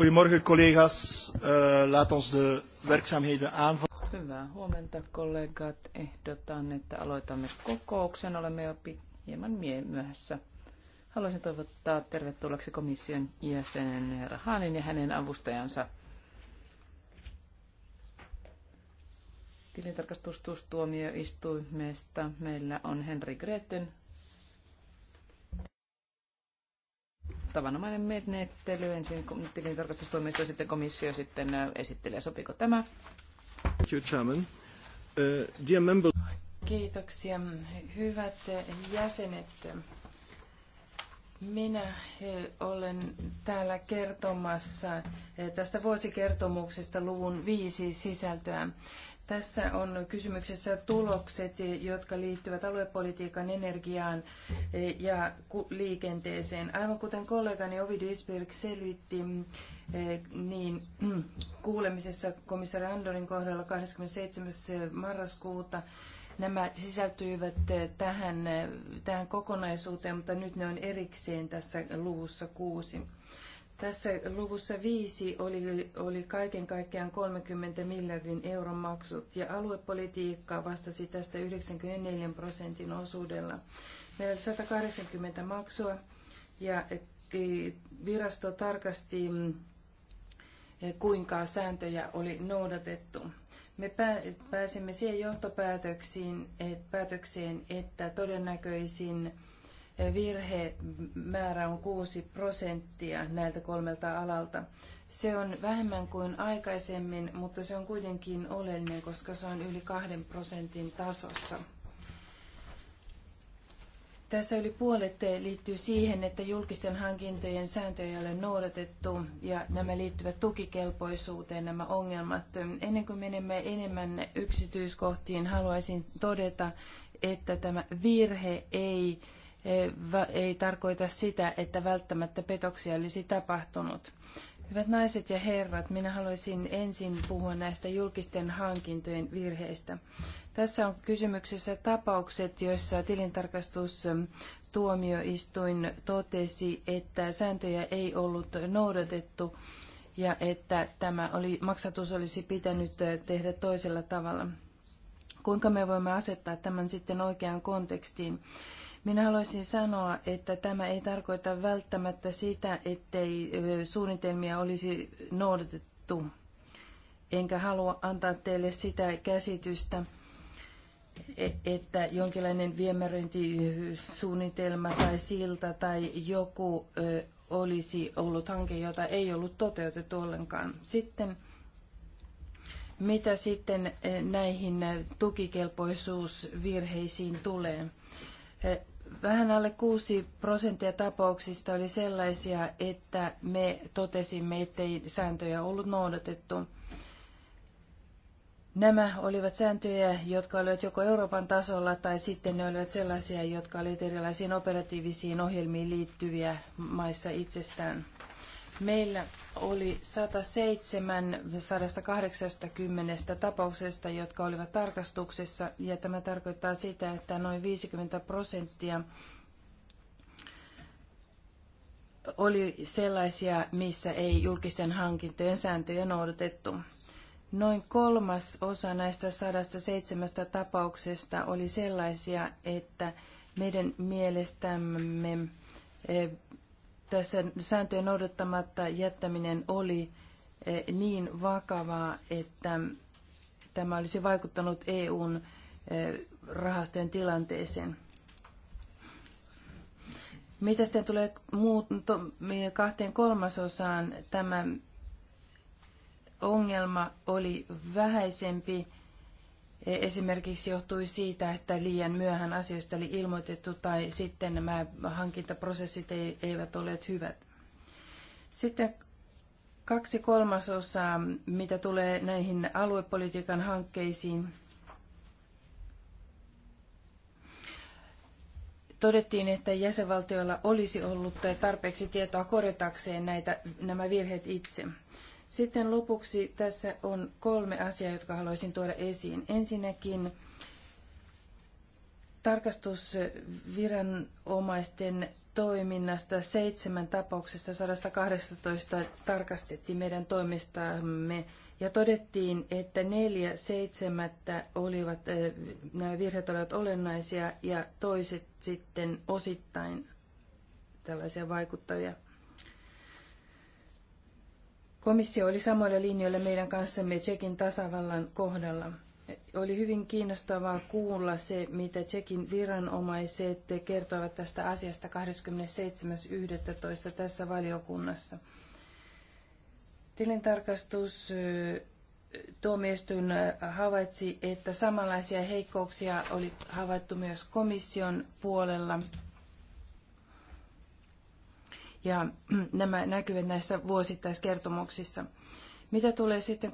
Goedemorgen collega's, eh, laat ons de werkzaamheden aanvangen. Hyvää huomenta kollegat. Ehdotan, että aloitamme kokouksen. Olemme jo hieman myöhässä. Haluaisin toivottaa tervetulleeksi komission jäsenen herra Haanin ja hänen avustajansa. Tilintarkastustuomioistuimesta meillä on Henri Greten tavanomainen menettely. Ensin tilintarkastustuomioistuin, sitten komissio, sitten esittelee. Sopiiko tämä? Thank you, Chairman. Uh, dear member... Kiitoksia. Hyvät jäsenet, minä olen täällä kertomassa tästä vuosikertomuksesta luvun viisi sisältöä. Tässä on kysymyksessä tulokset, jotka liittyvät aluepolitiikan energiaan eh, ja liikenteeseen. Aivan kuten kollegani Ovi Isberg selvitti, eh, niin kuulemisessa komissaari Andorin kohdalla 27. marraskuuta nämä sisältyivät eh, tähän, tähän kokonaisuuteen, mutta nyt ne on erikseen tässä luvussa kuusi. Tässä luvussa viisi oli, oli kaiken kaikkiaan 30 miljardin euron maksut ja aluepolitiikka vastasi tästä 94 prosentin osuudella. Meillä oli 180 maksua ja e, virasto tarkasti, mm, e, kuinka sääntöjä oli noudatettu. Me pääsimme siihen johtopäätöksiin, että päätökseen, että todennäköisin virhemäärä on 6 prosenttia näiltä kolmelta alalta. Se on vähemmän kuin aikaisemmin, mutta se on kuitenkin oleellinen, koska se on yli 2 prosentin tasossa. Tässä yli puolet liittyy siihen, että julkisten hankintojen sääntöjä ei ole noudatettu ja nämä liittyvät tukikelpoisuuteen nämä ongelmat. Ennen kuin menemme enemmän yksityiskohtiin, haluaisin todeta, että tämä virhe ei ei tarkoita sitä, että välttämättä petoksia olisi tapahtunut. Hyvät naiset ja herrat, minä haluaisin ensin puhua näistä julkisten hankintojen virheistä. Tässä on kysymyksessä tapaukset, joissa tilintarkastustuomioistuin totesi, että sääntöjä ei ollut noudatettu ja että tämä oli, maksatus olisi pitänyt tehdä toisella tavalla. Kuinka me voimme asettaa tämän sitten oikeaan kontekstiin? Minä haluaisin sanoa, että tämä ei tarkoita välttämättä sitä, ettei suunnitelmia olisi noudatettu. Enkä halua antaa teille sitä käsitystä, e, että jonkinlainen viemäröintisuunnitelma tai silta tai joku olisi ollut hanke, jota ei ollut toteutettu ollenkaan. Sitten mitä sitten näihin tukikelpoisuusvirheisiin tulee? Vähän alle 6 prosenttia tapauksista oli sellaisia, että me totesimme, ettei sääntöjä ollut noudatettu. Nämä olivat sääntöjä, jotka olivat joko Euroopan tasolla tai sitten ne olivat sellaisia, jotka olivat erilaisiin operatiivisiin ohjelmiin liittyviä maissa itsestään. Meillä oli 107 180 tapauksesta, jotka olivat tarkastuksessa, ja tämä tarkoittaa sitä, että noin 50 prosenttia oli sellaisia, missä ei julkisten hankintojen sääntöjä noudatettu. Noin kolmas osa näistä 107 tapauksesta oli sellaisia, että meidän mielestämme eh, tässä sääntöjen noudattamatta jättäminen oli eh, niin vakavaa, että tämä olisi vaikuttanut EUn eh, rahastojen tilanteeseen. Mitä sitten tulee muutto, kahteen kolmasosaan, tämä ongelma oli vähäisempi E, esimerkiksi johtui siitä, että liian myöhään asioista oli ilmoitettu tai sitten nämä hankintaprosessit eivät olleet hyvät. Sitten kaksi kolmasosaa, mitä tulee näihin aluepolitiikan hankkeisiin, todettiin, että jäsenvaltioilla olisi ollut tarpeeksi tietoa korjatakseen näitä, nämä virheet itse. Sitten lopuksi tässä on kolme asiaa, jotka haluaisin tuoda esiin. Ensinnäkin tarkastusviranomaisten toiminnasta seitsemän tapauksesta 118 tarkastettiin meidän toimistamme ja todettiin, että neljä seitsemättä olivat, eh, nämä virheet olivat olennaisia ja toiset sitten osittain tällaisia vaikuttavia. Komissio oli samoilla linjoilla meidän kanssamme Tsekin tasavallan kohdalla. Oli hyvin kiinnostavaa kuulla se, mitä Tsekin viranomaiset kertoivat tästä asiasta 27.11. tässä valiokunnassa. Tilintarkastus tuomioistuin havaitsi, että samanlaisia heikkouksia oli havaittu myös komission puolella ja nämä näkyvät näissä vuosittaiskertomuksissa. Mitä tulee sitten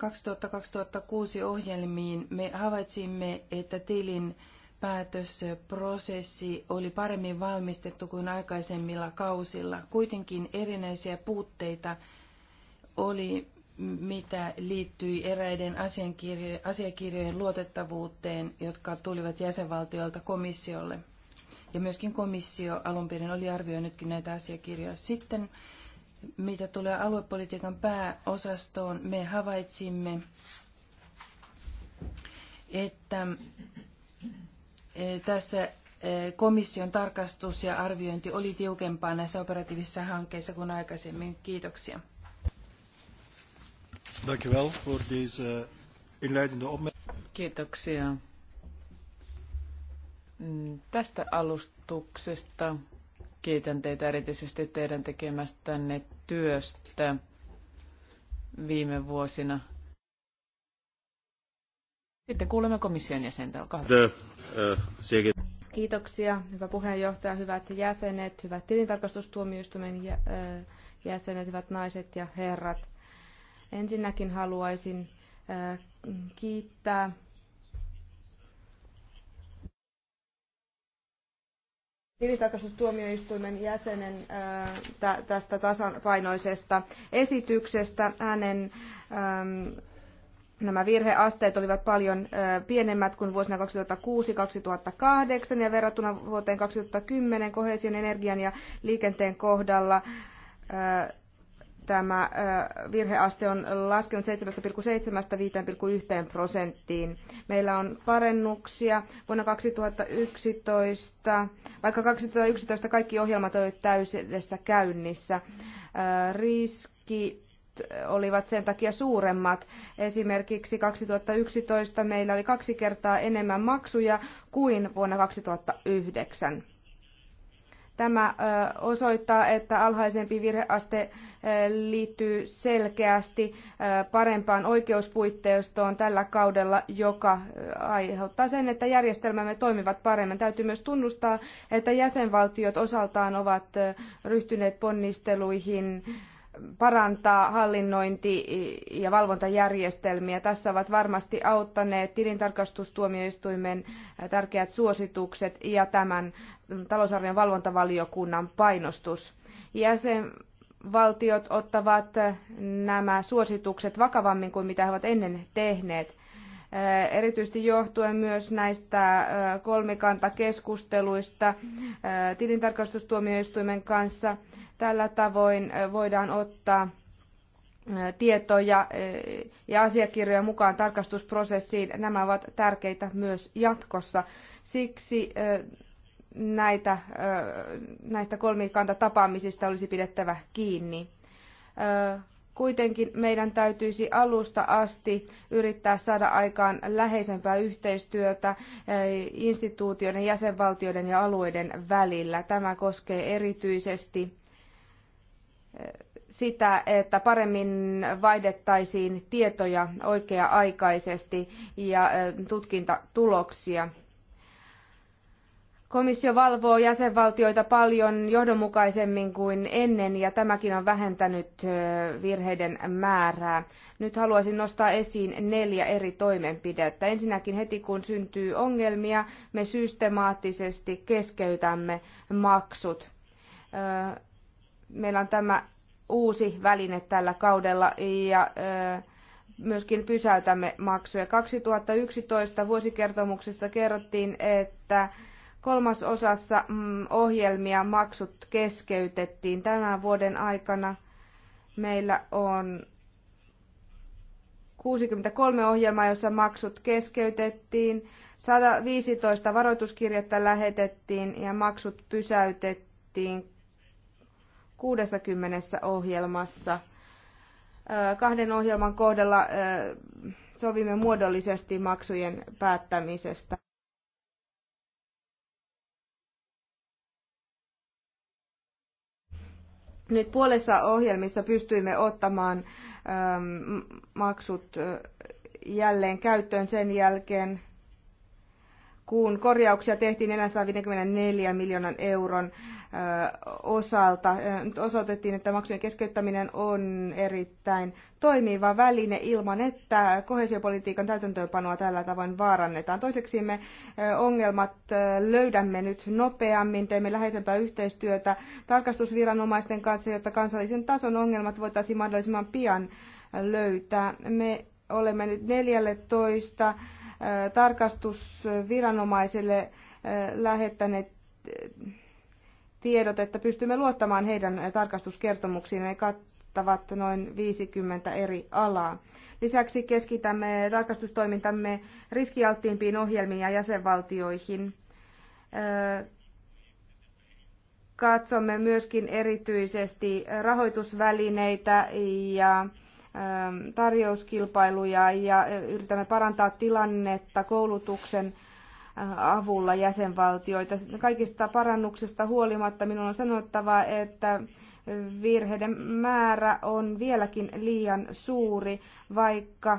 2000-2006 ohjelmiin, me havaitsimme, että tilin päätösprosessi oli paremmin valmistettu kuin aikaisemmilla kausilla. Kuitenkin erinäisiä puutteita oli, mitä liittyi eräiden asiakirjojen luotettavuuteen, jotka tulivat jäsenvaltioilta komissiolle. Ja myöskin komissio alun perin oli arvioinutkin näitä asiakirjoja. Sitten mitä tulee aluepolitiikan pääosastoon, me havaitsimme, että e, tässä e, komission tarkastus ja arviointi oli tiukempaa näissä operatiivisissa hankkeissa kuin aikaisemmin. Kiitoksia. Eh, Kiitoksia Mm, tästä alustuksesta. Kiitän teitä erityisesti teidän tekemästänne työstä viime vuosina. Sitten kuulemme komission jäsentä. Olkaa hyvä. Uh, Kiitoksia, hyvä puheenjohtaja, hyvät jäsenet, hyvät tilintarkastustuomioistuimen jäsenet, hyvät naiset ja herrat. Ensinnäkin haluaisin kiittää tilintarkastustuomioistuimen jäsenen tästä tasapainoisesta esityksestä. Hänen Nämä virheasteet olivat paljon pienemmät kuin vuosina 2006-2008 ja verrattuna vuoteen 2010 kohesion energian ja liikenteen kohdalla tämä virheaste on laskenut 7,7-5,1 prosenttiin. Meillä on parannuksia vuonna 2011, vaikka 2011 kaikki ohjelmat olivat täydessä käynnissä. Riskit olivat sen takia suuremmat. Esimerkiksi 2011 meillä oli kaksi kertaa enemmän maksuja kuin vuonna 2009. Tämä osoittaa, että alhaisempi virheaste liittyy selkeästi parempaan oikeuspuitteistoon tällä kaudella, joka aiheuttaa sen, että järjestelmämme toimivat paremmin. Täytyy myös tunnustaa, että jäsenvaltiot osaltaan ovat ryhtyneet ponnisteluihin parantaa hallinnointi- ja valvontajärjestelmiä. Tässä ovat varmasti auttaneet tilintarkastustuomioistuimen tärkeät suositukset ja tämän talousarvion valvontavaliokunnan painostus. Jäsenvaltiot ottavat nämä suositukset vakavammin kuin mitä he ovat ennen tehneet äh, erityisesti johtuen myös näistä äh, kolmikantakeskusteluista äh, tilintarkastustuomioistuimen kanssa. Tällä tavoin voidaan ottaa tietoja ja asiakirjoja mukaan tarkastusprosessiin. Nämä ovat tärkeitä myös jatkossa. Siksi näitä, näistä kolmikantatapaamisista olisi pidettävä kiinni. Kuitenkin meidän täytyisi alusta asti yrittää saada aikaan läheisempää yhteistyötä instituutioiden, jäsenvaltioiden ja alueiden välillä. Tämä koskee erityisesti sitä, että paremmin vaihdettaisiin tietoja oikea-aikaisesti ja tutkintatuloksia Komissio valvoo jäsenvaltioita paljon johdonmukaisemmin kuin ennen ja tämäkin on vähentänyt virheiden määrää. Nyt haluaisin nostaa esiin neljä eri toimenpidettä. Ensinnäkin heti kun syntyy ongelmia, me systemaattisesti keskeytämme maksut. Meillä on tämä uusi väline tällä kaudella ja myöskin pysäytämme maksuja. 2011 vuosikertomuksessa kerrottiin, että Kolmas osassa mm, ohjelmia maksut keskeytettiin tämän vuoden aikana. Meillä on 63 ohjelmaa, jossa maksut keskeytettiin. 115 varoituskirjettä lähetettiin ja maksut pysäytettiin 60 ohjelmassa. Kahden ohjelman kohdalla sovimme muodollisesti maksujen päättämisestä. Nyt puolessa ohjelmissa pystyimme ottamaan ähm, maksut äh, jälleen käyttöön sen jälkeen, kun korjauksia tehtiin 454 miljoonan euron osalta. Nyt osoitettiin, että maksujen keskeyttäminen on erittäin toimiva väline ilman, että kohesiopolitiikan täytäntöönpanoa tällä tavoin vaarannetaan. Toiseksi me ongelmat löydämme nyt nopeammin, teemme läheisempää yhteistyötä tarkastusviranomaisten kanssa, jotta kansallisen tason ongelmat voitaisiin mahdollisimman pian löytää. Me olemme nyt 14 tarkastusviranomaiselle lähettäneet tiedot, että pystymme luottamaan heidän tarkastuskertomuksiin. Ne kattavat noin 50 eri alaa. Lisäksi keskitämme tarkastustoimintamme riskialttiimpiin ohjelmiin ja jäsenvaltioihin. Katsomme myöskin erityisesti rahoitusvälineitä ja tarjouskilpailuja ja yritämme parantaa tilannetta koulutuksen avulla jäsenvaltioita. Kaikista parannuksista huolimatta minun on sanottava, että virheiden määrä on vieläkin liian suuri, vaikka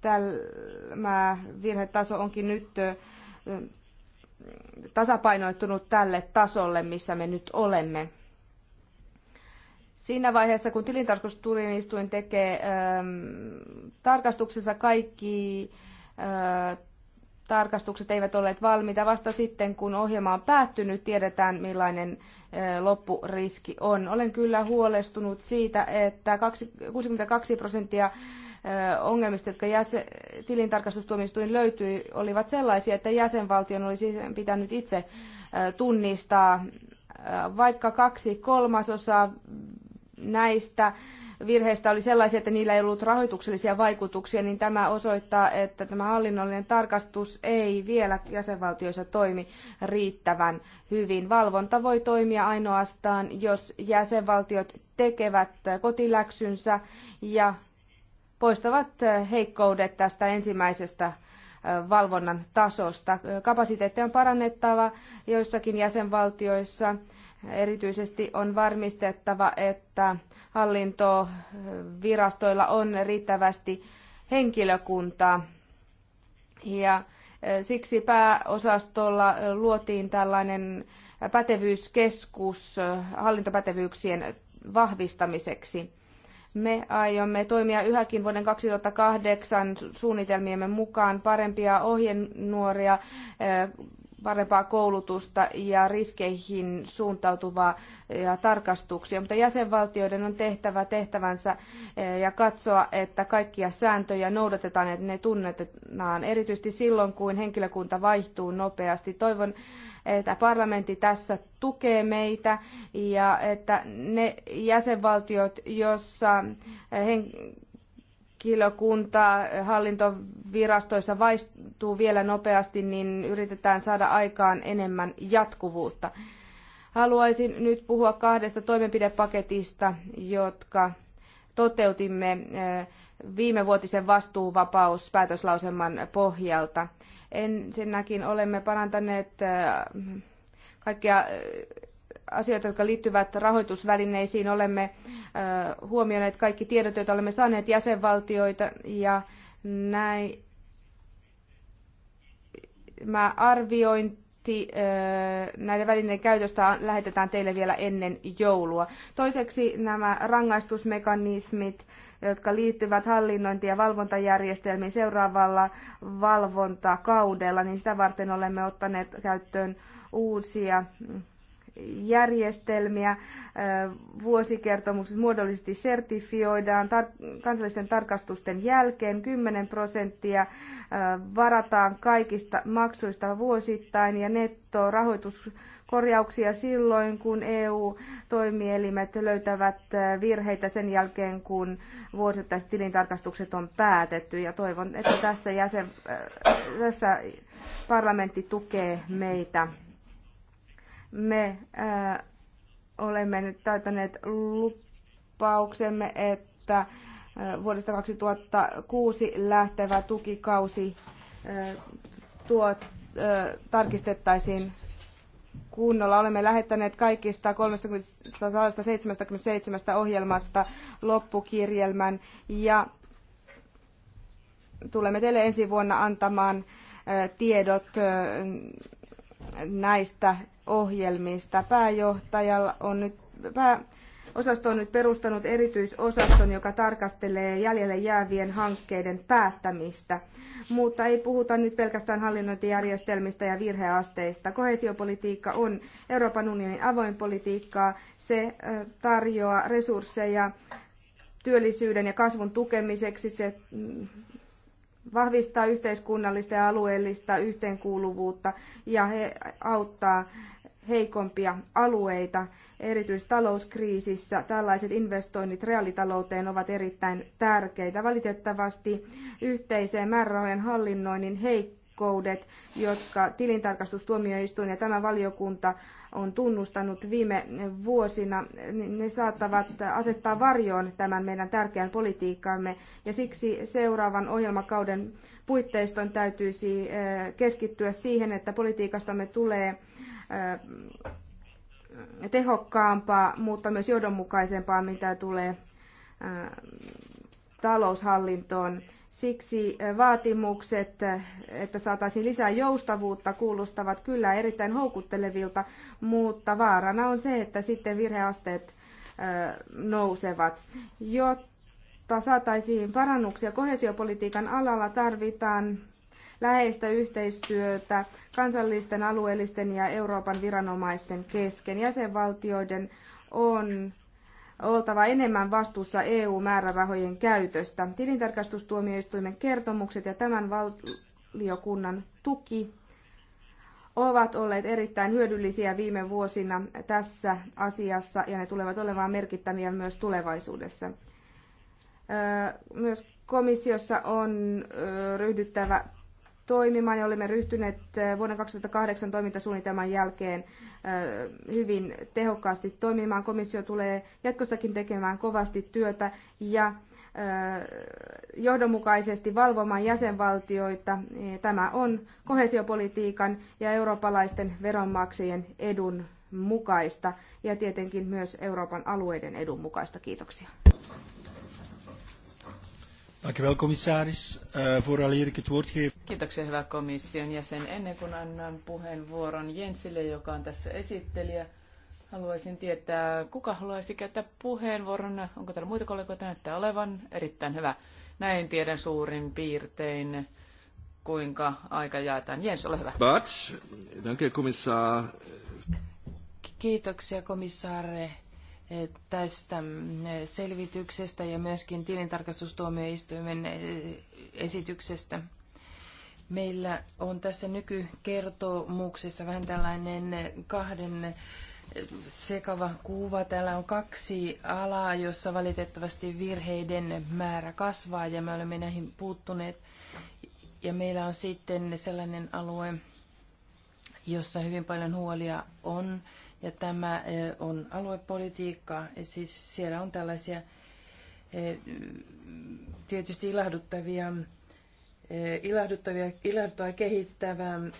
tämä virhetaso onkin nyt tasapainoittunut tälle tasolle, missä me nyt olemme. Siinä vaiheessa, kun tilintarkastustuomioistuin tekee ö, tarkastuksessa kaikki ö, tarkastukset eivät olleet valmiita. Vasta sitten, kun ohjelma on päättynyt, tiedetään millainen loppuriski on. Olen kyllä huolestunut siitä, että 62 prosenttia ongelmista, jotka jäsen, tilintarkastustuomioistuin löytyi, olivat sellaisia, että jäsenvaltion olisi pitänyt itse tunnistaa vaikka kaksi kolmasosaa näistä virheistä oli sellaisia, että niillä ei ollut rahoituksellisia vaikutuksia, niin tämä osoittaa, että tämä hallinnollinen tarkastus ei vielä jäsenvaltioissa toimi riittävän hyvin. Valvonta voi toimia ainoastaan, jos jäsenvaltiot tekevät kotiläksynsä ja poistavat heikkoudet tästä ensimmäisestä valvonnan tasosta. Kapasiteettia on parannettava joissakin jäsenvaltioissa. Erityisesti on varmistettava, että hallintovirastoilla on riittävästi henkilökuntaa. Ja siksi pääosastolla luotiin tällainen pätevyyskeskus hallintopätevyyksien vahvistamiseksi. Me aiomme toimia yhäkin vuoden 2008 suunnitelmiemme mukaan parempia ohjenuoria parempaa koulutusta ja riskeihin suuntautuvaa ja eh, tarkastuksia, mutta jäsenvaltioiden on tehtävä tehtävänsä eh, ja katsoa, että kaikkia sääntöjä noudatetaan ja ne tunnetaan, erityisesti silloin, kun henkilökunta vaihtuu nopeasti. Toivon, että parlamentti tässä tukee meitä ja että ne jäsenvaltiot, jossa henkilökunta hallintovirastoissa vaistuu vielä nopeasti, niin yritetään saada aikaan enemmän jatkuvuutta. Haluaisin nyt puhua kahdesta toimenpidepaketista, jotka toteutimme eh, viime vastuuvapaus vastuuvapauspäätöslauselman pohjalta. Ensinnäkin olemme parantaneet eh, kaikkea eh, asioita, jotka liittyvät rahoitusvälineisiin. Olemme huomioineet kaikki tiedot, joita olemme saaneet jäsenvaltioita ja näin. Mä arvioin näiden välineiden käytöstä lähetetään teille vielä ennen joulua. Toiseksi nämä rangaistusmekanismit, jotka liittyvät hallinnointi- ja valvontajärjestelmiin seuraavalla valvontakaudella, niin sitä varten olemme ottaneet käyttöön uusia järjestelmiä, vuosikertomukset muodollisesti sertifioidaan kansallisten tarkastusten jälkeen, 10 prosenttia varataan kaikista maksuista vuosittain ja netto rahoituskorjauksia silloin, kun EU-toimielimet löytävät virheitä sen jälkeen, kun vuosittaiset tilintarkastukset on päätetty. Ja toivon, että tässä, jäsen, tässä parlamentti tukee meitä me ää, äh, olemme nyt täytäneet lupauksemme, että ää, äh, vuodesta 2006 lähtevä tukikausi ää, äh, tuo, ää, tarkistettaisiin kunnolla. Olemme lähettäneet kaikista 377 ohjelmasta loppukirjelmän ja tulemme teille ensi vuonna antamaan tiedot näistä ohjelmista. Pääjohtajalla on nyt, pää, osasto on nyt perustanut erityisosaston, joka tarkastelee jäljelle jäävien hankkeiden päättämistä. Mutta ei puhuta nyt pelkästään hallinnointijärjestelmistä ja virheasteista. Kohesiopolitiikka on Euroopan unionin avoin politiikkaa. Se tarjoaa resursseja työllisyyden ja kasvun tukemiseksi. Se mm, vahvistaa yhteiskunnallista ja alueellista yhteenkuuluvuutta ja he auttaa heikompia alueita. Erityisesti talouskriisissä tällaiset investoinnit reaalitalouteen ovat erittäin tärkeitä. Valitettavasti yhteiseen määrärahojen hallinnoinnin heikkoudet, jotka tilintarkastustuomioistuin ja tämä valiokunta on tunnustanut viime vuosina, niin ne saattavat asettaa varjoon tämän meidän tärkeän politiikkaamme. Ja siksi seuraavan ohjelmakauden puitteiston täytyisi eh, keskittyä siihen, että politiikastamme tulee tehokkaampaa, mutta myös johdonmukaisempaa, mitä tulee taloushallintoon. Siksi vaatimukset, että saataisiin lisää joustavuutta, kuulostavat kyllä erittäin houkuttelevilta, mutta vaarana on se, että sitten virheasteet nousevat. Jotta saataisiin parannuksia kohesiopolitiikan alalla, tarvitaan läheistä yhteistyötä kansallisten, alueellisten ja Euroopan viranomaisten kesken. Jäsenvaltioiden on oltava enemmän vastuussa EU-määrärahojen käytöstä. Tilintarkastustuomioistuimen kertomukset ja tämän valiokunnan tuki ovat olleet erittäin hyödyllisiä viime vuosina tässä asiassa ja ne tulevat olemaan merkittäviä myös tulevaisuudessa. Myös komissiossa on ryhdyttävä toimimaan ja olemme ryhtyneet vuoden 2008 toimintasuunnitelman jälkeen hyvin tehokkaasti toimimaan. Komissio tulee jatkossakin tekemään kovasti työtä ja johdonmukaisesti valvomaan jäsenvaltioita. E, tämä on kohesiopolitiikan ja eurooppalaisten veronmaksajien edun mukaista ja tietenkin myös Euroopan alueiden edun mukaista. Kiitoksia. Dank u wel, commissaris. Uh, ik het woord geef. Kiitoksia, hyvä komission jäsen. Ennen kuin annan puheenvuoron Jensille, joka on tässä esittelijä, haluaisin tietää, kuka haluaisi käyttää puheenvuoron. Onko täällä muita kollegoita? Näyttää olevan. Erittäin hyvä. Näin tiedän suurin piirtein, kuinka aika jaetaan. Jens, ole hyvä. But, danke, komissaar. Kiitoksia, komissaare tästä selvityksestä ja myöskin tilintarkastustuomioistuimen esityksestä. Meillä on tässä nykykertomuksessa vähän tällainen kahden sekava kuva. Täällä on kaksi alaa, jossa valitettavasti virheiden määrä kasvaa ja me olemme näihin puuttuneet. Ja meillä on sitten sellainen alue, jossa hyvin paljon huolia on ja tämä on aluepolitiikkaa. Siis siellä on tällaisia tietysti ilahduttavia ilahduttavia, ilahduttavaa kehittävää mm,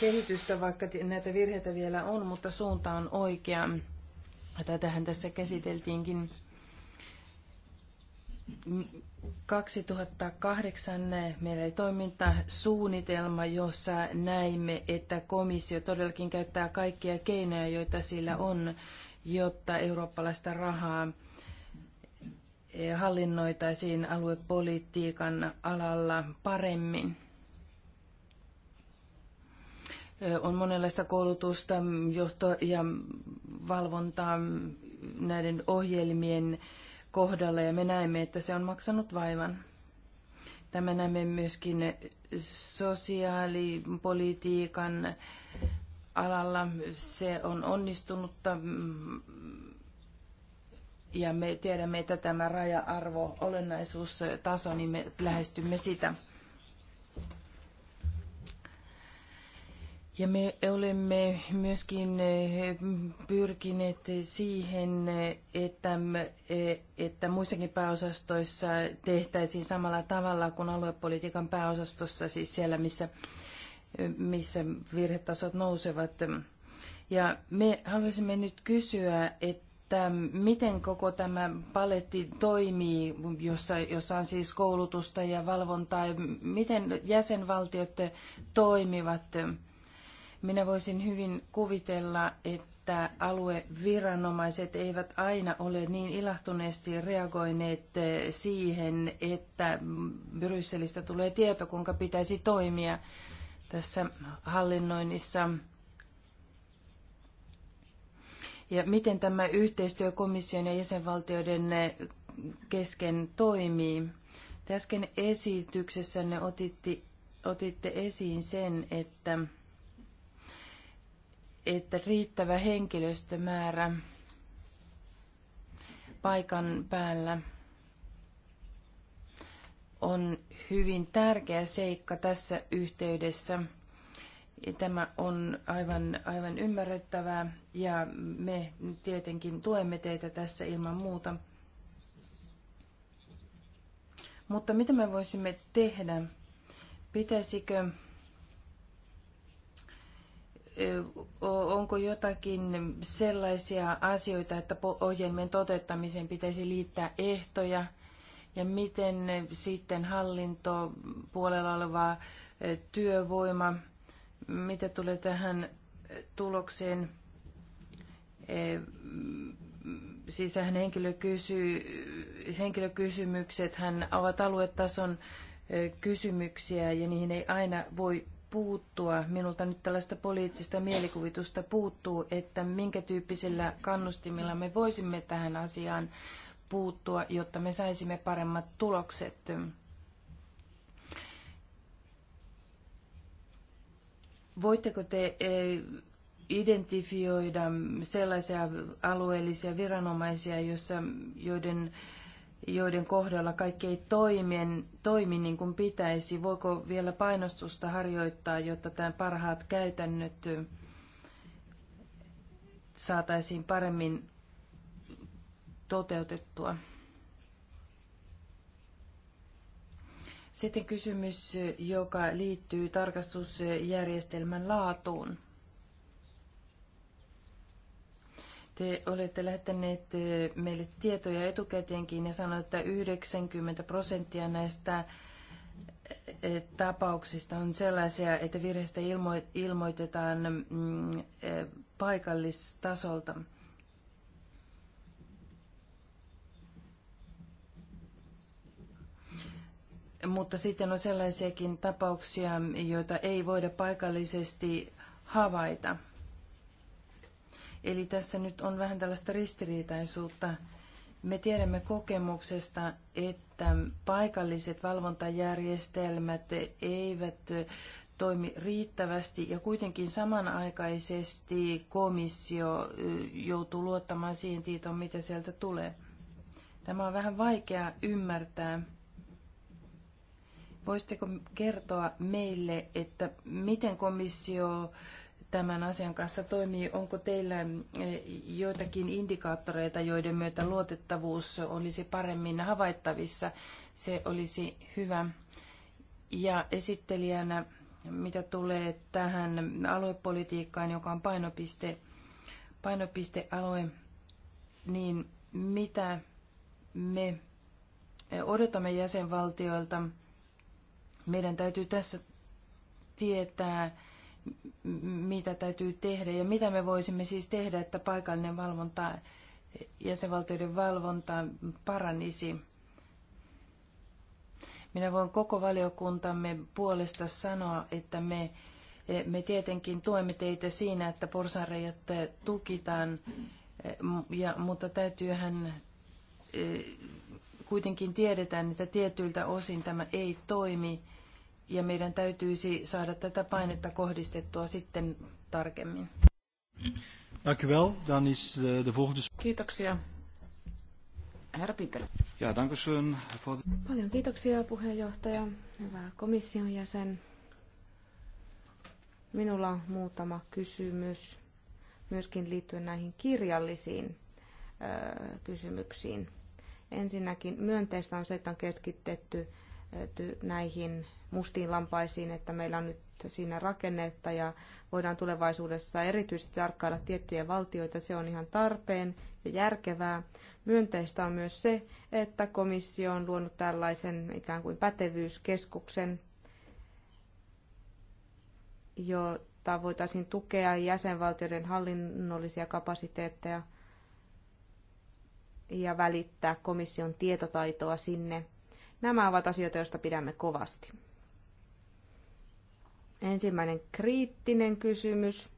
kehitystä, vaikka näitä virheitä vielä on, mutta suunta on oikea. Tätähän tässä käsiteltiinkin. 2008 meillä oli toimintasuunnitelma, jossa näimme, että komissio todellakin käyttää kaikkia keinoja, joita sillä on, jotta eurooppalaista rahaa eh, hallinnoitaisiin aluepolitiikan alalla paremmin. Eh, on monenlaista koulutusta, johto- ja valvontaa mm, näiden ohjelmien kohdalla ja me näemme, että se on maksanut vaivan. Tämä näemme myöskin sosiaalipolitiikan alalla. Se on onnistunutta mm, ja me tiedämme, että tämä raja-arvo, olennaisuustaso, niin me lähestymme sitä. Ja me olemme myöskin eh, pyrkineet siihen, että, eh, että muissakin pääosastoissa tehtäisiin samalla tavalla kuin aluepolitiikan pääosastossa, siis siellä missä, missä virhetasot nousevat. Ja me haluaisimme nyt kysyä, että miten koko tämä paletti toimii, jossa, jossa on siis koulutusta ja valvontaa, miten jäsenvaltiot toimivat minä voisin hyvin kuvitella, että alueviranomaiset eivät aina ole niin ilahtuneesti reagoineet eh, siihen, että Brysselistä tulee tieto, kuinka pitäisi toimia tässä hallinnoinnissa. Ja miten tämä yhteistyö komission ja jäsenvaltioiden eh, kesken toimii? Te äsken esityksessänne otitte, otitte esiin sen, että että riittävä henkilöstömäärä paikan päällä on hyvin tärkeä seikka tässä yhteydessä. Tämä on aivan, aivan ymmärrettävää ja me tietenkin tuemme teitä tässä ilman muuta. Mutta mitä me voisimme tehdä? Pitäisikö onko jotakin sellaisia asioita, että ohjelmien toteuttamiseen pitäisi liittää ehtoja, ja miten sitten hallintopuolella oleva työvoima, mitä tulee tähän tulokseen, siis henkilökysy, henkilökysymykset hän ovat aluetason kysymyksiä ja niihin ei aina voi puuttua. Minulta nyt tällaista poliittista mielikuvitusta puuttuu, että minkä tyyppisillä kannustimilla me voisimme tähän asiaan puuttua, jotta me saisimme paremmat tulokset. Voitteko te e, identifioida sellaisia alueellisia viranomaisia, jossa, joiden joiden kohdalla kaikki ei toimi, toimi niin kuin pitäisi? Voiko vielä painostusta harjoittaa, jotta tämän parhaat käytännöt saataisiin paremmin toteutettua? Sitten kysymys, joka liittyy tarkastusjärjestelmän laatuun. Te olette lähettäneet eh, meille tietoja etukäteenkin ja sanoitte, että 90 prosenttia näistä eh, eh, tapauksista on sellaisia, että virheistä ilmoitetaan mm, paikallistasolta. Mutta sitten on sellaisiakin tapauksia, joita ei voida paikallisesti havaita. Eli tässä nyt on vähän tällaista ristiriitaisuutta. Me tiedämme kokemuksesta, että paikalliset valvontajärjestelmät eivät toimi riittävästi ja kuitenkin samanaikaisesti komissio joutuu luottamaan siihen tietoon, mitä sieltä tulee. Tämä on vähän vaikea ymmärtää. Voisitteko kertoa meille, että miten komissio tämän asian kanssa toimii. Onko teillä eh, joitakin indikaattoreita, joiden myötä luotettavuus olisi paremmin havaittavissa? Se olisi hyvä. Ja esittelijänä, mitä tulee tähän aluepolitiikkaan, joka on painopiste, painopistealue, niin mitä me eh, odotamme jäsenvaltioilta? Meidän täytyy tässä tietää, mitä täytyy tehdä ja mitä me voisimme siis tehdä, että paikallinen valvonta, ja jäsenvaltioiden valvonta paranisi. Minä voin koko valiokuntamme puolesta sanoa, että me, me tietenkin tuemme teitä siinä, että porsareijat tukitaan, ja, mutta täytyyhän eh, kuitenkin tiedetään, että tietyiltä osin tämä ei toimi ja meidän täytyisi saada tätä painetta kohdistettua sitten tarkemmin. Dank Dan is eh, de volgende... Kiitoksia. Herra Pinkele. Ja, dank u Paljon kiitoksia puheenjohtaja, hyvä komission jäsen. Minulla on muutama kysymys myöskin liittyen näihin kirjallisiin ö, kysymyksiin. Ensinnäkin myönteistä on se, että on keskitetty näihin mustiin lampaisiin, että meillä on nyt siinä rakennetta ja voidaan tulevaisuudessa erityisesti tarkkailla tiettyjä valtioita. Se on ihan tarpeen ja järkevää. Myönteistä on myös se, että komissio on luonut tällaisen ikään kuin pätevyyskeskuksen, jota voitaisiin tukea jäsenvaltioiden hallinnollisia kapasiteetteja ja välittää komission tietotaitoa sinne. Nämä ovat asioita, joista pidämme kovasti. Ensimmäinen kriittinen kysymys.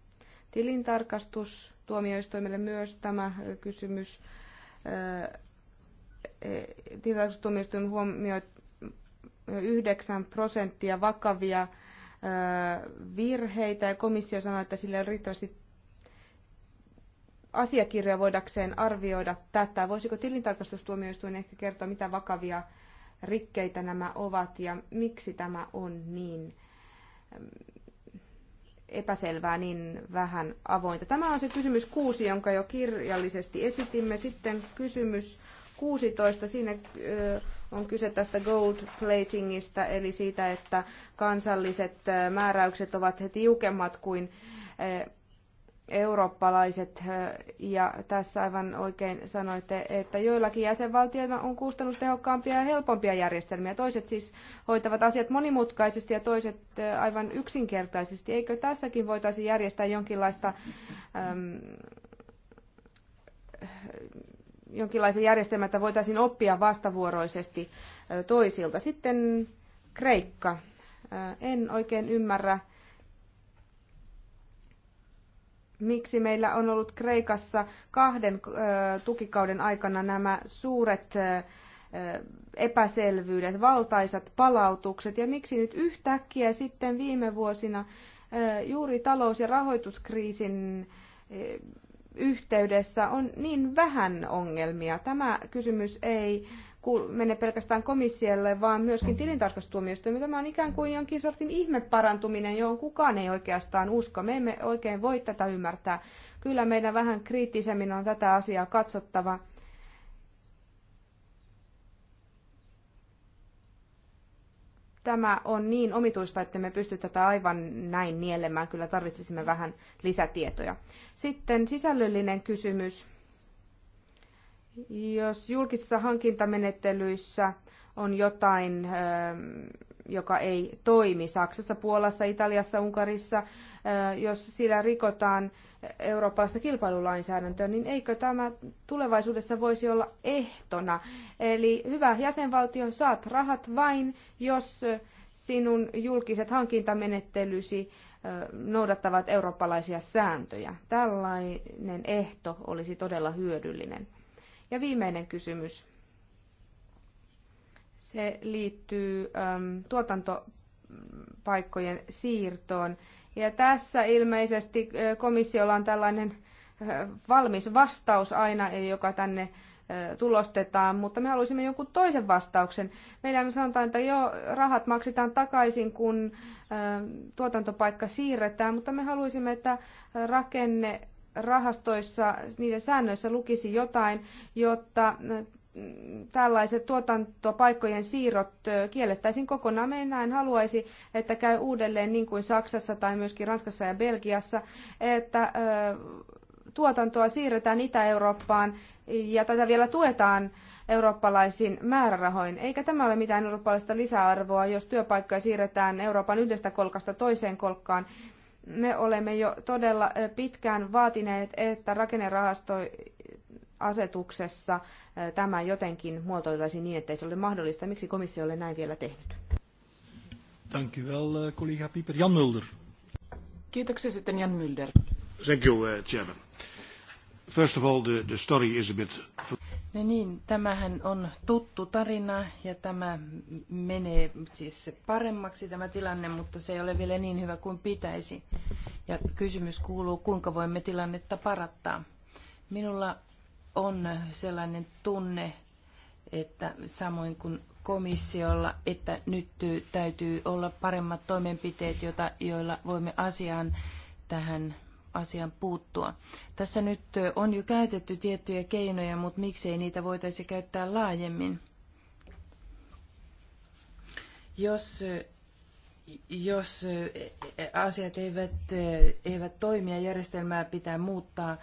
Tilintarkastus tuomioistuimelle myös tämä kysymys. E, tilintarkastustuomioistuin huomioi 9 prosenttia vakavia virheitä ja komissio sanoi, että sillä on riittävästi asiakirja voidakseen arvioida tätä. Voisiko tilintarkastustuomioistuin ehkä kertoa, mitä vakavia rikkeitä nämä ovat ja miksi tämä on niin? epäselvää, niin vähän avointa. Tämä on se kysymys kuusi, jonka jo kirjallisesti esitimme. Sitten kysymys 16. Siinä on kyse tästä gold platingista, eli siitä, että kansalliset määräykset ovat tiukemmat kuin eurooppalaiset, ja tässä aivan oikein sanoitte, että joillakin jäsenvaltioilla on kustannustehokkaampia ja helpompia järjestelmiä. Toiset siis hoitavat asiat monimutkaisesti ja toiset aivan yksinkertaisesti. Eikö tässäkin voitaisi järjestää jonkinlaista äm, jonkinlaisen järjestelmän, että voitaisiin oppia vastavuoroisesti toisilta. Sitten Kreikka. En oikein ymmärrä, miksi meillä on ollut Kreikassa kahden tukikauden aikana nämä suuret epäselvyydet, valtaisat palautukset ja miksi nyt yhtäkkiä sitten viime vuosina juuri talous- ja rahoituskriisin yhteydessä on niin vähän ongelmia. Tämä kysymys ei mene pelkästään komissiolle, vaan myöskin tilintarkastustuomioistuimille. Tämä on ikään kuin jonkin sortin ihmeparantuminen, johon kukaan ei oikeastaan usko. Me emme oikein voi tätä ymmärtää. Kyllä meidän vähän kriittisemmin on tätä asiaa katsottava. tämä on niin omituista, että me pysty tätä aivan näin nielemään. Kyllä tarvitsisimme vähän lisätietoja. Sitten sisällöllinen kysymys. Jos julkisissa hankintamenettelyissä on jotain, ähm, joka ei toimi Saksassa, Puolassa, Italiassa, Unkarissa, äh, jos sillä rikotaan eurooppalaista kilpailulainsäädäntöä, niin eikö tämä tulevaisuudessa voisi olla ehtona? Eli hyvä jäsenvaltio, saat rahat vain, jos sinun julkiset hankintamenettelysi äh, noudattavat eurooppalaisia sääntöjä. Tällainen ehto olisi todella hyödyllinen. Ja viimeinen kysymys. Se liittyy äm, tuotantopaikkojen siirtoon. Ja tässä ilmeisesti komissiolla on tällainen valmis vastaus aina, joka tänne tulostetaan, mutta me haluaisimme jonkun toisen vastauksen. Meidän sanotaan, että jo rahat maksetaan takaisin, kun tuotantopaikka siirretään, mutta me haluaisimme, että rakenne rahastoissa, niiden säännöissä lukisi jotain, jotta mm, tällaiset tuotantopaikkojen siirrot kiellettäisiin kokonaan. Me näin haluaisi, että käy uudelleen niin kuin Saksassa tai myöskin Ranskassa ja Belgiassa, että tuotantoa siirretään Itä-Eurooppaan ja tätä vielä tuetaan eurooppalaisin määrärahoin. Eikä tämä ole mitään eurooppalaista lisäarvoa, jos työpaikkoja siirretään Euroopan yhdestä kolkasta toiseen kolkkaan me olemme jo todella pitkään vaatineet, että rakennerahastoasetuksessa tämä jotenkin muotoiltaisiin niin, että ei se ole mahdollista. Miksi komissio ole näin vielä tehnyt? Dank u wel, eh, collega Pieper. Jan Mulder. Kiitoksia sitten Jan Mulder. Thank you, eh, Chairman. First of all, the, the story is a bit... No niin, tämähän on tuttu tarina ja tämä menee siis paremmaksi tämä tilanne, mutta se ei ole vielä niin hyvä kuin pitäisi. Ja kysymys kuuluu, kuinka voimme tilannetta parattaa. Minulla on sellainen tunne, että samoin kuin komissiolla, että nyt täytyy olla paremmat toimenpiteet, joilla voimme asiaan tähän asian puuttua. Tässä nyt on jo käytetty tiettyjä keinoja, mutta miksei niitä voitaisi käyttää laajemmin? Jos, jos e, e, asiat eivät, eivät toimi ja järjestelmää pitää muuttaa,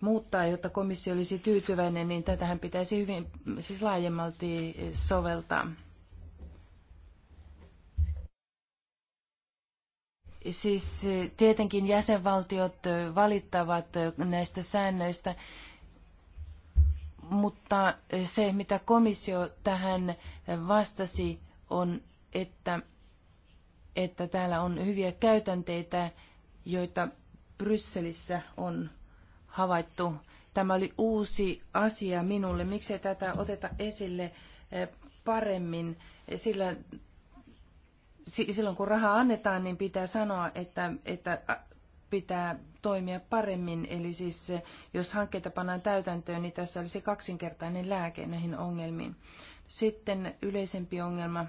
muuttaa, jotta komissio olisi tyytyväinen, niin tätähän pitäisi hyvin siis laajemmalti soveltaa. Siis e, tietenkin jäsenvaltiot e, valittavat e, näistä säännöistä, mutta se, mitä komissio tähän vastasi, on, että, että täällä on hyviä käytänteitä, joita Brysselissä on havaittu. Tämä oli uusi asia minulle. Miksi tätä oteta esille paremmin? Sillä silloin kun rahaa annetaan, niin pitää sanoa, että, että pitää toimia paremmin. Eli siis eh, jos hankkeita pannaan täytäntöön, niin tässä olisi kaksinkertainen lääke näihin ongelmiin. Sitten yleisempi ongelma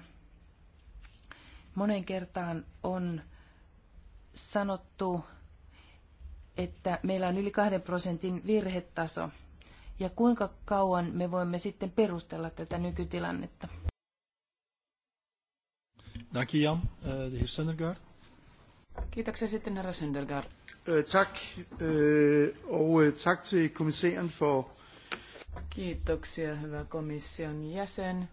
monen kertaan on sanottu, että meillä on yli kahden prosentin virhetaso. Ja kuinka kauan me voimme sitten perustella tätä nykytilannetta? Dank je Jan. Eh, de heer Sundergaard. Kiitoksia sitten herra Sundergaard. Eh, tak, eh, og tak til Kiitoksia hyvä komission jäsen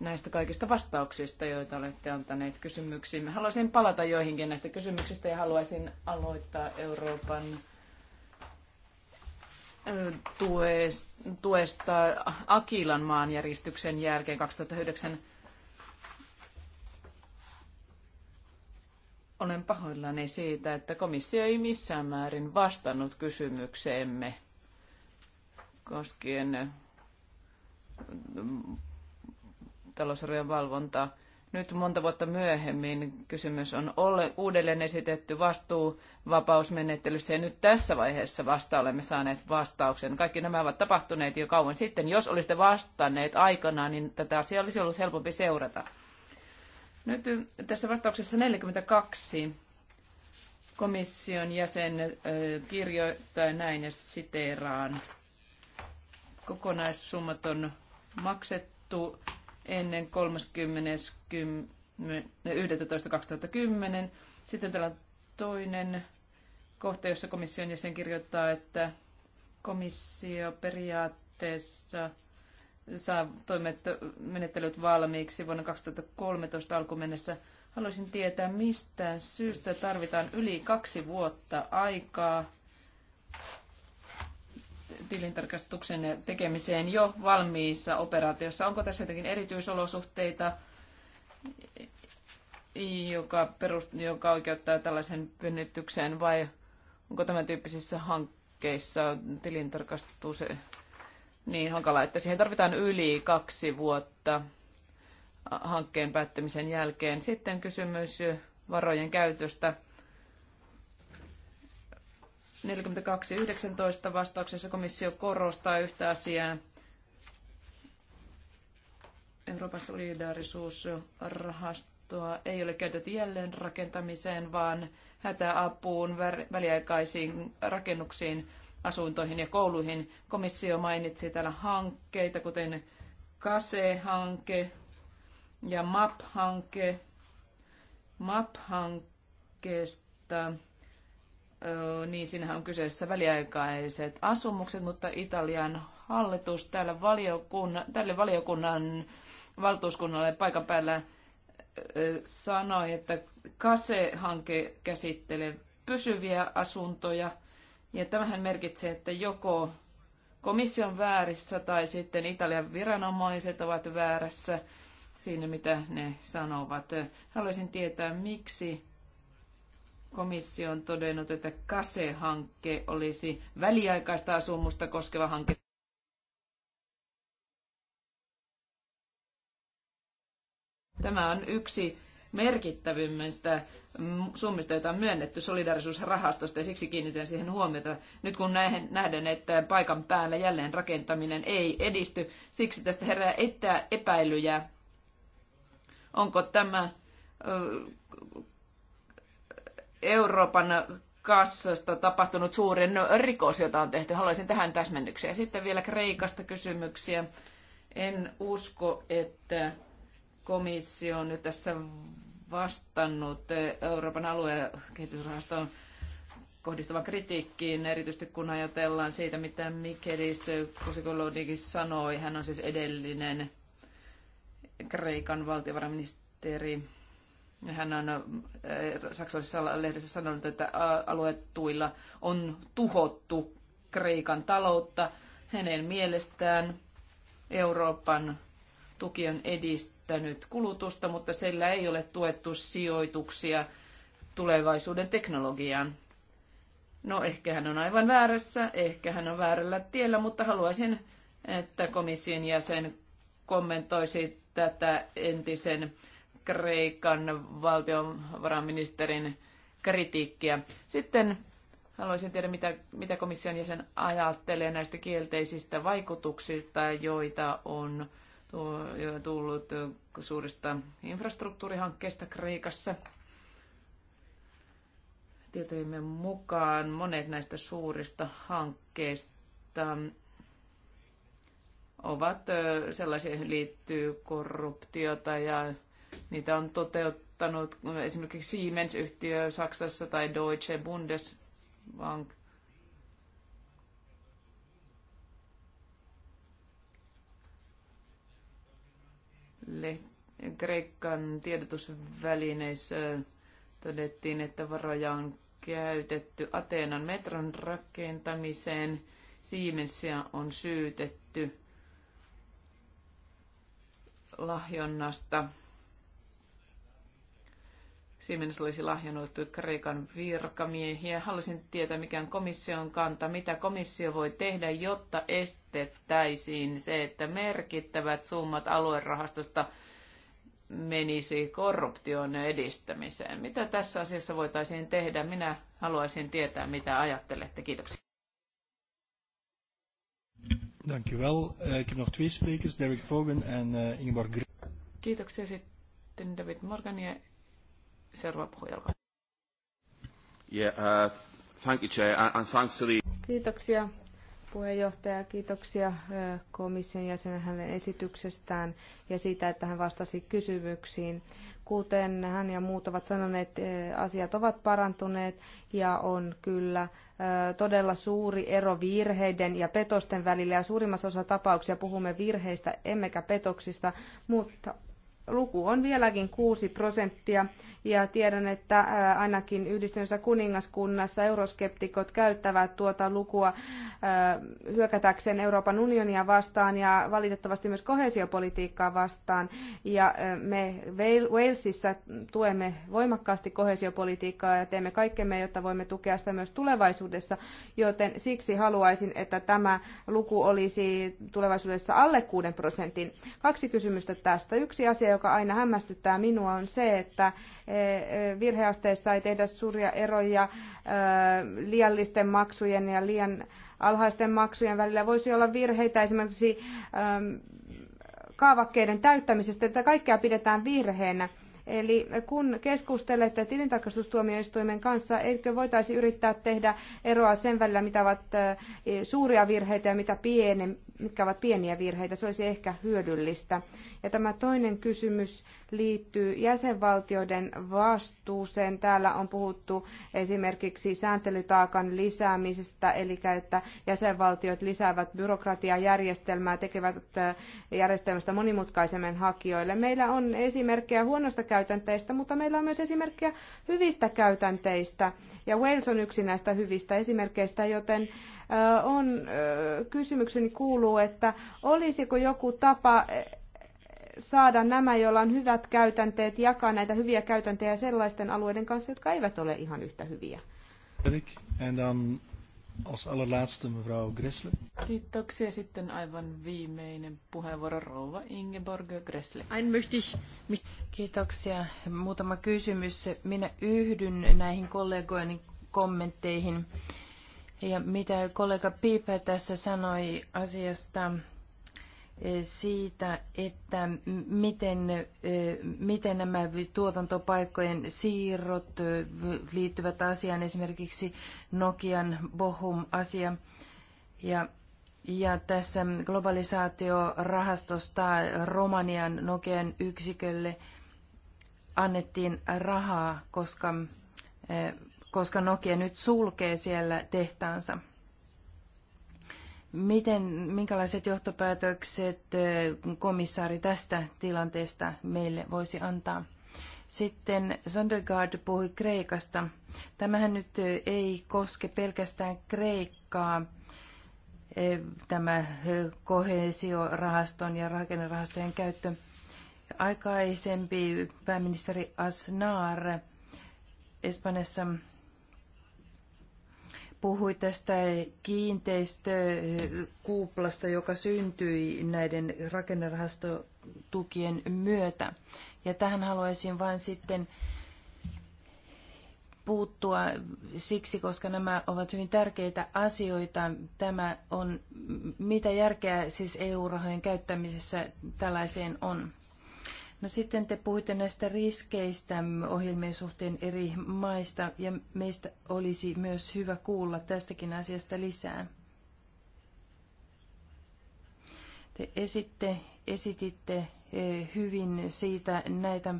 näistä kaikista vastauksista, joita olette antaneet kysymyksiin. Haluaisin palata joihinkin näistä kysymyksistä ja haluaisin aloittaa Euroopan tuesta Akilan maanjäristyksen jälkeen 2009 Olen pahoillani siitä, että komissio ei missään määrin vastannut kysymykseemme koskien mm, talousarvion valvontaa. Nyt monta vuotta myöhemmin kysymys on uudelleen esitetty vastuuvapausmenettelyssä ja nyt tässä vaiheessa vasta olemme saaneet vastauksen. Kaikki nämä ovat tapahtuneet jo kauan sitten. Jos olisitte vastanneet aikanaan, niin tätä asiaa olisi ollut helpompi seurata. Nyt tässä vastauksessa 42 komission jäsen kirjoittaa näin ja siteeraan. Kokonaissummat on maksettu ennen 30.11.2010. Sitten täällä on toinen kohta, jossa komission jäsen kirjoittaa, että komissio periaatteessa – saa toimet, menettelyt valmiiksi vuonna 2013 alkuun mennessä. Haluaisin tietää, mistä syystä tarvitaan yli kaksi vuotta aikaa tilintarkastuksen tekemiseen jo valmiissa operaatiossa. Onko tässä jotakin erityisolosuhteita, joka, perust, joka oikeuttaa tällaisen venytykseen vai onko tämän tyyppisissä hankkeissa tilintarkastus niin hankala, että siihen tarvitaan yli kaksi vuotta hankkeen päättymisen jälkeen. Sitten kysymys varojen käytöstä. 42.19 vastauksessa komissio korostaa yhtä asiaa. Euroopan solidaarisuusrahastoa ei ole käytetty jälleen rakentamiseen, vaan hätäapuun, väliaikaisiin rakennuksiin, asuntoihin ja kouluihin. Komissio mainitsi täällä hankkeita, kuten KASE-hanke ja MAP-hanke. MAP-hankkeesta, niin siinähän on kyseessä väliaikaiset asumukset, mutta Italian hallitus täällä valiokunnan, tälle valiokunnan valtuuskunnalle paikan päällä sanoi, että KASE-hanke käsittelee pysyviä asuntoja – ja tämähän merkitsee, että joko komissio on väärissä tai sitten Italian viranomaiset ovat väärässä siinä, mitä ne sanovat. Haluaisin tietää, miksi komissio on todennut, että KASE-hanke olisi väliaikaista asumusta koskeva hanke. Tämä on yksi merkittävimmistä mm, summista, joita on myönnetty solidarisuusrahastosta ja siksi kiinnitän siihen huomiota. Nyt kun näen nähden, että paikan päällä jälleen rakentaminen ei edisty, siksi tästä herää etää epäilyjä. Onko tämä Euroopan kassasta tapahtunut suurin rikos, jota on tehty. Haluaisin tähän täsmennyksiä. Sitten vielä Kreikasta kysymyksiä. En usko, että komissio on nyt tässä vastannut Euroopan aluekehitysrahastoon kohdistuvan kritiikkiin, erityisesti kun ajatellaan siitä, mitä Mikelis Kusikolodikin sanoi. Hän on siis edellinen Kreikan valtiovarainministeri. Hän on eh, saksalaisessa lehdessä sanonut, että aluetuilla on tuhottu Kreikan taloutta. Hänen mielestään Euroopan tuki on edist vähentänyt kulutusta, mutta sillä ei ole tuettu sijoituksia tulevaisuuden teknologiaan. No ehkä hän on aivan väärässä, ehkä hän on väärällä tiellä, mutta haluaisin, että komission jäsen kommentoisi tätä entisen Kreikan valtionvarainministerin kritiikkiä. Sitten haluaisin tiedä, mitä, mitä komission jäsen ajattelee näistä kielteisistä vaikutuksista, joita on tullut suurista infrastruktuurihankkeista Kreikassa. Tietojemme mukaan monet näistä suurista hankkeista ovat sellaisia, joihin liittyy korruptiota ja niitä on toteuttanut esimerkiksi Siemens-yhtiö Saksassa tai Deutsche Bundesbank – Kreikan tiedotusvälineissä todettiin, että varoja on käytetty Ateenan metron rakentamiseen. Siemensia on syytetty lahjonnasta Siemens olisi lahjannut Kreikan virkamiehiä. Haluaisin tietää, mikä on komission kanta, mitä komissio voi tehdä, jotta estettäisiin se, että merkittävät summat aluerahastosta menisi korruption edistämiseen. Mitä tässä asiassa voitaisiin tehdä? Minä haluaisin tietää, mitä ajattelette. Kiitoksia. Thank you wel. Eh, ik heb nog twee Derek Vogen eh, Ingeborg Kiitoksia sitten David Morgan ja Seuraava puhuja, olkaa. Yeah, uh, thank you, Chair, and thanks to the... Kiitoksia puheenjohtaja, kiitoksia uh, komission jäsenen hänen esityksestään ja siitä, että hän vastasi kysymyksiin. Kuten hän ja muut ovat sanoneet, uh, asiat ovat parantuneet ja on kyllä uh, todella suuri ero virheiden ja petosten välillä. Ja suurimmassa osa tapauksia puhumme virheistä emmekä petoksista, mutta luku on vieläkin 6 prosenttia ja tiedän, että ainakin yhdistyneessä kuningaskunnassa euroskeptikot käyttävät tuota lukua hyökätäkseen Euroopan unionia vastaan ja valitettavasti myös kohesiopolitiikkaa vastaan. Ja me Walesissa tuemme voimakkaasti kohesiopolitiikkaa ja teemme kaikkemme, jotta voimme tukea sitä myös tulevaisuudessa, joten siksi haluaisin, että tämä luku olisi tulevaisuudessa alle 6 prosentin. Kaksi kysymystä tästä. Yksi asia, joka aina hämmästyttää minua, on se, että e, e, virheasteissa ei tehdä suuria eroja e, liiallisten maksujen ja liian alhaisten maksujen välillä. Voisi olla virheitä esimerkiksi kaavakkeiden täyttämisestä, että kaikkea pidetään virheenä. Eli kun keskustelette tilintarkastustuomioistuimen kanssa, eikö voitaisi yrittää tehdä eroa sen välillä, mitä ovat suuria virheitä ja mitä pieni, mitkä ovat pieniä virheitä? Se olisi ehkä hyödyllistä. Ja tämä toinen kysymys liittyy jäsenvaltioiden vastuuseen. Täällä on puhuttu esimerkiksi sääntelytaakan lisäämisestä, eli että jäsenvaltiot lisäävät byrokratiaa järjestelmää, tekevät äh, järjestelmästä monimutkaisemmin hakijoille. Meillä on esimerkkejä huonosta käytänteistä, mutta meillä on myös esimerkkejä hyvistä käytänteistä. Ja Wales on yksi näistä hyvistä esimerkkeistä, joten äh, on, äh, kysymykseni kuuluu, että olisiko joku tapa saada nämä, joilla on hyvät käytänteet, jakaa näitä hyviä käytäntöjä sellaisten alueiden kanssa, jotka eivät ole ihan yhtä hyviä. And, um, als allerlaatste mevrouw Gressle. Kiitoksia. Sitten aivan viimeinen puheenvuoro rouva Ingeborg Gressle. Ein möchte ich Kiitoksia. Muutama kysymys. Minä yhdyn näihin kollegojen kommentteihin. Ja mitä kollega Piper tässä sanoi asiasta, siitä, että miten, miten nämä tuotantopaikkojen siirrot liittyvät asiaan, esimerkiksi Nokian Bohum-asia. Ja, ja tässä globalisaatiorahastosta Romanian Nokian yksikölle annettiin rahaa, koska, koska Nokia nyt sulkee siellä tehtaansa. Miten, minkälaiset johtopäätökset komissaari tästä tilanteesta meille voisi antaa? Sitten Sondergaard puhui Kreikasta. Tämähän nyt ei koske pelkästään Kreikkaa, tämä kohesiorahaston ja rakennerahastojen käyttö. Aikaisempi pääministeri Asnar Espanjassa puhui tästä kiinteistökuplasta, joka syntyi näiden rakennerahastotukien myötä. Ja tähän haluaisin vain sitten puuttua siksi, koska nämä ovat hyvin tärkeitä asioita. Tämä on, mitä järkeä siis EU-rahojen käyttämisessä tällaiseen on. No sitten te puhuitte näistä riskeistä ohjelmien suhteen eri maista ja meistä olisi myös hyvä kuulla tästäkin asiasta lisää. Te esitte, esititte eh, hyvin siitä näitä,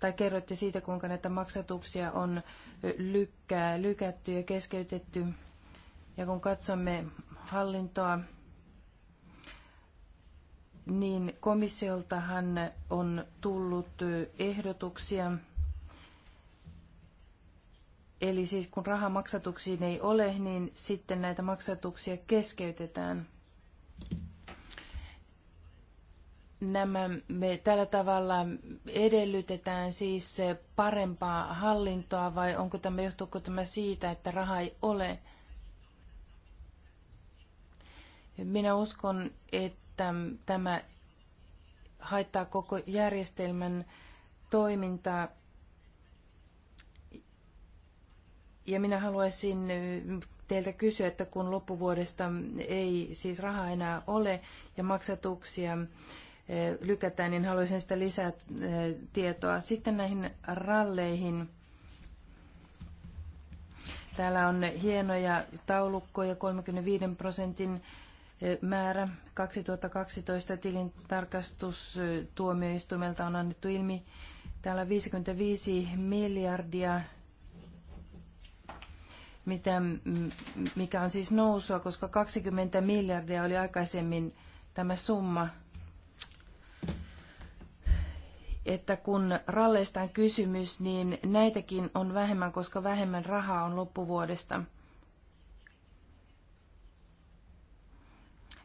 tai kerroitte siitä, kuinka näitä maksatuksia on eh, lykkää, lykätty ja keskeytetty. Ja kun katsomme hallintoa, niin komissioltahan on tullut ehdotuksia. Eli siis kun raha maksatuksiin ei ole, niin sitten näitä maksatuksia keskeytetään. Nämä, me tällä tavalla edellytetään siis parempaa hallintoa vai onko tämä, johtuuko tämä siitä, että raha ei ole? Minä uskon, että tämä haittaa koko järjestelmän toimintaa. Ja minä haluaisin teiltä kysyä, että kun loppuvuodesta ei siis rahaa enää ole ja maksatuksia lykätään, niin haluaisin sitä lisää tietoa. Sitten näihin ralleihin. Täällä on hienoja taulukkoja 35 prosentin määrä. 2012 tilintarkastustuomioistuimelta on annettu ilmi täällä 55 miljardia, mitä, mikä on siis nousua, koska 20 miljardia oli aikaisemmin tämä summa. Että kun ralleista on kysymys, niin näitäkin on vähemmän, koska vähemmän rahaa on loppuvuodesta –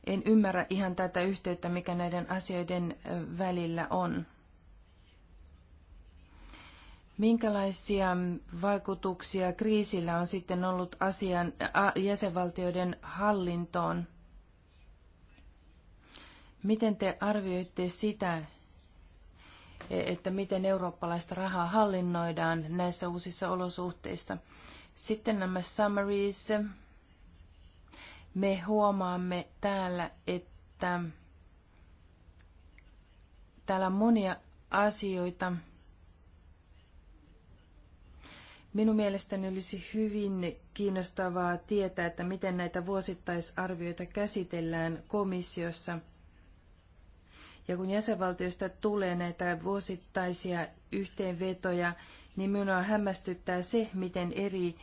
en ymmärrä ihan tätä yhteyttä, mikä näiden asioiden välillä on. Minkälaisia vaikutuksia kriisillä on sitten ollut asian, jäsenvaltioiden hallintoon? Miten te arvioitte sitä, e, että miten eurooppalaista rahaa hallinnoidaan näissä uusissa olosuhteissa? Sitten nämä summaries, me huomaamme täällä, että täällä on monia asioita. Minun mielestäni olisi hyvin kiinnostavaa tietää, että miten näitä vuosittaisarvioita käsitellään komissiossa. Ja kun jäsenvaltioista tulee näitä vuosittaisia yhteenvetoja, niin minua hämmästyttää se, miten, eri,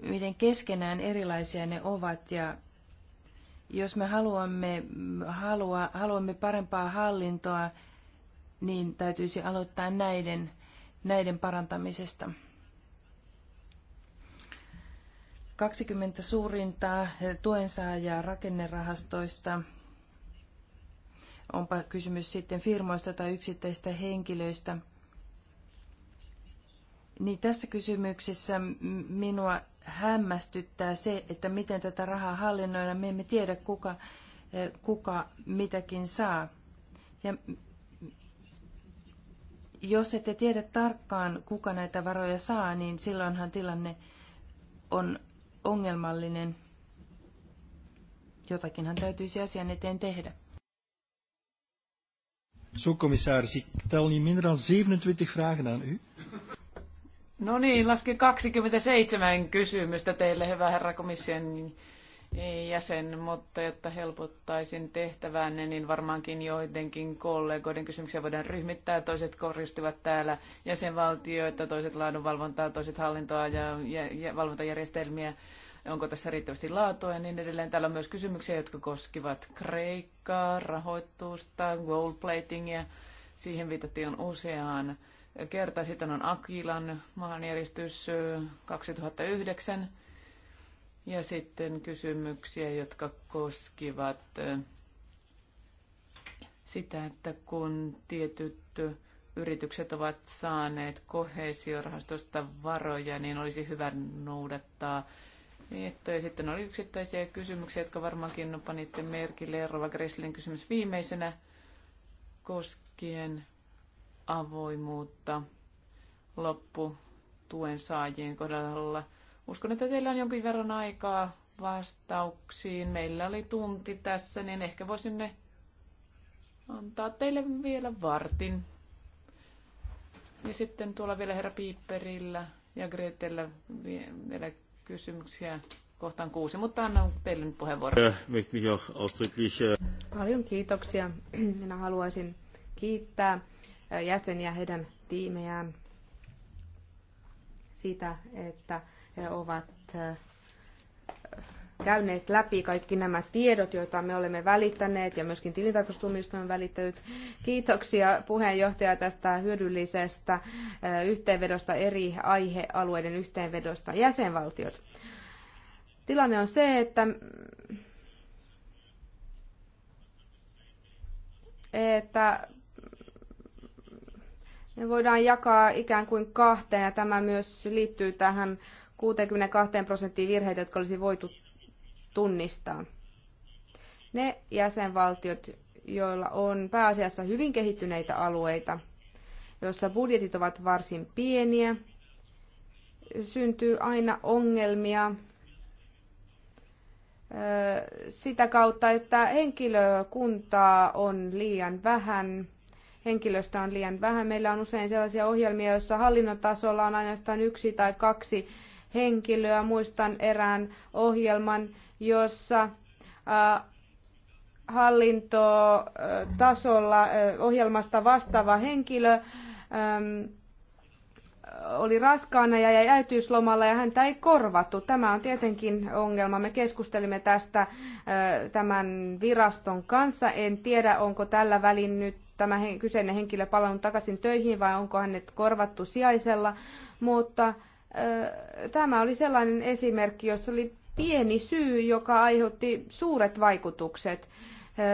miten keskenään erilaisia ne ovat ja jos me haluamme, mm, halua, haluamme parempaa hallintoa, niin täytyisi aloittaa näiden, näiden parantamisesta. 20 suurinta tuensaajaa rakennerahastoista, onpa kysymys sitten firmoista tai yksittäistä henkilöistä. Niin tässä kysymyksessä minua hämmästyttää se, että miten tätä rahaa hallinnoidaan. Me emme tiedä, kuka, eh, kuka mitäkin saa. Ja jos ette tiedä tarkkaan, kuka näitä varoja saa, niin silloinhan tilanne on ongelmallinen. Jotakinhan täytyisi asian eteen tehdä. Zo, commissaris, ik tel niet minder dan 27 vragen aan u. No niin, laske 27 kysymystä teille, hyvä herra komission jäsen, mutta jotta helpottaisin tehtävänne, niin varmaankin joidenkin kollegoiden kysymyksiä voidaan ryhmittää. Toiset korjustivat täällä jäsenvaltioita, toiset laadunvalvontaa, toiset hallintoa ja, ja valvontajärjestelmiä. Onko tässä riittävästi laatua ja niin edelleen. Täällä on myös kysymyksiä, jotka koskivat Kreikkaa, rahoitusta, goldplatingia. Siihen viitattiin useaan kerta. Sitten on Akilan maanjäristys 2009 ja sitten kysymyksiä, jotka koskivat sitä, että kun tietyt yritykset ovat saaneet kohesiorahastosta varoja, niin olisi hyvä noudattaa ja Sitten oli yksittäisiä kysymyksiä, jotka varmaankin panitte merkille. Rova Gresslin kysymys viimeisenä koskien avoimuutta tuen saajien kohdalla. Uskon, että teillä on jonkin verran aikaa vastauksiin. Meillä oli tunti tässä, niin ehkä voisimme antaa teille vielä vartin. Ja sitten tuolla vielä herra Piipperillä ja Gretellä vielä kysymyksiä kohtaan kuusi, mutta annan teille nyt puheenvuoron. Äh, Paljon kiitoksia. Minä haluaisin kiittää jäseniä, heidän tiimejään sitä, että he ovat käyneet läpi kaikki nämä tiedot, joita me olemme välittäneet ja myöskin tilintarkastustuomioistuin välittänyt. Kiitoksia puheenjohtaja tästä hyödyllisestä yhteenvedosta eri aihealueiden yhteenvedosta jäsenvaltiot. Tilanne on se, että että ne voidaan jakaa ikään kuin kahteen ja tämä myös liittyy tähän 62 prosenttiin virheitä, jotka olisi voitu tunnistaa. Ne jäsenvaltiot, joilla on pääasiassa hyvin kehittyneitä alueita, joissa budjetit ovat varsin pieniä, syntyy aina ongelmia sitä kautta, että henkilökuntaa on liian vähän – henkilöstä on liian vähän. Meillä on usein sellaisia ohjelmia, joissa hallinnon tasolla on ainoastaan yksi tai kaksi henkilöä. Muistan erään ohjelman, jossa hallintotasolla ohjelmasta vastaava henkilö oli raskaana ja jäi äitiyslomalla ja häntä ei korvattu. Tämä on tietenkin ongelma. Me keskustelimme tästä tämän viraston kanssa. En tiedä, onko tällä välin nyt tämä kyseinen henkilö palannut takaisin töihin vai onko hänet korvattu sijaisella, mutta tämä oli sellainen esimerkki, jossa oli pieni syy, joka aiheutti suuret vaikutukset.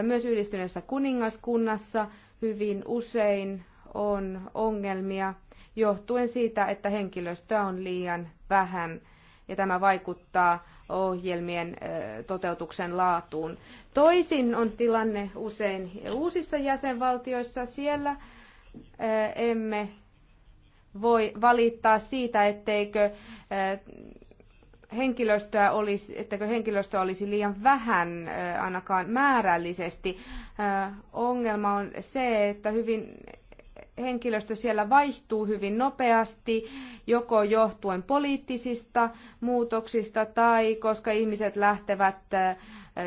Myös yhdistyneessä kuningaskunnassa hyvin usein on ongelmia johtuen siitä, että henkilöstöä on liian vähän ja tämä vaikuttaa ohjelmien toteutuksen laatuun. Toisin on tilanne usein uusissa jäsenvaltioissa. Siellä emme voi valittaa siitä, etteikö henkilöstöä olisi, etteikö henkilöstöä olisi liian vähän ainakaan määrällisesti. Ongelma on se, että hyvin henkilöstö siellä vaihtuu hyvin nopeasti, joko johtuen poliittisista muutoksista tai koska ihmiset lähtevät äh,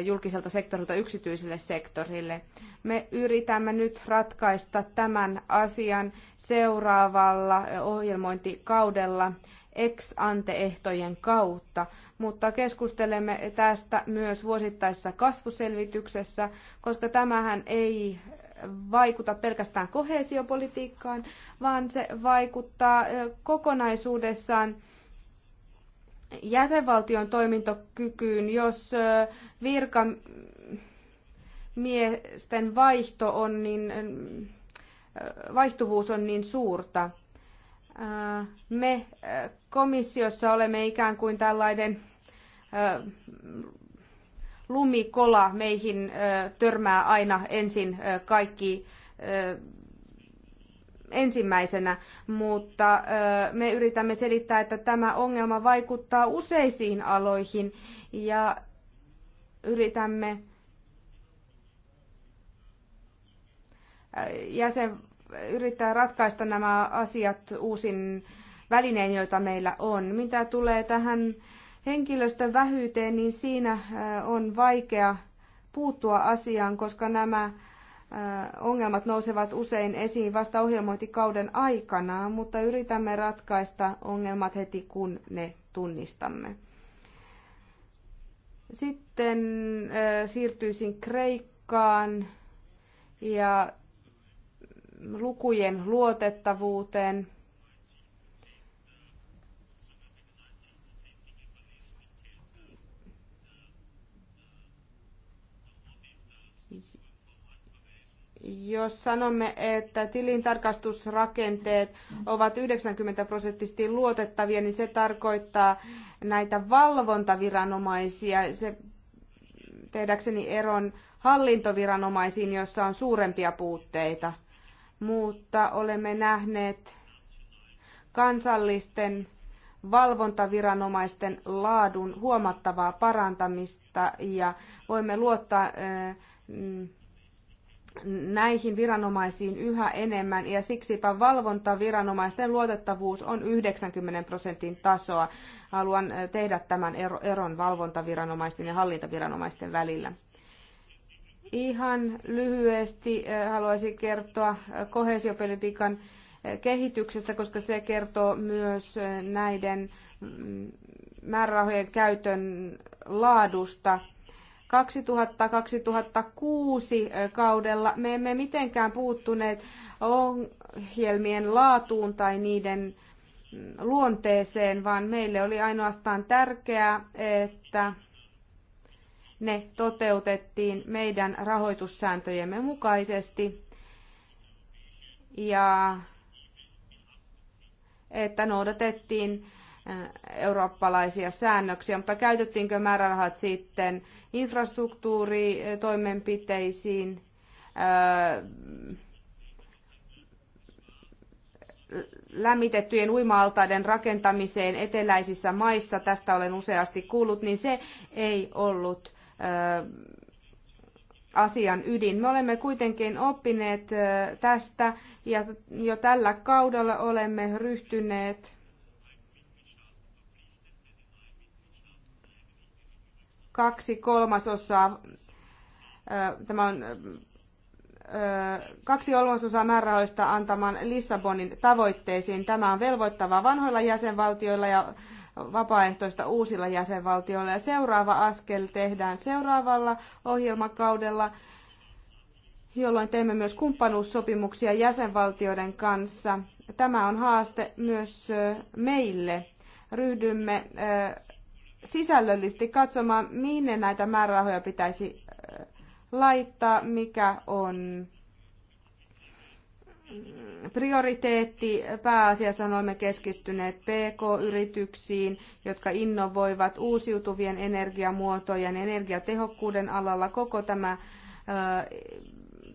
julkiselta sektorilta yksityiselle sektorille. Me yritämme nyt ratkaista tämän asian seuraavalla äh, ohjelmointikaudella ex-anteehtojen kautta, mutta keskustelemme tästä myös vuosittaisessa kasvuselvityksessä, koska tämähän ei vaikuta pelkästään kohesiopolitiikkaan, vaan se vaikuttaa kokonaisuudessaan jäsenvaltion toimintokykyyn, jos virkamiesten vaihto on niin, vaihtuvuus on niin suurta. Me komissiossa olemme ikään kuin tällainen lumikola meihin törmää aina ensin kaikki ensimmäisenä, mutta me yritämme selittää, että tämä ongelma vaikuttaa useisiin aloihin ja yritämme jäsen, yrittää ratkaista nämä asiat uusin välineen, joita meillä on. Mitä tulee tähän henkilöstön vähyyteen, niin siinä äh, on vaikea puuttua asiaan, koska nämä äh, ongelmat nousevat usein esiin vasta ohjelmointikauden aikana, mutta yritämme ratkaista ongelmat heti, kun ne tunnistamme. Sitten äh, siirtyisin Kreikkaan ja lukujen luotettavuuteen. Jos sanomme, että tilintarkastusrakenteet ovat 90 prosenttisesti luotettavia, niin se tarkoittaa näitä valvontaviranomaisia. Se tehdäkseni eron hallintoviranomaisiin, joissa on suurempia puutteita. Mutta olemme nähneet kansallisten valvontaviranomaisten laadun huomattavaa parantamista ja voimme luottaa näihin viranomaisiin yhä enemmän ja siksipä valvontaviranomaisten luotettavuus on 90 prosentin tasoa. Haluan eh, tehdä tämän eron valvontaviranomaisten ja hallintaviranomaisten välillä. Ihan lyhyesti eh, haluaisin kertoa eh, kohesiopolitiikan kehityksestä, koska se kertoo myös näiden mm, määrärahojen käytön laadusta 2000-2006 kaudella me emme mitenkään puuttuneet ohjelmien laatuun tai niiden mm, luonteeseen, vaan meille oli ainoastaan tärkeää, että ne toteutettiin meidän rahoitussääntöjemme mukaisesti ja että noudatettiin eurooppalaisia säännöksiä, mutta käytettiinkö määrärahat sitten infrastruktuuritoimenpiteisiin, lämmitettyjen uima-altaiden rakentamiseen eteläisissä maissa, tästä olen useasti kuullut, niin se ei ollut asian ydin. Me olemme kuitenkin oppineet tästä ja jo tällä kaudella olemme ryhtyneet kaksi kolmasosaa, tämä on kaksi kolmasosaa määrärahoista antamaan Lissabonin tavoitteisiin. Tämä on velvoittavaa vanhoilla jäsenvaltioilla ja vapaaehtoista uusilla jäsenvaltioilla. Ja seuraava askel tehdään seuraavalla ohjelmakaudella, jolloin teemme myös kumppanuussopimuksia jäsenvaltioiden kanssa. Tämä on haaste myös meille. Ryhdymme sisällöllisesti katsomaan, minne näitä määrärahoja pitäisi laittaa, mikä on mm, prioriteetti. Pääasiassa olemme keskistyneet PK-yrityksiin, jotka innovoivat uusiutuvien energiamuotojen energiatehokkuuden alalla. Koko tämä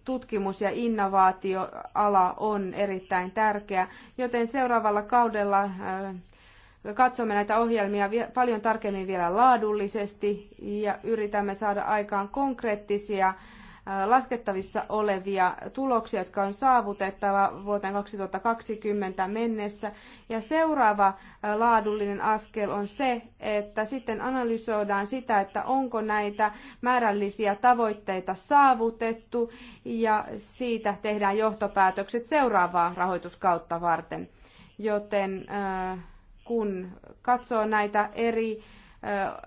tutkimus- ja innovaatioala on erittäin tärkeä, joten seuraavalla kaudella katsomme näitä ohjelmia paljon tarkemmin vielä laadullisesti ja yritämme saada aikaan konkreettisia äh, laskettavissa olevia tuloksia, jotka on saavutettava vuoteen 2020 mennessä. Ja seuraava äh, laadullinen askel on se, että sitten analysoidaan sitä, että onko näitä määrällisiä tavoitteita saavutettu ja siitä tehdään johtopäätökset seuraavaa rahoituskautta varten. Joten äh, kun katsoo näitä eri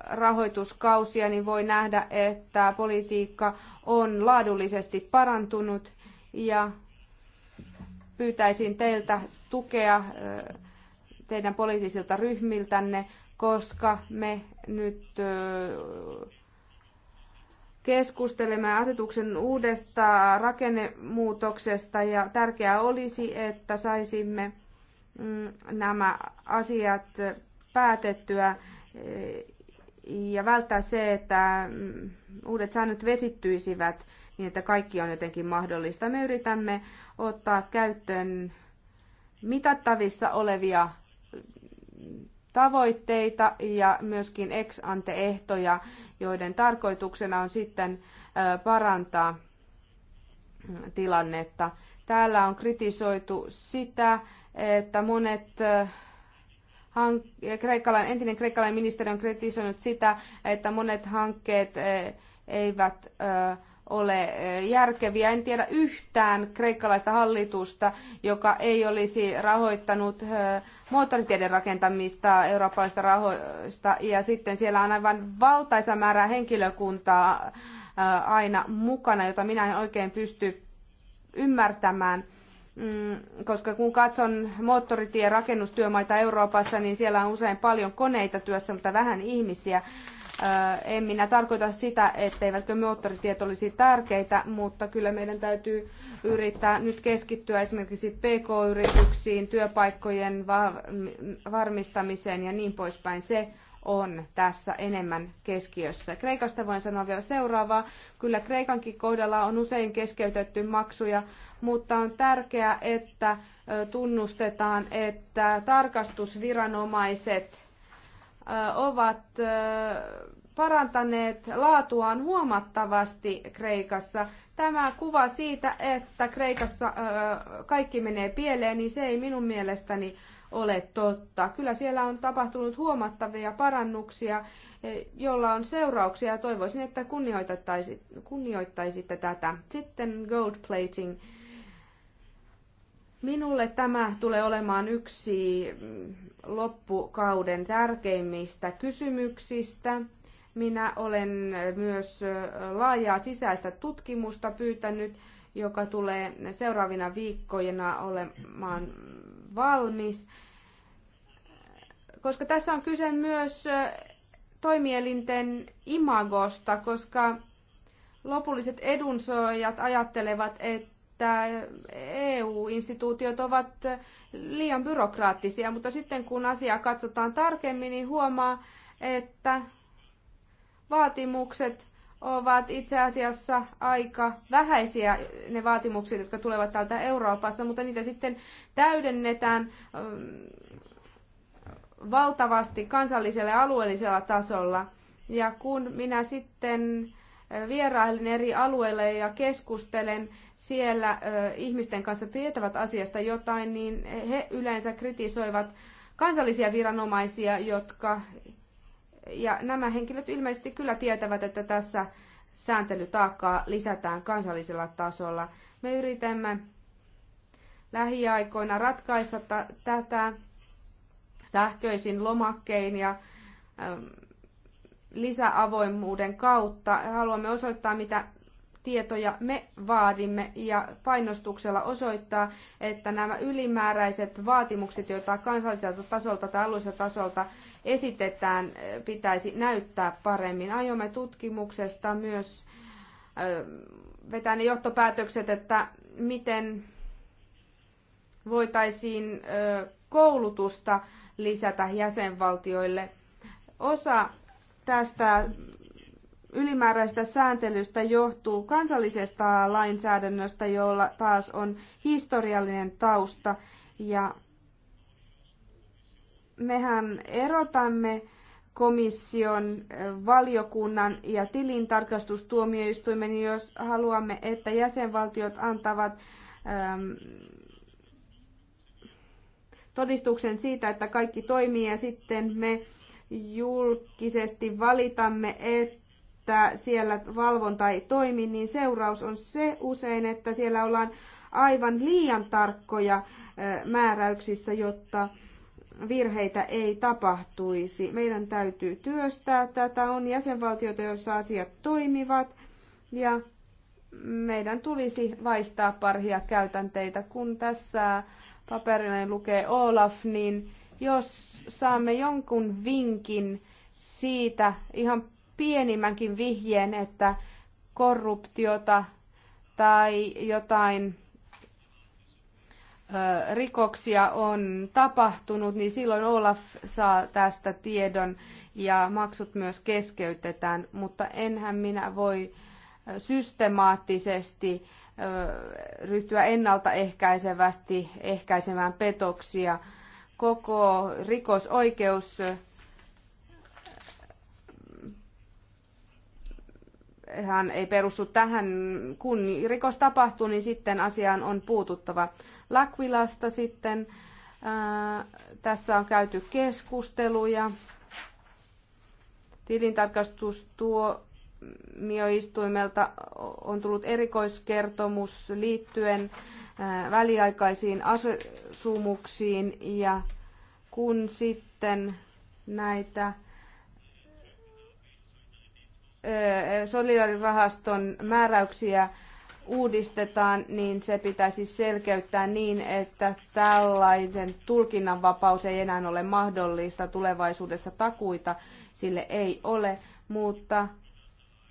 rahoituskausia, niin voi nähdä, että politiikka on laadullisesti parantunut ja pyytäisin teiltä tukea teidän poliittisilta ryhmiltänne, koska me nyt keskustelemme asetuksen uudesta rakennemuutoksesta ja tärkeää olisi, että saisimme Mm, nämä asiat päätettyä e, ja välttää se, että mm, uudet säännöt vesittyisivät niin, että kaikki on jotenkin mahdollista. Me yritämme ottaa käyttöön mitattavissa olevia mm, tavoitteita ja myöskin ex ante ehtoja, joiden tarkoituksena on sitten e, parantaa tilannetta. Täällä on kritisoitu sitä, että monet eh, hank- kreikkalainen, entinen kreikkalainen ministeri on kritisoinut sitä, että monet hankkeet eh, eivät eh, ole järkeviä. En tiedä yhtään kreikkalaista hallitusta, joka ei olisi rahoittanut moottoritieden rakentamista eurooppalaisista rahoista. Ja sitten siellä on aivan valtaisa määrä henkilökuntaa aina mukana, jota minä en oikein pysty ymmärtämään. Mm, koska kun katson ja rakennustyömaita Euroopassa, niin siellä on usein paljon koneita työssä, mutta vähän ihmisiä. En minä tarkoita sitä, etteivätkö moottoritiet olisi tärkeitä, mutta kyllä meidän täytyy yrittää nyt keskittyä esimerkiksi PK-yrityksiin, työpaikkojen varmistamiseen ja niin poispäin. Se on tässä enemmän keskiössä. Kreikasta voin sanoa vielä seuraavaa. Kyllä Kreikankin kohdalla on usein keskeytetty maksuja mutta on tärkeää, että tunnustetaan, että tarkastusviranomaiset ovat parantaneet laatuaan huomattavasti Kreikassa. Tämä kuva siitä, että Kreikassa kaikki menee pieleen, niin se ei minun mielestäni ole totta. Kyllä siellä on tapahtunut huomattavia parannuksia, e, jolla on seurauksia ja toivoisin, että kunnioittaisitte tätä. Sitten gold plating Minulle tämä tulee olemaan yksi mm, loppukauden tärkeimmistä kysymyksistä. Minä olen myös laajaa sisäistä tutkimusta pyytänyt, joka tulee seuraavina viikkoina olemaan valmis. Koska tässä on kyse myös toimielinten imagosta, koska lopulliset edunsoijat ajattelevat, että että EU-instituutiot ovat liian byrokraattisia, mutta sitten kun asiaa katsotaan tarkemmin, niin huomaa, että vaatimukset ovat itse asiassa aika vähäisiä ne vaatimukset, jotka tulevat täältä Euroopassa, mutta niitä sitten täydennetään mm, valtavasti kansallisella ja alueellisella tasolla. Ja kun minä sitten vierailen eri alueille ja keskustelen siellä ihmisten kanssa tietävät asiasta jotain, niin he yleensä kritisoivat kansallisia viranomaisia, jotka ja nämä henkilöt ilmeisesti kyllä tietävät, että tässä sääntelytaakkaa lisätään kansallisella tasolla. Me yritämme lähiaikoina ratkaista tätä sähköisin lomakkein ja lisäavoimuuden kautta. Haluamme osoittaa, mitä tietoja me vaadimme ja painostuksella osoittaa, että nämä ylimääräiset vaatimukset, joita kansalliselta tasolta tai alueelliselta tasolta esitetään, pitäisi näyttää paremmin. Aiomme tutkimuksesta myös vetää ne johtopäätökset, että miten voitaisiin koulutusta lisätä jäsenvaltioille. Osa tästä ylimääräistä sääntelystä johtuu kansallisesta lainsäädännöstä, jolla taas on historiallinen tausta. Ja mehän erotamme komission, valiokunnan ja tilintarkastustuomioistuimen, jos haluamme, että jäsenvaltiot antavat äm, todistuksen siitä, että kaikki toimii ja sitten me julkisesti valitamme, että siellä valvonta ei toimi, niin seuraus on se usein, että siellä ollaan aivan liian tarkkoja määräyksissä, jotta virheitä ei tapahtuisi. Meidän täytyy työstää tätä. On jäsenvaltioita, joissa asiat toimivat ja meidän tulisi vaihtaa parhia käytänteitä. Kun tässä paperilla lukee Olaf, niin jos saamme jonkun vinkin siitä, ihan pienimmänkin vihjeen, että korruptiota tai jotain rikoksia on tapahtunut, niin silloin Olaf saa tästä tiedon ja maksut myös keskeytetään, mutta enhän minä voi systemaattisesti ryhtyä ennaltaehkäisevästi ehkäisemään petoksia koko rikosoikeus hän ei perustu tähän, kun rikos tapahtuu, niin sitten asiaan on puututtava. Lakvilasta sitten ää, tässä on käyty keskusteluja. mioistuimelta on tullut erikoiskertomus liittyen väliaikaisiin asumuksiin ja kun sitten näitä solidaarirahaston määräyksiä uudistetaan, niin se pitäisi selkeyttää niin, että tällaisen tulkinnanvapaus ei enää ole mahdollista tulevaisuudessa takuita, sille ei ole, mutta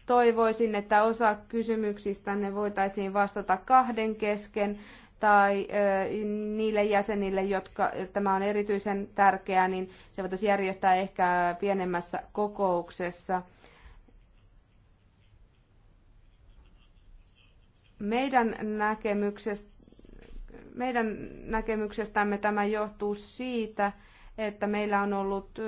Toivoisin, että osa kysymyksistä ne voitaisiin vastata kahden kesken tai niille jäsenille, jotka tämä on erityisen tärkeää, niin se voitaisiin järjestää ehkä pienemmässä kokouksessa. Meidän, näkemyksestä, meidän näkemyksestämme tämä johtuu siitä, että meillä on ollut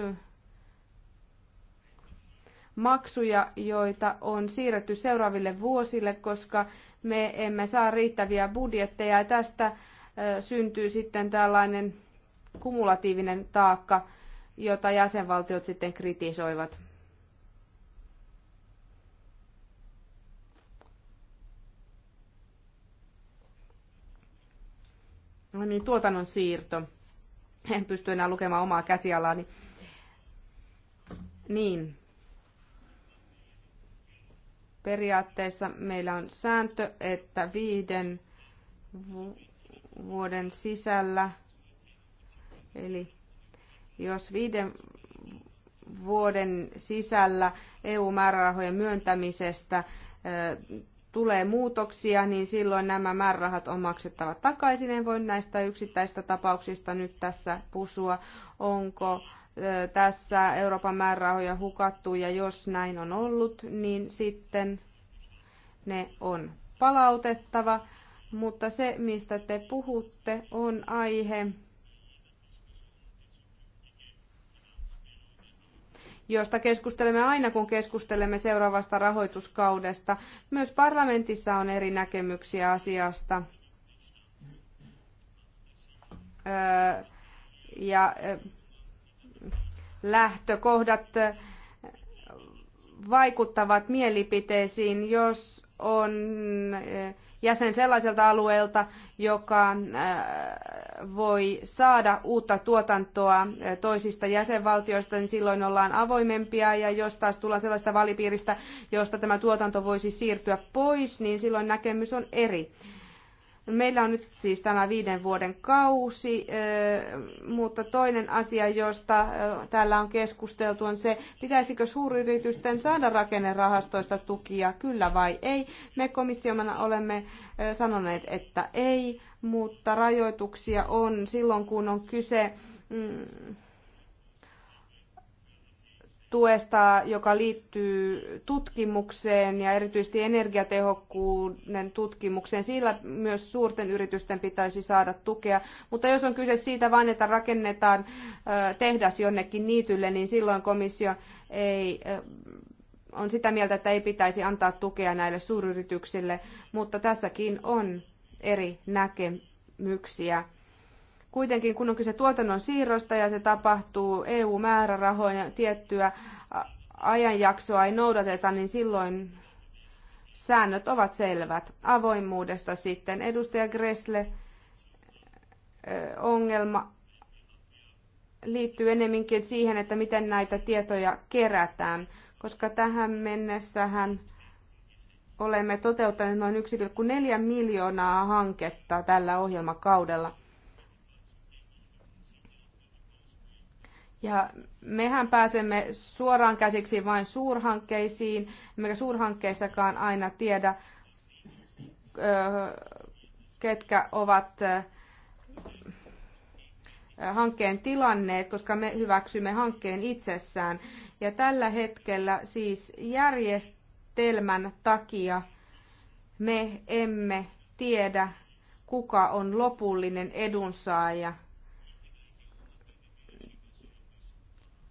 maksuja, joita on siirretty seuraaville vuosille, koska me emme saa riittäviä budjetteja ja tästä syntyy sitten tällainen kumulatiivinen taakka, jota jäsenvaltiot sitten kritisoivat. No niin, tuotannon siirto. En pysty enää lukemaan omaa käsialaani. Niin. Periaatteessa meillä on sääntö, että viiden vuoden sisällä, eli jos viiden vuoden sisällä EU-määrärahojen myöntämisestä tulee muutoksia, niin silloin nämä määrärahat on maksettava takaisin. En voi näistä yksittäisistä tapauksista nyt tässä pusua, onko tässä Euroopan määrärahoja hukattu ja jos näin on ollut, niin sitten ne on palautettava. Mutta se, mistä te puhutte, on aihe, josta keskustelemme aina, kun keskustelemme seuraavasta rahoituskaudesta. Myös parlamentissa on eri näkemyksiä asiasta. ja lähtökohdat vaikuttavat mielipiteisiin, jos on eh, jäsen sellaiselta alueelta, joka eh, voi saada uutta tuotantoa eh, toisista jäsenvaltioista, niin silloin ollaan avoimempia. Ja jos taas tullaan sellaista valipiiristä, josta tämä tuotanto voisi siirtyä pois, niin silloin näkemys on eri. Meillä on nyt siis tämä viiden vuoden kausi, mutta toinen asia, josta täällä on keskusteltu, on se, pitäisikö suuryritysten saada rakennerahastoista tukia, kyllä vai ei. Me komissiomana olemme sanoneet, että ei, mutta rajoituksia on silloin, kun on kyse mm, tuesta, joka liittyy tutkimukseen ja erityisesti energiatehokkuuden tutkimukseen. Sillä myös suurten yritysten pitäisi saada tukea. Mutta jos on kyse siitä vain, että rakennetaan tehdas jonnekin niitylle, niin silloin komissio ei on sitä mieltä, että ei pitäisi antaa tukea näille suuryrityksille, mutta tässäkin on eri näkemyksiä Kuitenkin kun on kyse tuotannon siirrosta ja se tapahtuu EU-määrärahoja tiettyä ajanjaksoa ei noudateta, niin silloin säännöt ovat selvät. Avoimuudesta sitten edustaja Gressle ongelma liittyy enemminkin siihen, että miten näitä tietoja kerätään, koska tähän mennessähän olemme toteuttaneet noin 1,4 miljoonaa hanketta tällä ohjelmakaudella. Ja mehän pääsemme suoraan käsiksi vain suurhankkeisiin, emmekä suurhankkeissakaan aina tiedä, ketkä ovat hankkeen tilanneet, koska me hyväksymme hankkeen itsessään. Ja tällä hetkellä siis järjestelmän takia me emme tiedä, kuka on lopullinen edunsaaja –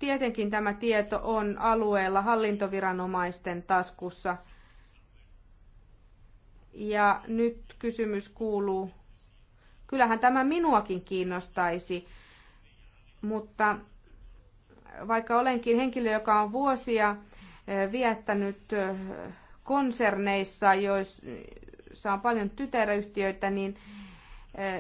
Tietenkin tämä tieto on alueella hallintoviranomaisten taskussa. Ja nyt kysymys kuuluu, kyllähän tämä minuakin kiinnostaisi, mutta vaikka olenkin henkilö, joka on vuosia eh, viettänyt eh, konserneissa, joissa on paljon tytäryhtiöitä, niin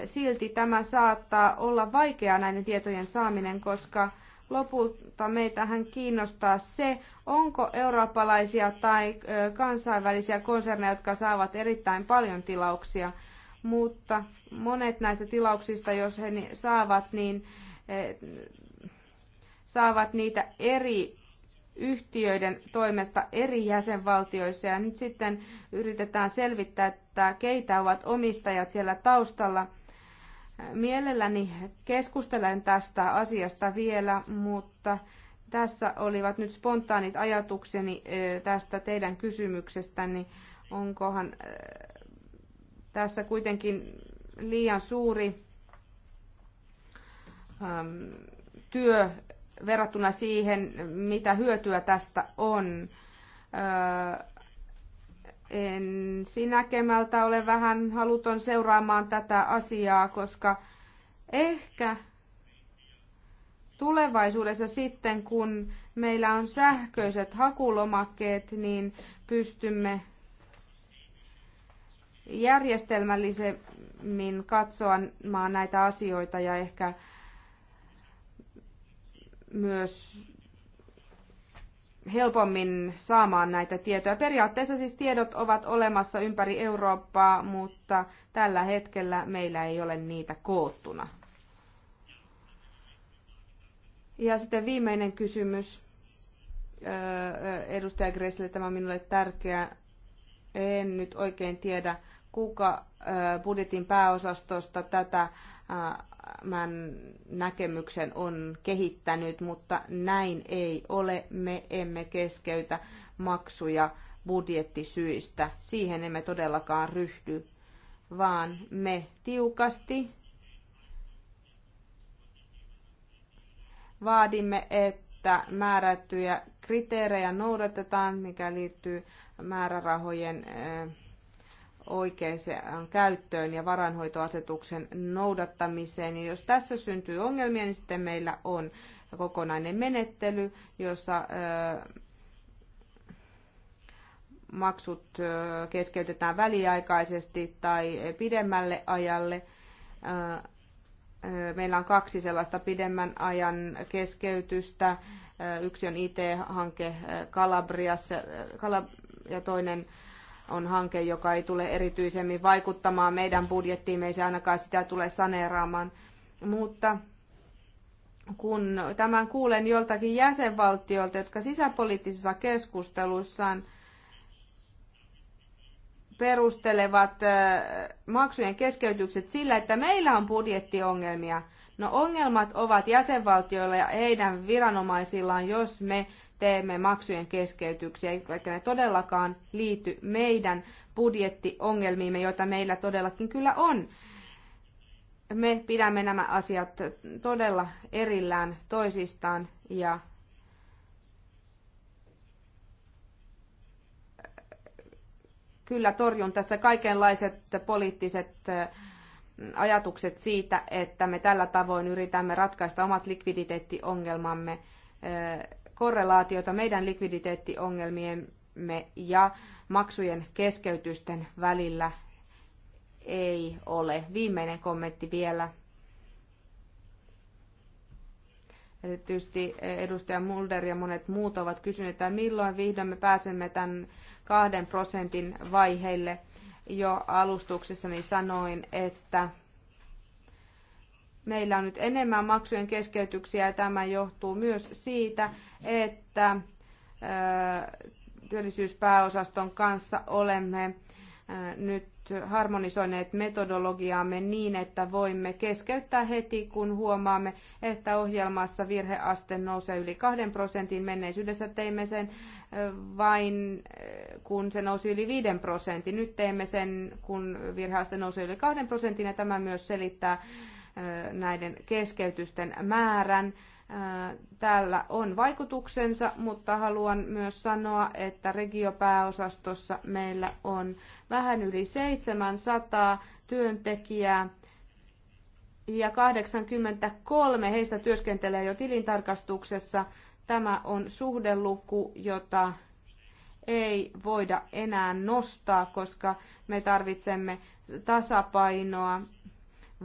Silti tämä saattaa olla vaikeaa näiden tietojen saaminen, koska lopulta meitähän kiinnostaa se, onko eurooppalaisia tai kansainvälisiä konserneja, jotka saavat erittäin paljon tilauksia. Mutta monet näistä tilauksista, jos he saavat, niin saavat niitä eri yhtiöiden toimesta eri jäsenvaltioissa ja nyt sitten yritetään selvittää, että keitä ovat omistajat siellä taustalla. Mielelläni keskustelen tästä asiasta vielä, mutta tässä olivat nyt spontaanit ajatukseni tästä teidän kysymyksestäni. Onkohan tässä kuitenkin liian suuri työ verrattuna siihen, mitä hyötyä tästä on ensinäkemältä olen vähän haluton seuraamaan tätä asiaa, koska ehkä tulevaisuudessa sitten, kun meillä on sähköiset hakulomakkeet, niin pystymme järjestelmällisemmin katsomaan näitä asioita ja ehkä myös helpommin saamaan näitä tietoja. Periaatteessa siis tiedot ovat olemassa ympäri Eurooppaa, mutta tällä hetkellä meillä ei ole niitä koottuna. Ja sitten viimeinen kysymys. Öö, öö, edustaja Gressille, tämä on minulle tärkeä. En nyt oikein tiedä, kuka öö, budjetin pääosastosta tätä tämän näkemyksen on kehittänyt, mutta näin ei ole. Me emme keskeytä maksuja budjettisyistä. Siihen emme todellakaan ryhdy, vaan me tiukasti vaadimme, että määrättyjä kriteerejä noudatetaan, mikä liittyy määrärahojen eh, oikeaan käyttöön ja varanhoitoasetuksen noudattamiseen. Ja jos tässä syntyy ongelmia, niin sitten meillä on kokonainen menettely, jossa maksut keskeytetään väliaikaisesti tai pidemmälle ajalle. Meillä on kaksi sellaista pidemmän ajan keskeytystä. Yksi on IT-hanke Kalabriassa ja toinen on hanke, joka ei tule erityisemmin vaikuttamaan meidän budjettiimme, ei se ainakaan sitä tule saneeraamaan. Mutta kun tämän kuulen joltakin jäsenvaltiolta, jotka sisäpoliittisissa keskusteluissaan perustelevat maksujen keskeytykset sillä, että meillä on budjettiongelmia. No ongelmat ovat jäsenvaltioilla ja heidän viranomaisillaan, jos me teemme maksujen keskeytyksiä, eivätkä ne todellakaan liity meidän budjettiongelmiimme, joita meillä todellakin kyllä on. Me pidämme nämä asiat todella erillään toisistaan ja kyllä torjun tässä kaikenlaiset poliittiset ajatukset siitä, että me tällä tavoin yritämme ratkaista omat likviditeettiongelmamme korrelaatiota meidän likviditeettiongelmiemme ja maksujen keskeytysten välillä ei ole. Viimeinen kommentti vielä. Erityisesti eh, edustaja Mulder ja monet muut ovat kysyneet, että milloin vihdoin me pääsemme tämän kahden prosentin vaiheille. Jo alustuksessani sanoin, että meillä on nyt enemmän maksujen keskeytyksiä ja tämä johtuu myös siitä, että työllisyyspääosaston kanssa olemme nyt harmonisoineet metodologiaamme niin, että voimme keskeyttää heti, kun huomaamme, että ohjelmassa virheaste nousee yli 2 prosentin. Menneisyydessä teimme sen vain, kun se nousi yli 5 prosentin. Nyt teemme sen, kun virheaste nousee yli 2 prosentin, ja tämä myös selittää näiden keskeytysten määrän. Tällä on vaikutuksensa, mutta haluan myös sanoa, että regiopääosastossa meillä on vähän yli 700 työntekijää ja 83 heistä työskentelee jo tilintarkastuksessa. Tämä on suhdeluku, jota ei voida enää nostaa, koska me tarvitsemme tasapainoa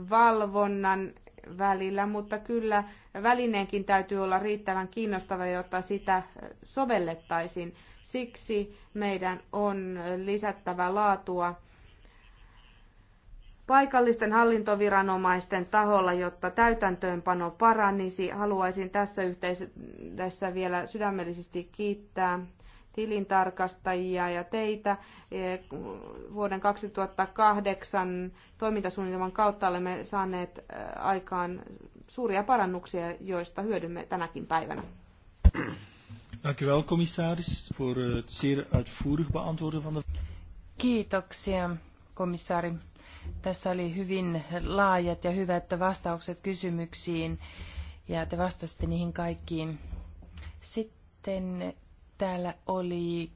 valvonnan välillä, mutta kyllä välineenkin täytyy olla riittävän kiinnostava, jotta sitä sovellettaisiin. Siksi meidän on lisättävä laatua paikallisten hallintoviranomaisten taholla, jotta täytäntöönpano paranisi. Haluaisin tässä yhteydessä vielä sydämellisesti kiittää tilintarkastajia ja teitä. E, vuoden 2008 toimintasuunnitelman kautta olemme saaneet e, aikaan suuria parannuksia, joista hyödymme tänäkin päivänä. Dank u wel, commissaris, voor het zeer uitvoerig beantwoorden van de... Kiitoksia, komissaari. Tässä oli hyvin laajat ja hyvät vastaukset kysymyksiin ja te vastasitte niihin kaikkiin. Sitten Täällä oli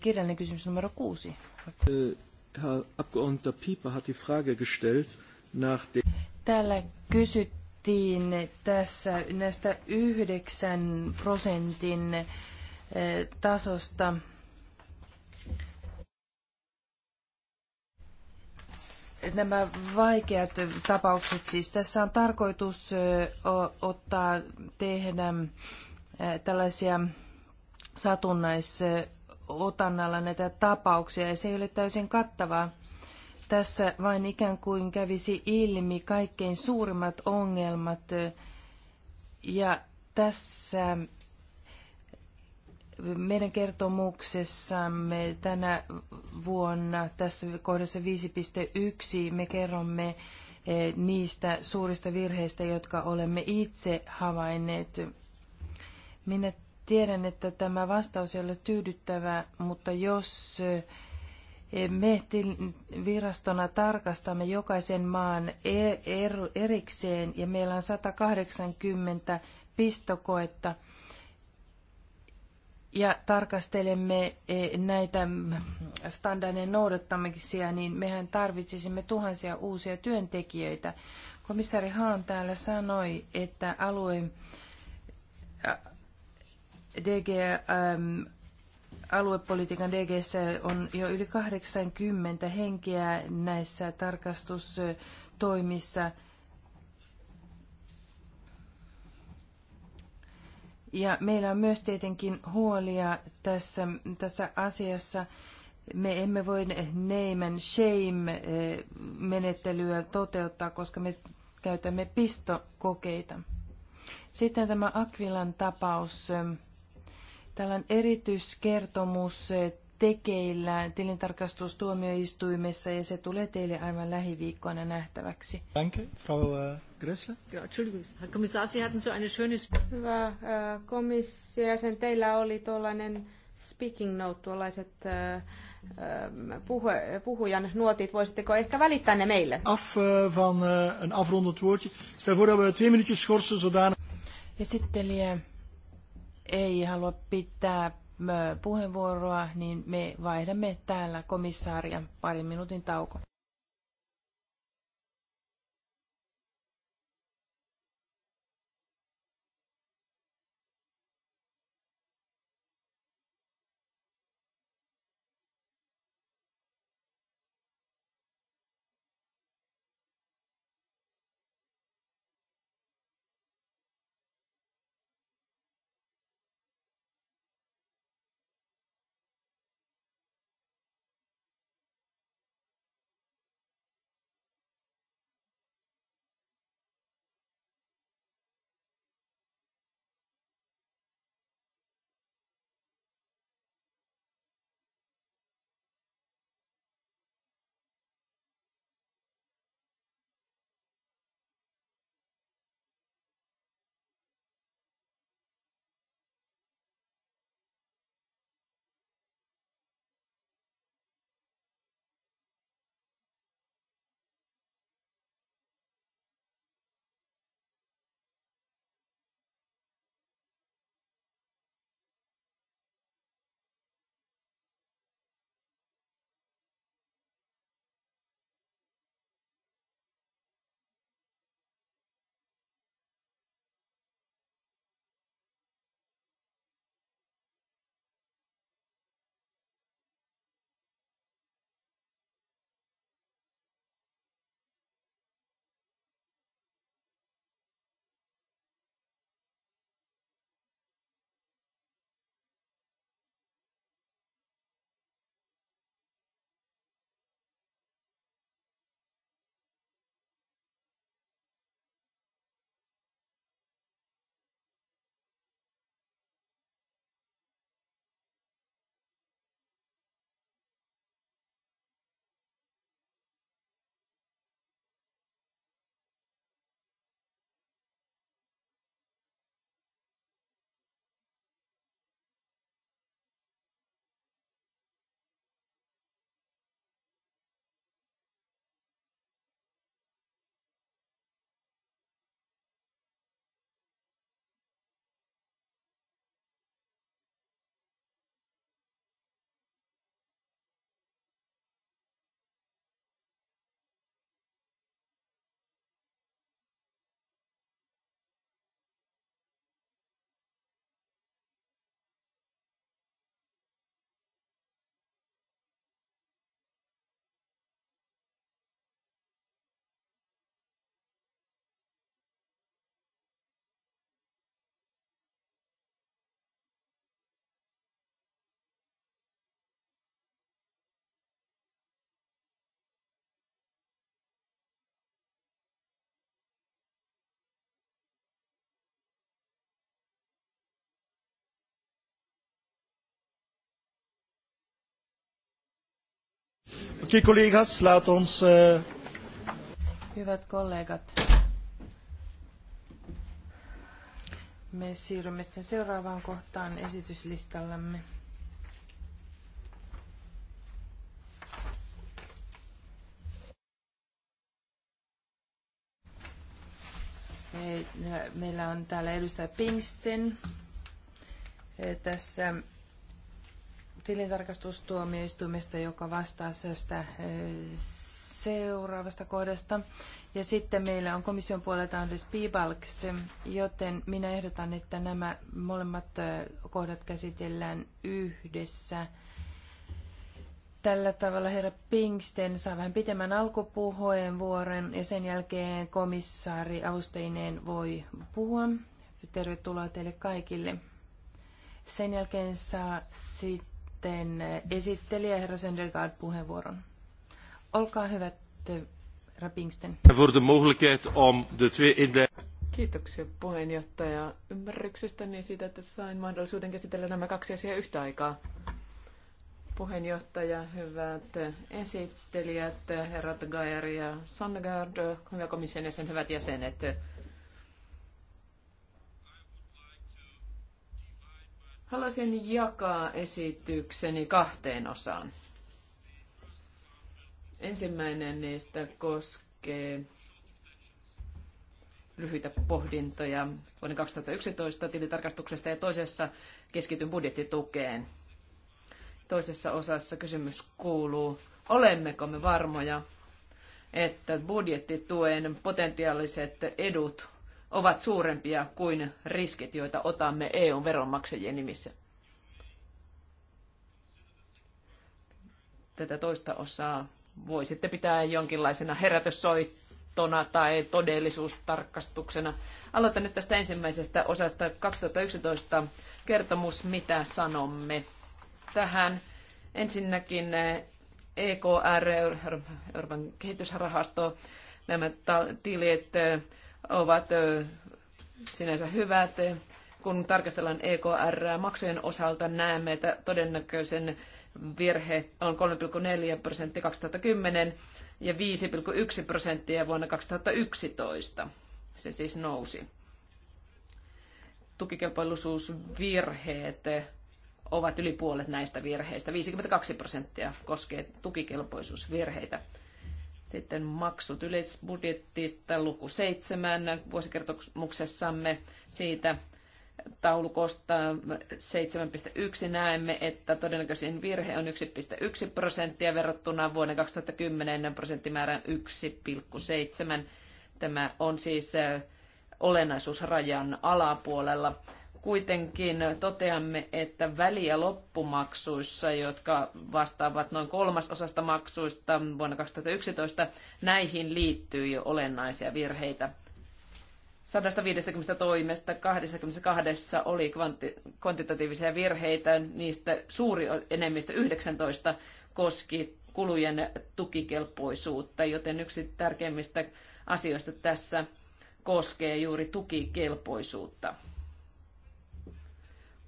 kirjallinen kysymys numero kuusi. Äh, Herr Abgeordneter Pieper hat die Frage gestellt nach dem... Täällä kysyttiin tässä näistä yhdeksän prosentin äh, tasosta. Nämä vaikeat tapaukset, siis tässä on tarkoitus ottaa tehdä tällaisia satunnaisotannalla näitä tapauksia ja se ei ole täysin kattavaa. Tässä vain ikään kuin kävisi ilmi kaikkein suurimmat ongelmat ja tässä meidän kertomuksessamme tänä vuonna tässä kohdassa 5.1 me kerromme eh, niistä suurista virheistä, jotka olemme itse havainneet. Minä Tiedän, että tämä vastaus ei ole tyydyttävä, mutta jos eh, me virastona tarkastamme jokaisen maan e- er- erikseen ja meillä on 180 pistokoetta ja tarkastelemme eh, näitä standardien noudattamisia, niin mehän tarvitsisimme tuhansia uusia työntekijöitä. Komissaari Haan täällä sanoi, että alueen DG, ähm, aluepolitiikan DGssä on jo yli 80 henkeä näissä tarkastustoimissa. Ja meillä on myös tietenkin huolia tässä, tässä asiassa. Me emme voi name and shame-menettelyä äh, toteuttaa, koska me käytämme pistokokeita. Sitten tämä Akvilan tapaus. Ähm, Täällä on erityiskertomus tekeillä tilintarkastustuomioistuimessa ja se tulee teille aivan lähiviikkoina nähtäväksi. Danke, Frau äh, Gressler. Ja, Entschuldigung, Herr Kommissar, Sie hatten so eine schöne... Hyvä äh, komissiojäsen, teillä oli tuollainen speaking note, tuollaiset äh, ähm, puhu, puhujan nuotit. Voisitteko ehkä välittää ne meille? Af van een afrondend woordje. Stel voor dat we twee minuutjes schorsen zodanig... Esittelijä ei halua pitää puheenvuoroa, niin me vaihdamme täällä komissaaria parin minuutin tauko. Oké collega's, laat ons... Eh, Hyvät kollegat, me siirrymme sitten seuraavaan kohtaan esityslistallamme. Meillä on täällä edustaja pingsten. Eh, tässä tilintarkastustuomioistuimesta, joka vastaa tästä eh, seuraavasta kohdasta. Ja sitten meillä on komission puolelta Andres Pibalks, joten minä ehdotan, että nämä molemmat eh, kohdat käsitellään yhdessä. Tällä tavalla herra Pinksten saa vähän pitemmän alkupuheenvuoron ja sen jälkeen komissaari Austeineen voi puhua. Tervetuloa teille kaikille. Sen jälkeen saa sitten sitten esittelijä herra Sendergaard puheenvuoron. Olkaa hyvät, herra Pinksten. Voor de mogelijkheid om de twee inleidingen... Kiitoksia puheenjohtaja ymmärryksestäni siitä, että sain mahdollisuuden käsitellä nämä kaksi asiaa yhtä aikaa. Puheenjohtaja, hyvät esittelijät, herrat Gajer ja Sonnegaard, hyvä komission jäsen, hyvät jäsenet. Haluaisin jakaa esitykseni kahteen osaan. Ensimmäinen niistä koskee lyhyitä pohdintoja vuoden 2011 tilitarkastuksesta ja toisessa keskityn budjettitukeen. Toisessa osassa kysymys kuuluu, olemmeko me varmoja, että budjettituen potentiaaliset edut ovat suurempia kuin riskit, joita otamme EUn veronmaksajien nimissä. Tätä toista osaa voi sitten pitää jonkinlaisena herätyssoittona tai todellisuustarkastuksena. Aloitan nyt tästä ensimmäisestä osasta 2011 kertomus, mitä sanomme tähän. Ensinnäkin EKR, Euroopan kehitysrahasto, nämä tilit, ovat sinänsä hyvät. Kun tarkastellaan EKR-maksujen osalta, näemme, että todennäköisen virhe on 3,4 prosenttia 2010 ja 5,1 prosenttia vuonna 2011. Se siis nousi. Tukikelpoisuusvirheet ovat yli puolet näistä virheistä. 52 prosenttia koskee tukikelpoisuusvirheitä. Sitten maksut yleisbudjettista luku 7 vuosikertomuksessamme siitä taulukosta 7.1 näemme, että todennäköisin virhe on 1.1 prosenttia verrattuna vuonna 2010 prosenttimäärään 1,7. Tämä on siis olennaisuusrajan alapuolella kuitenkin toteamme, että väliä loppumaksuissa, jotka vastaavat noin kolmasosasta maksuista vuonna 2011, näihin liittyy jo olennaisia virheitä. 150 toimesta 22 oli kvantitatiivisia virheitä, niistä suuri enemmistö 19 koski kulujen tukikelpoisuutta, joten yksi tärkeimmistä asioista tässä koskee juuri tukikelpoisuutta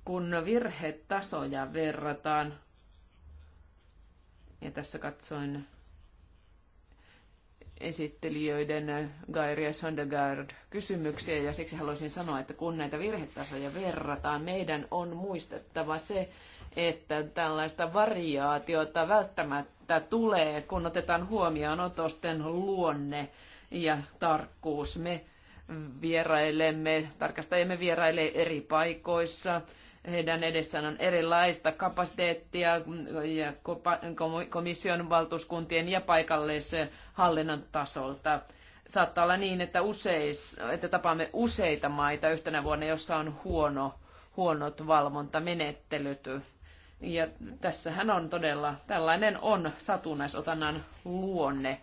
kun virhetasoja verrataan, ja tässä katsoin esittelijöiden Gairi ja Sondergaard kysymyksiä, ja siksi haluaisin sanoa, että kun näitä virhetasoja verrataan, meidän on muistettava se, että tällaista variaatiota välttämättä tulee, kun otetaan huomioon otosten luonne ja tarkkuus. Me vierailemme, tarkastajamme vierailee eri paikoissa, heidän edessään on erilaista kapasiteettia ja komission valtuuskuntien ja paikallishallinnon tasolta. Saattaa olla niin, että, useis, että tapaamme useita maita yhtenä vuonna, jossa on huono, huonot valvontamenettelyt. Ja tässähän on todella, tällainen on satunnaisotannan luonne.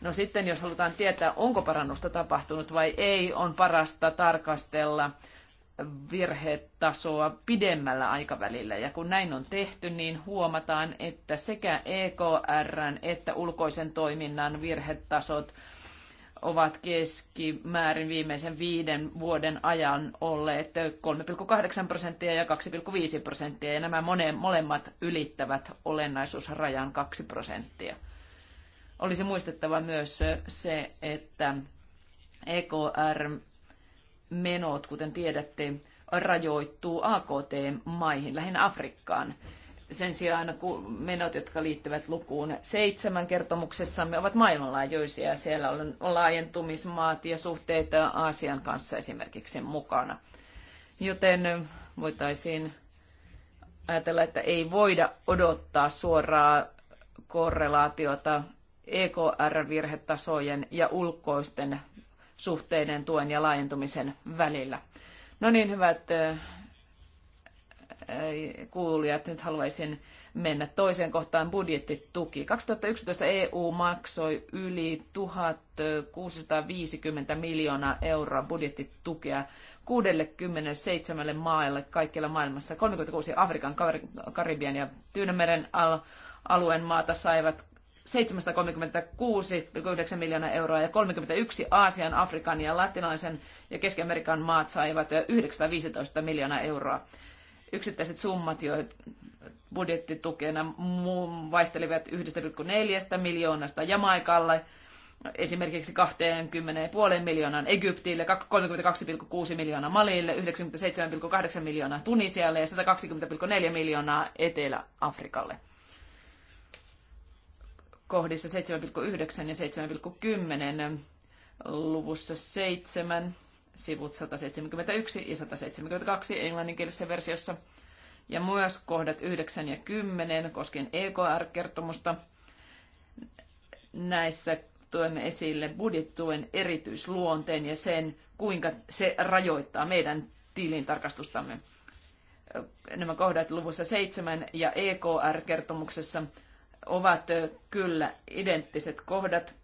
No sitten, jos halutaan tietää, onko parannusta tapahtunut vai ei, on parasta tarkastella virhetasoa pidemmällä aikavälillä. Ja kun näin on tehty, niin huomataan, että sekä EKRn että ulkoisen toiminnan virhetasot ovat keskimäärin viimeisen viiden vuoden ajan olleet 3,8 prosenttia ja 2,5 prosenttia, ja nämä molemmat ylittävät olennaisuusrajan 2 prosenttia. Olisi muistettava myös se, että EKR menot, kuten tiedätte, rajoittuu AKT-maihin, lähinnä Afrikkaan. Sen sijaan menot, jotka liittyvät lukuun seitsemän kertomuksessamme, ovat maailmanlaajuisia. Siellä on laajentumismaat ja suhteet Aasian kanssa esimerkiksi mukana. Joten voitaisiin ajatella, että ei voida odottaa suoraa korrelaatiota EKR-virhetasojen ja ulkoisten suhteiden tuen ja laajentumisen välillä. No niin, hyvät kuulijat, nyt haluaisin mennä toiseen kohtaan budjettituki. 2011 EU maksoi yli 1650 miljoonaa euroa budjettitukea 67 maalle kaikkialla maailmassa. 36 Afrikan, Karibian ja Tyynämeren alueen maata saivat 736,9 miljoonaa euroa ja 31 Aasian, Afrikan ja latinalaisen ja Keski-Amerikan maat saivat 915 miljoonaa euroa. Yksittäiset summat, joita budjettitukena vaihtelivat 1,4 miljoonasta Jamaikalle esimerkiksi 20,5 miljoonaan Egyptille, 32,6 miljoonaa Malille, 97,8 miljoonaa Tunisialle ja 120,4 miljoonaa Etelä-Afrikalle kohdissa 7,9 ja 7,10 luvussa 7, sivut 171 ja 172 englanninkielisessä versiossa, ja myös kohdat 9 ja 10 koskien EKR-kertomusta. Näissä tuemme esille budjettuen erityisluonteen ja sen, kuinka se rajoittaa meidän tilintarkastustamme. Nämä kohdat luvussa 7 ja EKR-kertomuksessa ovat kyllä identtiset kohdat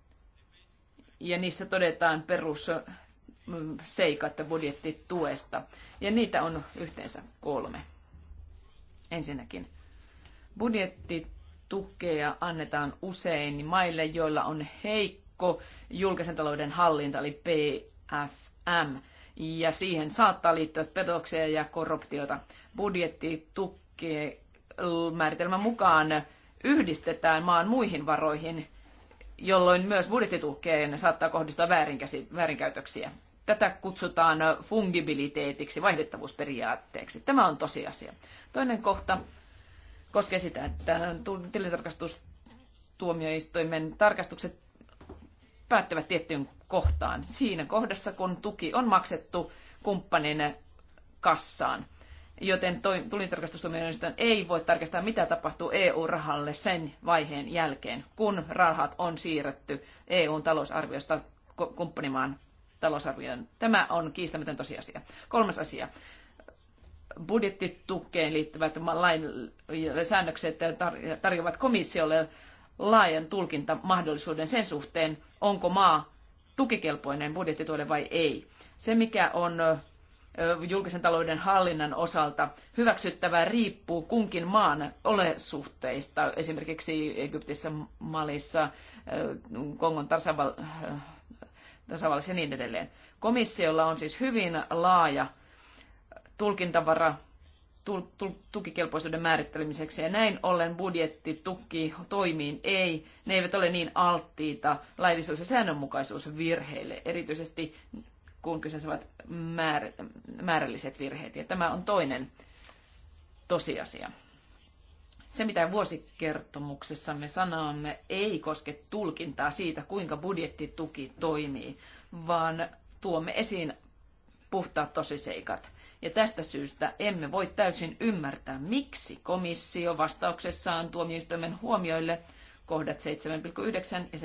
ja niissä todetaan perusseikat mm, budjettituesta. Ja niitä on yhteensä kolme. Ensinnäkin budjettitukea annetaan usein maille, joilla on heikko julkisen talouden hallinta, eli PFM. Ja siihen saattaa liittyä petoksia ja korruptiota. Budjettitukea määritelmän mukaan yhdistetään maan muihin varoihin, jolloin myös budjettitukeen saattaa kohdistua väärinkäytöksiä. Tätä kutsutaan fungibiliteetiksi, vaihdettavuusperiaatteeksi. Tämä on tosiasia. Toinen kohta koskee sitä, että tilintarkastustuomioistuimen tarkastukset päättävät tiettyyn kohtaan. Siinä kohdassa, kun tuki on maksettu kumppanin kassaan joten tulintarkastustuomioistuin ei voi tarkastaa, mitä tapahtuu EU-rahalle sen vaiheen jälkeen, kun rahat on siirretty EUn talousarviosta kumppanimaan talousarvioon. Tämä on kiistämätön tosiasia. Kolmas asia. Budjettitukeen liittyvät lain säännökset tarjoavat komissiolle laajan tulkintamahdollisuuden sen suhteen, onko maa tukikelpoinen budjettituelle vai ei. Se, mikä on julkisen talouden hallinnan osalta hyväksyttävää riippuu kunkin maan olesuhteista, esimerkiksi Egyptissä, Malissa, Kongon tasavallassa ja niin edelleen. Komissiolla on siis hyvin laaja tulkintavara tukikelpoisuuden määrittelemiseksi ja näin ollen budjetti, tuki, toimiin ei, ne eivät ole niin alttiita laillisuus- ja säännönmukaisuusvirheille, erityisesti kun kyseessä ovat määr, määrälliset virheet. Ja tämä on toinen tosiasia. Se, mitä vuosikertomuksessamme sanomme, ei koske tulkintaa siitä, kuinka budjettituki toimii, vaan tuomme esiin puhtaat tosiseikat. Ja tästä syystä emme voi täysin ymmärtää, miksi komissio vastauksessaan tuomioistuimen huomioille – kohdat 7,9 ja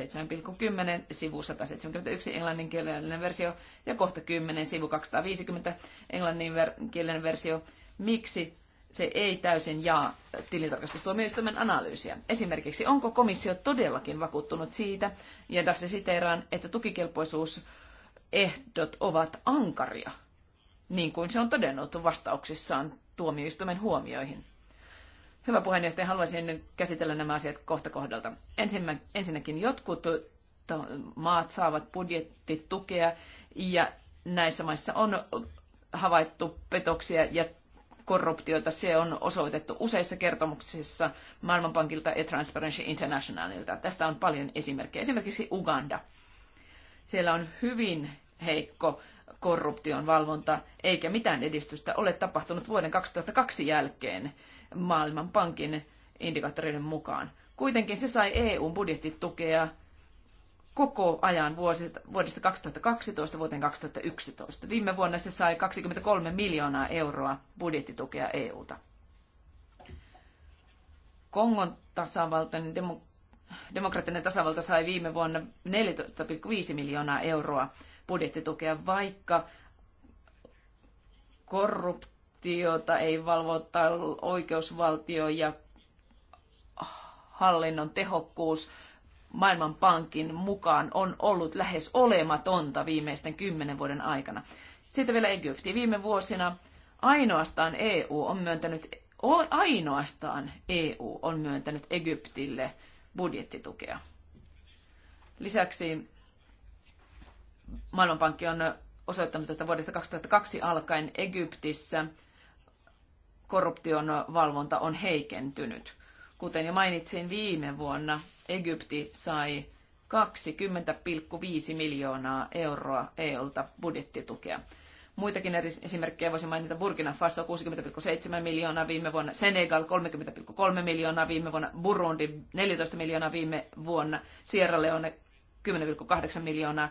7,10 sivu 171 englanninkielinen versio ja kohta 10 sivu 250 englanninkielinen versio. Miksi se ei täysin jaa tilintarkastustuomioistuimen analyysiä. Esimerkiksi onko komissio todellakin vakuuttunut siitä, ja tässä siteeraan, että tukikelpoisuusehdot ovat ankaria, niin kuin se on todennut vastauksissaan tuomioistuimen huomioihin. Hyvä puheenjohtaja, haluaisin käsitellä nämä asiat kohta kohdalta. Ensimmä, ensinnäkin jotkut maat saavat budjettitukea ja näissä maissa on havaittu petoksia ja korruptiota. Se on osoitettu useissa kertomuksissa Maailmanpankilta ja Transparency Internationalilta. Tästä on paljon esimerkkejä. Esimerkiksi Uganda. Siellä on hyvin heikko korruption valvonta, eikä mitään edistystä ole tapahtunut vuoden 2002 jälkeen. Maailmanpankin indikaattoreiden mukaan. Kuitenkin se sai EUn budjettitukea koko ajan vuodesta 2012 vuoteen 2011. Viime vuonna se sai 23 miljoonaa euroa budjettitukea EUlta. Kongon tasavaltainen demo, demokraattinen tasavalta sai viime vuonna 14,5 miljoonaa euroa budjettitukea, vaikka korruptio oikeusvaltiota ei valvota, oikeusvaltio ja hallinnon tehokkuus Maailmanpankin mukaan on ollut lähes olematonta viimeisten kymmenen vuoden aikana. Sitten vielä Egypti. Viime vuosina ainoastaan EU on myöntänyt, ainoastaan EU on myöntänyt Egyptille budjettitukea. Lisäksi Maailmanpankki on osoittanut, että vuodesta 2002 alkaen Egyptissä korruption valvonta on heikentynyt. Kuten jo mainitsin viime vuonna, Egypti sai 20,5 miljoonaa euroa EUlta budjettitukea. Muitakin eri esimerkkejä voisi mainita Burkina Faso 60,7 miljoonaa viime vuonna, Senegal 30,3 miljoonaa viime vuonna, Burundi 14 miljoonaa viime vuonna, Sierra Leone 10,8 miljoonaa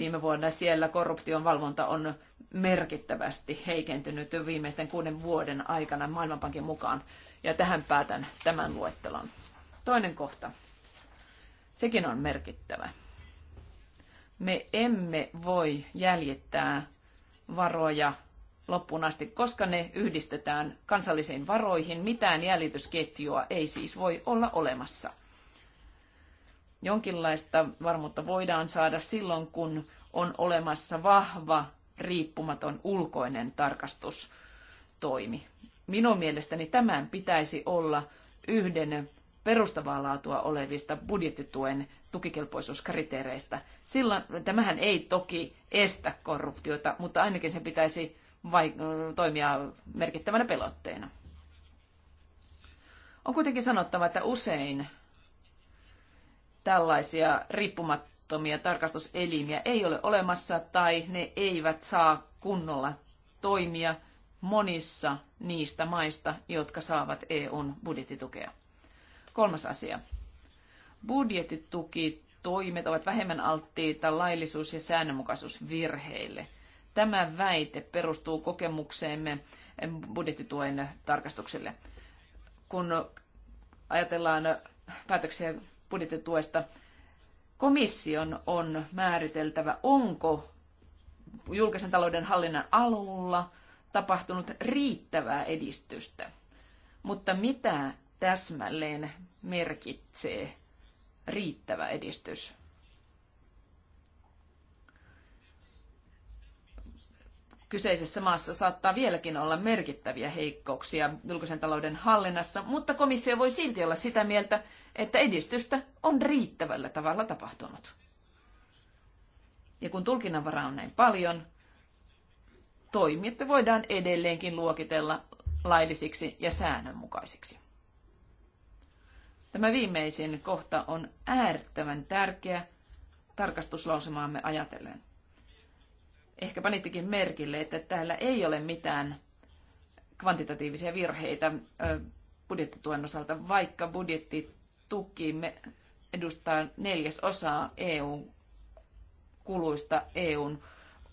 viime vuonna. Siellä korruption valvonta on merkittävästi heikentynyt viimeisten kuuden vuoden aikana Maailmanpankin mukaan. Ja tähän päätän tämän luettelon. Toinen kohta. Sekin on merkittävä. Me emme voi jäljittää varoja loppuun asti, koska ne yhdistetään kansallisiin varoihin. Mitään jäljitysketjua ei siis voi olla olemassa. Jonkinlaista varmuutta voidaan saada silloin, kun on olemassa vahva, riippumaton ulkoinen tarkastustoimi. Minun mielestäni tämän pitäisi olla yhden perustavaa laatua olevista budjettituen tukikelpoisuuskriteereistä. Silloin, tämähän ei toki estä korruptiota, mutta ainakin se pitäisi toimia merkittävänä pelotteena. On kuitenkin sanottava, että usein tällaisia riippumattomia tarkastuselimiä ei ole olemassa tai ne eivät saa kunnolla toimia monissa niistä maista, jotka saavat EUn budjettitukea. Kolmas asia. Budjettituki-toimet ovat vähemmän alttiita laillisuus- ja säännönmukaisuusvirheille. Tämä väite perustuu kokemukseemme budjettituen tarkastukselle. Kun ajatellaan päätöksiä budjettituesta. Komission on määriteltävä, onko julkisen talouden hallinnan alulla tapahtunut riittävää edistystä. Mutta mitä täsmälleen merkitsee riittävä edistys? Kyseisessä maassa saattaa vieläkin olla merkittäviä heikkouksia julkisen talouden hallinnassa, mutta komissio voi silti olla sitä mieltä, että edistystä on riittävällä tavalla tapahtunut. Ja kun tulkinnanvaraa on näin paljon, toimijat voidaan edelleenkin luokitella laillisiksi ja säännönmukaisiksi. Tämä viimeisin kohta on äärettömän tärkeä tarkastuslausumaamme ajatellen. Ehkä panittekin merkille, että täällä ei ole mitään kvantitatiivisia virheitä budjettituen osalta, vaikka budjetti tuki edustaa neljäsosaa EU-kuluista EUn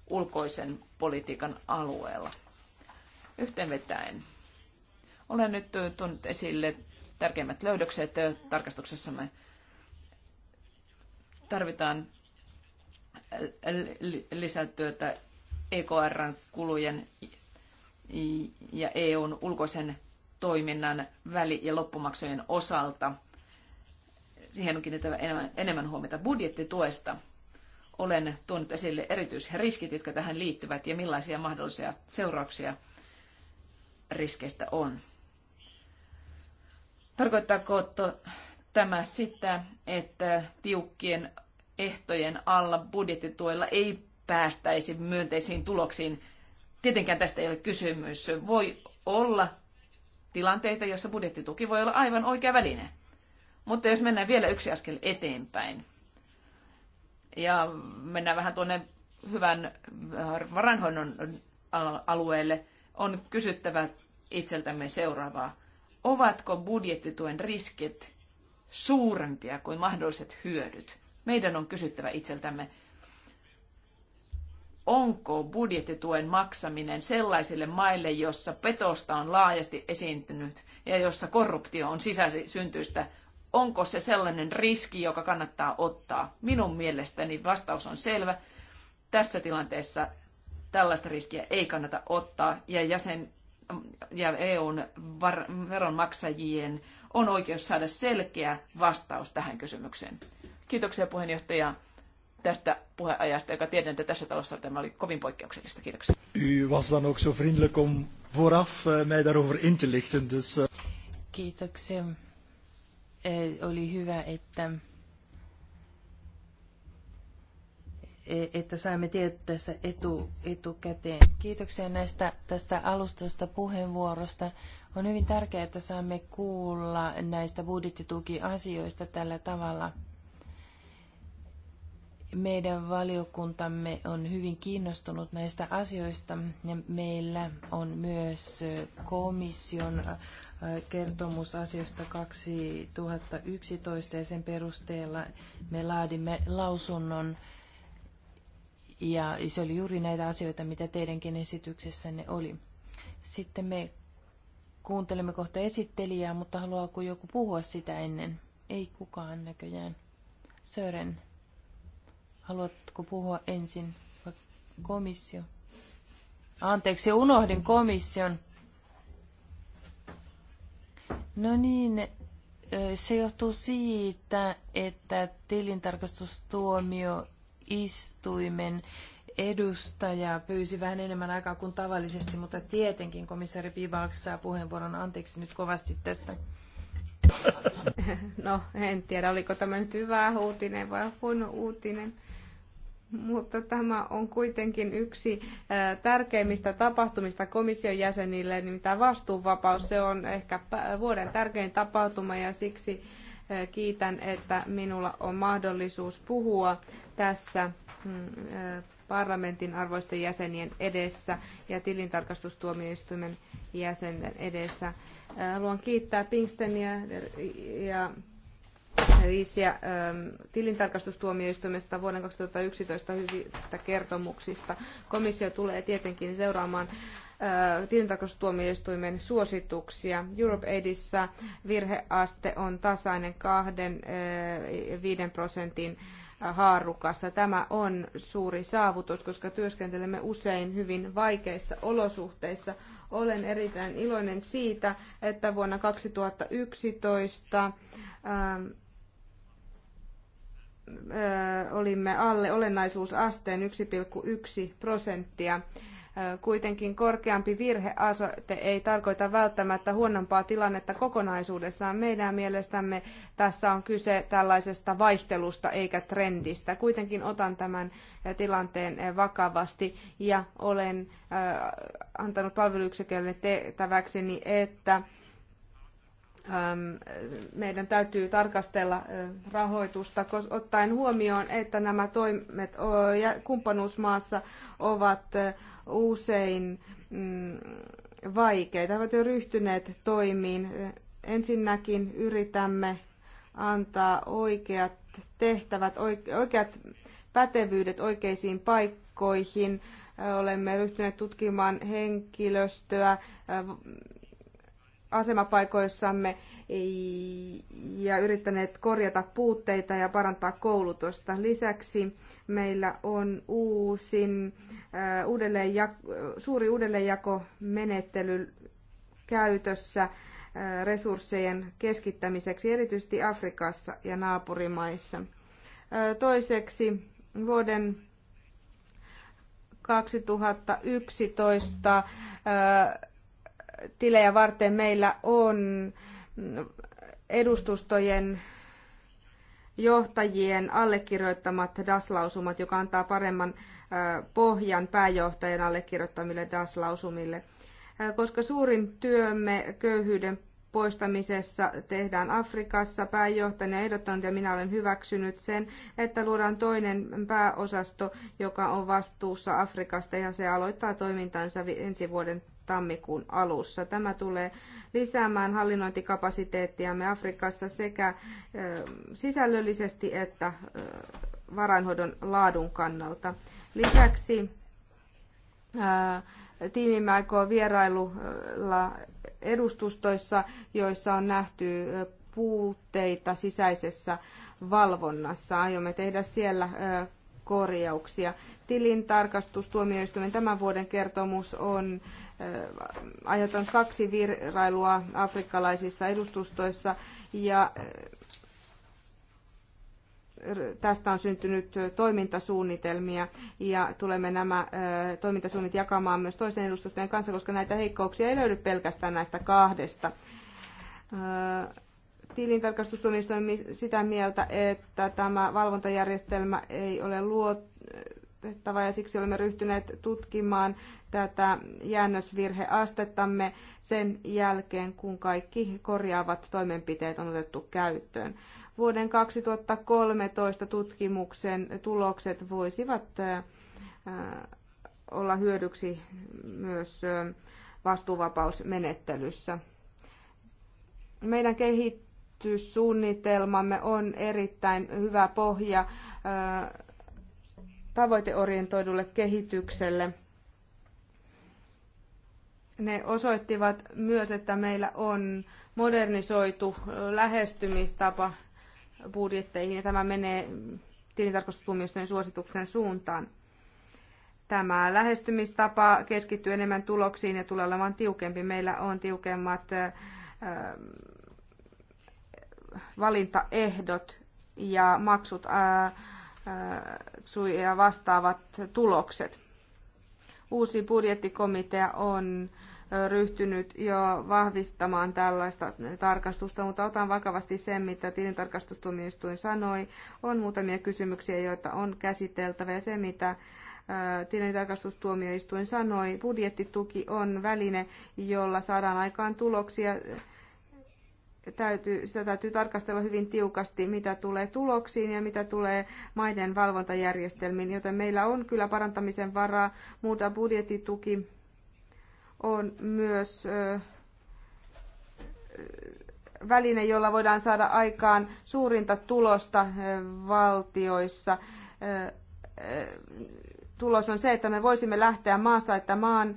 ulkoisen politiikan alueella. Yhteenvetäen olen nyt tuonut esille tärkeimmät löydökset tarkastuksessamme. Tarvitaan lisätyötä EKRn kulujen ja EUn ulkoisen toiminnan väli- ja loppumaksujen osalta – siihen on kiinnitettävä enemmän, enemmän huomiota budjettituesta. Olen tuonut esille riskit, jotka tähän liittyvät ja millaisia mahdollisia seurauksia riskeistä on. Tarkoittaako tämä sitä, että tiukkien ehtojen alla budjettituella ei päästäisi myönteisiin tuloksiin? Tietenkään tästä ei ole kysymys. Voi olla tilanteita, joissa budjettituki voi olla aivan oikea väline. Mutta jos mennään vielä yksi askel eteenpäin ja mennään vähän tuonne hyvän äh, varanhoidon alueelle, on kysyttävä itseltämme seuraavaa. Ovatko budjettituen riskit suurempia kuin mahdolliset hyödyt? Meidän on kysyttävä itseltämme, onko budjettituen maksaminen sellaisille maille, jossa petosta on laajasti esiintynyt ja jossa korruptio on sisäsyntyistä, onko se sellainen riski, joka kannattaa ottaa. Minun mielestäni vastaus on selvä. Tässä tilanteessa tällaista riskiä ei kannata ottaa ja jäsen ja EUn var- veronmaksajien on oikeus saada selkeä vastaus tähän kysymykseen. Kiitoksia puheenjohtaja tästä puheajasta, joka tiedän, että tässä talossa tämä oli kovin poikkeuksellista. Kiitoksia. U was vriendelijk om vooraf eh, mij in te lichten. Eh. Kiitoksia oli hyvä, että, e, että saimme tietää tässä etu, etukäteen. Kiitoksia näistä, tästä alustasta puheenvuorosta. On hyvin tärkeää, että saamme kuulla näistä budjettitukiasioista tällä tavalla – meidän valiokuntamme on hyvin kiinnostunut näistä asioista ja meillä on myös komission kertomus asiasta 2011 ja sen perusteella me laadimme lausunnon ja se oli juuri näitä asioita, mitä teidänkin esityksessänne oli. Sitten me kuuntelemme kohta esittelijää, mutta haluaako joku puhua sitä ennen? Ei kukaan näköjään. Sören. Haluatko puhua ensin? Komissio. Anteeksi, unohdin komission. No niin, se johtuu siitä, että istuimen edustaja pyysi vähän enemmän aikaa kuin tavallisesti, mutta tietenkin komissaari Pivaaks saa puheenvuoron. Anteeksi nyt kovasti tästä. No, en tiedä, oliko tämä nyt hyvä uutinen vai huono uutinen mutta tämä on kuitenkin yksi tärkeimmistä tapahtumista komission jäsenille, nimittäin vastuunvapaus. Se on ehkä vuoden tärkein tapahtuma ja siksi kiitän, että minulla on mahdollisuus puhua tässä mm, parlamentin arvoisten jäsenien edessä ja tilintarkastustuomioistuimen jäsenten edessä. Haluan kiittää Pinkstenia ja Riisiä ähm, tilintarkastustuomioistuimesta vuonna 2011 hyvistä kertomuksista. Komissio tulee tietenkin seuraamaan äh, tilintarkastustuomioistuimen suosituksia. Europe Aidissa virheaste on tasainen 2-5 äh, prosentin äh, haarukassa. Tämä on suuri saavutus, koska työskentelemme usein hyvin vaikeissa olosuhteissa. Olen erittäin iloinen siitä, että vuonna 2011 olimme alle olennaisuusasteen 1,1 prosenttia. Kuitenkin korkeampi virheaste ei tarkoita välttämättä huonompaa tilannetta kokonaisuudessaan. Meidän mielestämme tässä on kyse tällaisesta vaihtelusta eikä trendistä. Kuitenkin otan tämän tilanteen vakavasti ja olen antanut palveluyksikölle tehtäväkseni, että Ähm, meidän täytyy tarkastella äh, rahoitusta, ottaen huomioon, että nämä toimet kumppanuusmaassa ovat äh, usein mm, vaikeita. He ovat jo ryhtyneet toimiin. Äh, ensinnäkin yritämme antaa oikeat tehtävät, oikeat pätevyydet oikeisiin paikkoihin. Olemme ryhtyneet tutkimaan henkilöstöä asemapaikoissamme ja yrittäneet korjata puutteita ja parantaa koulutusta. Lisäksi meillä on uusin, äh, uudelleenjako, suuri uudelleenjakomenettely käytössä äh, resurssien keskittämiseksi erityisesti Afrikassa ja naapurimaissa. Äh, toiseksi vuoden 2011 tilejä varten meillä on edustustojen johtajien allekirjoittamat DAS-lausumat, joka antaa paremman pohjan pääjohtajan allekirjoittamille DAS-lausumille. Koska suurin työmme köyhyyden poistamisessa tehdään Afrikassa. pääjohtajan ja ehdottanut ja minä olen hyväksynyt sen, että luodaan toinen pääosasto, joka on vastuussa Afrikasta ja se aloittaa toimintansa ensi vuoden tammikuun alussa. Tämä tulee lisäämään hallinnointikapasiteettiamme Afrikassa sekä sisällöllisesti että varainhoidon laadun kannalta. Lisäksi tiimimme aikoo vierailulla edustustoissa, joissa on nähty puutteita sisäisessä valvonnassa. Aiomme tehdä siellä korjauksia. Tilintarkastustuomioistuimen tämän vuoden kertomus on aiheuttanut kaksi virailua afrikkalaisissa edustustoissa ja tästä on syntynyt toimintasuunnitelmia ja tulemme nämä toimintasuunnit jakamaan myös toisten edustustojen kanssa, koska näitä heikkouksia ei löydy pelkästään näistä kahdesta tilintarkastustuomioistuin sitä mieltä, että tämä valvontajärjestelmä ei ole luotettava ja siksi olemme ryhtyneet tutkimaan tätä jäännösvirheastettamme sen jälkeen, kun kaikki korjaavat toimenpiteet on otettu käyttöön. Vuoden 2013 tutkimuksen tulokset voisivat olla hyödyksi myös vastuuvapausmenettelyssä. Meidän kehityssuunnitelmamme on erittäin hyvä pohja tavoiteorientoidulle kehitykselle – ne osoittivat myös, että meillä on modernisoitu lähestymistapa budjetteihin ja tämä menee tilintarkastustuomioistuimen suosituksen suuntaan. Tämä lähestymistapa keskittyy enemmän tuloksiin ja tulee olemaan tiukempi. Meillä on tiukemmat valintaehdot ja maksut ja vastaavat tulokset uusi budjettikomitea on ryhtynyt jo vahvistamaan tällaista tarkastusta, mutta otan vakavasti sen, mitä tilintarkastustuomioistuin sanoi. On muutamia kysymyksiä, joita on käsiteltävä ja se, mitä tilintarkastustuomioistuin sanoi, budjettituki on väline, jolla saadaan aikaan tuloksia täytyy, sitä täytyy tarkastella hyvin tiukasti, mitä tulee tuloksiin ja mitä tulee maiden valvontajärjestelmiin, joten meillä on kyllä parantamisen varaa. Muuta budjettituki on myös väline, jolla voidaan saada aikaan suurinta tulosta valtioissa. Tulos on se, että me voisimme lähteä maassa, että maan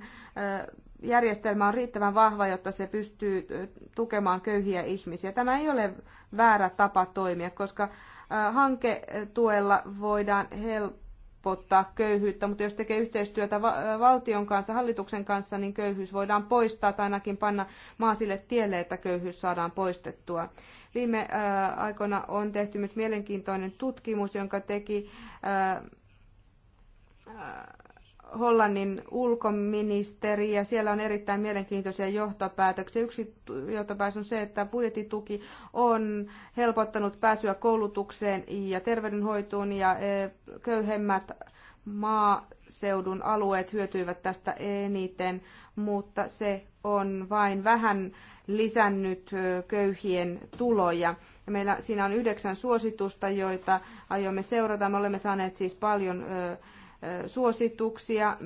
järjestelmä on riittävän vahva, jotta se pystyy tukemaan köyhiä ihmisiä. Tämä ei ole väärä tapa toimia, koska hanketuella voidaan helpottaa köyhyyttä, mutta jos tekee yhteistyötä valtion kanssa, hallituksen kanssa, niin köyhyys voidaan poistaa tai ainakin panna maa sille tielle, että köyhyys saadaan poistettua. Viime aikoina on tehty myös mielenkiintoinen tutkimus, jonka teki Hollannin ulkoministeri ja siellä on erittäin mielenkiintoisia johtopäätöksiä. Yksi johtopäätös on se, että budjettituki on helpottanut pääsyä koulutukseen ja terveydenhoitoon ja e, köyhemmät maaseudun alueet hyötyivät tästä eniten, mutta se on vain vähän lisännyt e, köyhien tuloja. Ja meillä siinä on yhdeksän suositusta, joita aiomme seurata. Me olemme saaneet siis paljon ö, e, suosituksia.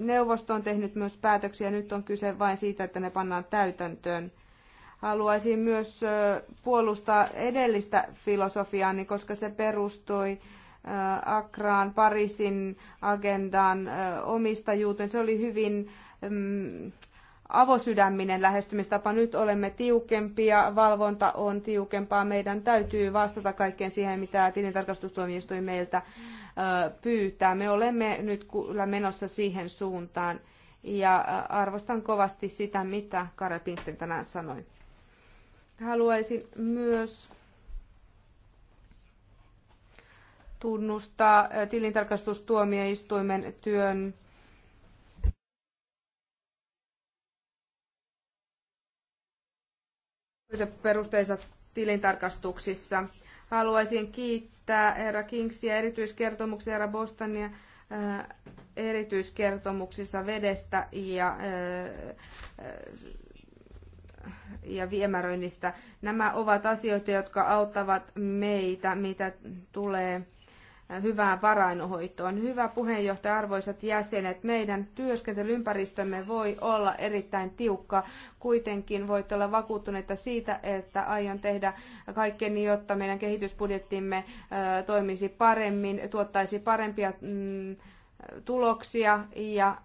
Neuvosto on tehnyt myös päätöksiä, nyt on kyse vain siitä, että ne pannaan täytäntöön. Haluaisin myös puolustaa edellistä filosofiaani, koska se perustui Akraan, Pariisin agendan omistajuuteen. Se oli hyvin mm, avosydäminen lähestymistapa. Nyt olemme tiukempia, valvonta on tiukempaa. Meidän täytyy vastata kaikkeen siihen, mitä tilintarkastustoimistoi meiltä pyytää. Me olemme nyt kyllä menossa siihen suuntaan ja arvostan kovasti sitä, mitä Karel Pinsten tänään sanoi. Haluaisin myös tunnustaa tilintarkastustuomioistuimen työn perusteensa tilintarkastuksissa. Haluaisin kiittää herra Kingsia erityiskertomuksia herra Bostania äh, erityiskertomuksissa vedestä ja, äh, ja viemäröinnistä. Nämä ovat asioita, jotka auttavat meitä, mitä tulee Hyvää varainhoitoon. Niin hyvä puheenjohtaja, arvoisat jäsenet, meidän työskentelyympäristömme voi olla erittäin tiukka. Kuitenkin voitte olla vakuuttuneita siitä, että aion tehdä kaikkeni, jotta meidän kehitysbudjettimme toimisi paremmin, tuottaisi parempia mm, tuloksia ja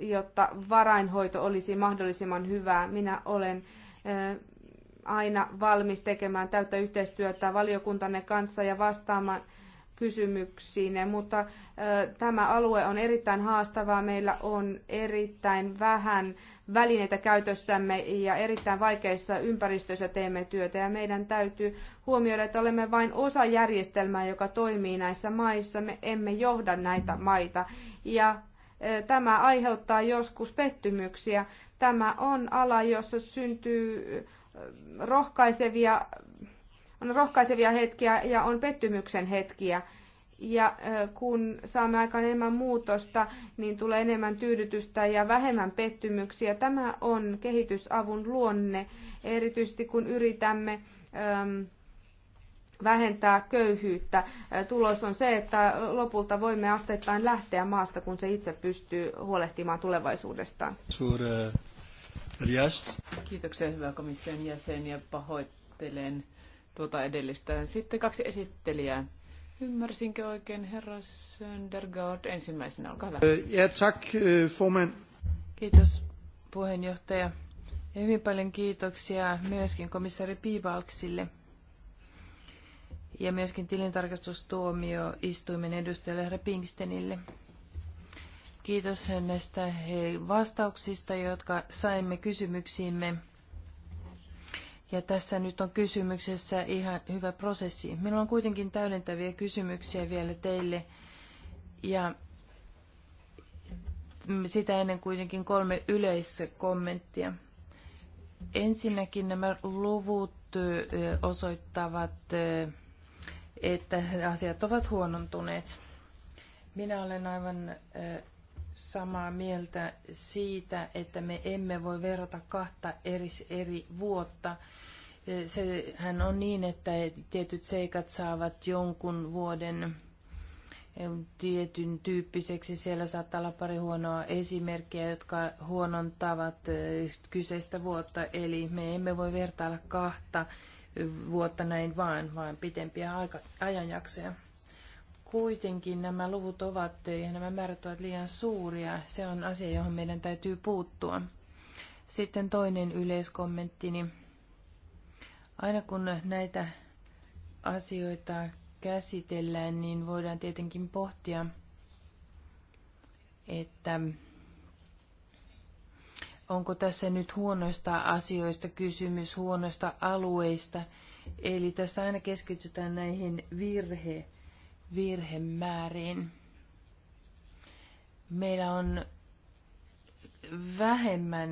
jotta varainhoito olisi mahdollisimman hyvää. Minä olen aina valmis tekemään täyttä yhteistyötä valiokuntanne kanssa ja vastaamaan kysymyksiin, mutta tämä alue on erittäin haastavaa. Meillä on erittäin vähän välineitä käytössämme ja erittäin vaikeissa ympäristöissä teemme työtä ja meidän täytyy huomioida, että olemme vain osa järjestelmää, joka toimii näissä maissa. Me emme johda näitä maita ja Tämä aiheuttaa joskus pettymyksiä. Tämä on ala, jossa syntyy rohkaisevia, on rohkaisevia hetkiä ja on pettymyksen hetkiä. Ja kun saamme aikaan enemmän muutosta, niin tulee enemmän tyydytystä ja vähemmän pettymyksiä. Tämä on kehitysavun luonne, erityisesti kun yritämme vähentää köyhyyttä. Tulos on se, että lopulta voimme asteittain lähteä maasta, kun se itse pystyy huolehtimaan tulevaisuudestaan. Suure. Kiitoksia hyvä komission jäsen ja pahoittelen tuota edellistä. Sitten kaksi esittelijää. Ymmärsinkö oikein, herra Söndergaard ensimmäisenä, olkaa hyvä. Eh, ja tack, eh, formen. Kiitos puheenjohtaja. Ja hyvin paljon kiitoksia myöskin komissaari Piivalksille ja myöskin tilintarkastustuomioistuimen edustajalle herra Pinkstenille. Kiitos näistä vastauksista, jotka saimme kysymyksiimme. Ja tässä nyt on kysymyksessä ihan hyvä prosessi. Meillä on kuitenkin täydentäviä kysymyksiä vielä teille. Ja sitä ennen kuitenkin kolme kommenttia. Ensinnäkin nämä luvut osoittavat, että asiat ovat huonontuneet. Minä olen aivan samaa mieltä siitä, että me emme voi verrata kahta eri, eri vuotta. Sehän on niin, että tietyt seikat saavat jonkun vuoden e, tietyn tyyppiseksi. Siellä saattaa olla pari huonoa esimerkkiä, jotka huonontavat e, kyseistä vuotta. Eli me emme voi vertailla kahta vuotta näin vaan, vaan pitempiä aika, ajanjaksoja. Kuitenkin nämä luvut ovat ja nämä määrät ovat liian suuria. Se on asia, johon meidän täytyy puuttua. Sitten toinen yleiskommenttini. Aina kun näitä asioita käsitellään, niin voidaan tietenkin pohtia, että onko tässä nyt huonoista asioista kysymys, huonoista alueista. Eli tässä aina keskitytään näihin virheisiin virhemääriin. Meillä on vähemmän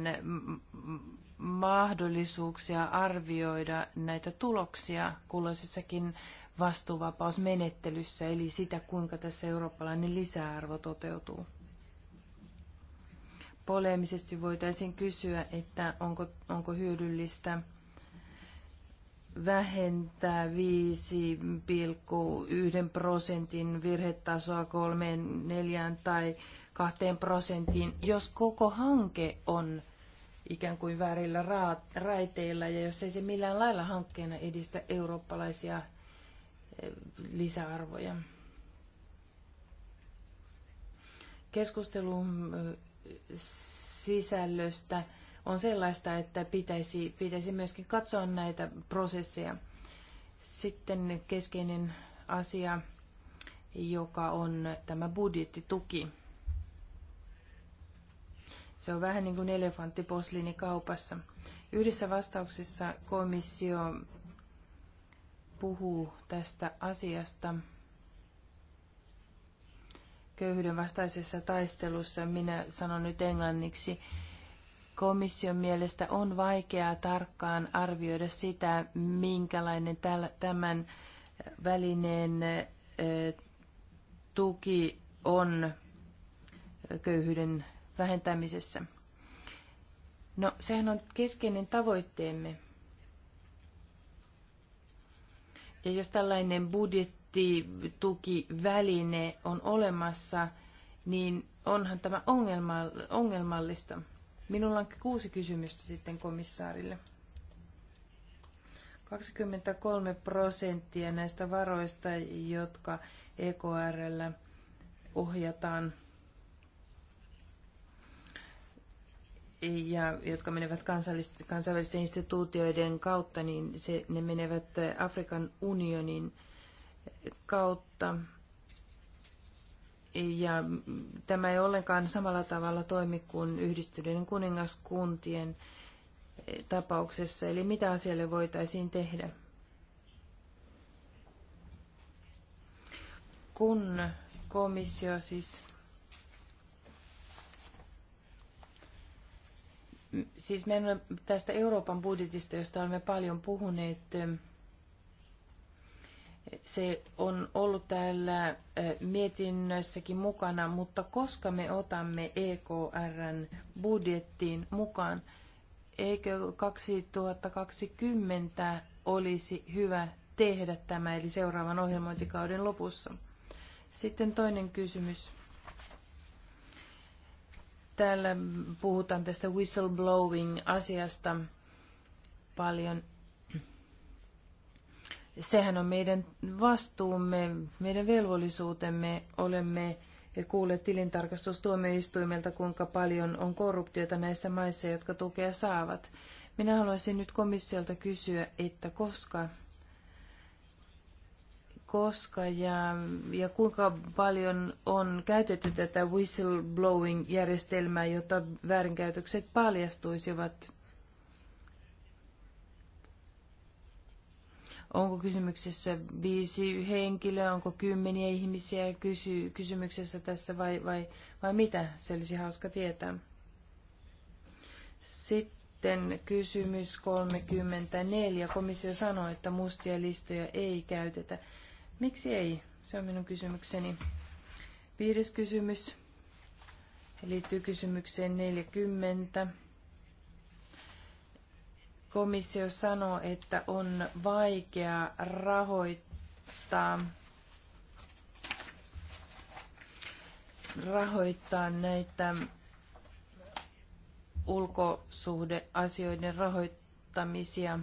mahdollisuuksia arvioida näitä tuloksia kulloisessakin vastuuvapausmenettelyssä, eli sitä, kuinka tässä eurooppalainen lisäarvo toteutuu. Poleemisesti voitaisiin kysyä, että onko, onko hyödyllistä vähentää 5,1 prosentin virhetasoa kolmeen, neljään tai kahteen prosenttiin, jos koko hanke on ikään kuin väärillä raiteilla ja jos ei se millään lailla hankkeena edistä eurooppalaisia eh, lisäarvoja. Keskustelun eh, sisällöstä on sellaista, että pitäisi, pitäisi myöskin katsoa näitä prosesseja. Sitten keskeinen asia, joka on tämä budjettituki. Se on vähän niin kuin elefantti posliinikaupassa. Yhdessä vastauksessa komissio puhuu tästä asiasta köyhyyden vastaisessa taistelussa. Minä sanon nyt englanniksi komission mielestä on vaikeaa tarkkaan arvioida sitä, minkälainen tämän välineen tuki on köyhyyden vähentämisessä. No, sehän on keskeinen tavoitteemme. Ja jos tällainen budjettitukiväline on olemassa, niin onhan tämä ongelma, ongelmallista. Minulla on kuusi kysymystä sitten komissaarille. 23 prosenttia näistä varoista, jotka EKRllä ohjataan ja jotka menevät kansainvälisten instituutioiden kautta, niin se, ne menevät Afrikan unionin kautta. Ja tämä ei ollenkaan samalla tavalla toimi kuin yhdistyneiden kuningaskuntien eh, tapauksessa. Eli mitä asialle voitaisiin tehdä? Kun komissio siis, siis meillä tästä Euroopan budjetista, josta olemme paljon puhuneet, eh, se on ollut täällä mietinnössäkin mukana, mutta koska me otamme EKRn budjettiin mukaan, eikö 2020 olisi hyvä tehdä tämä, eli seuraavan ohjelmointikauden lopussa? Sitten toinen kysymys. Täällä puhutaan tästä whistleblowing-asiasta paljon Sehän on meidän vastuumme, meidän velvollisuutemme. Olemme kuulleet tilintarkastustuomioistuimelta, kuinka paljon on korruptiota näissä maissa, jotka tukea saavat. Minä haluaisin nyt komissiolta kysyä, että koska, koska ja, ja kuinka paljon on käytetty tätä whistleblowing-järjestelmää, jotta väärinkäytökset paljastuisivat Onko kysymyksessä viisi henkilöä, onko kymmeniä ihmisiä kysy, kysymyksessä tässä vai, vai, vai mitä? Se olisi hauska tietää. Sitten kysymys 34. Komissio sanoi, että mustia listoja ei käytetä. Miksi ei? Se on minun kysymykseni. Viides kysymys liittyy kysymykseen 40 komissio sanoo, että on vaikea rahoittaa rahoittaa näitä ulkosuhdeasioiden rahoittamisia.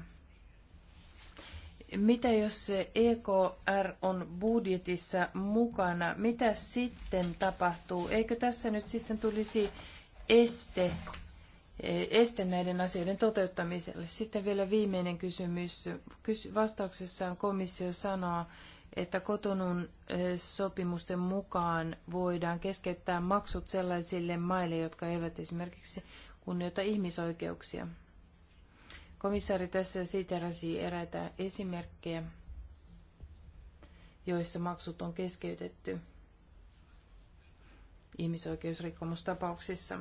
Mitä jos se EKR on budjetissa mukana? Mitä sitten tapahtuu? Eikö tässä nyt sitten tulisi este este näiden asioiden toteuttamiselle. Sitten vielä viimeinen kysymys. Vastauksessaan komissio sanoo, että kotonun sopimusten mukaan voidaan keskeyttää maksut sellaisille maille, jotka eivät esimerkiksi kunnioita ihmisoikeuksia. Komissaari tässä siterasi eräitä esimerkkejä, joissa maksut on keskeytetty ihmisoikeusrikkomustapauksissa.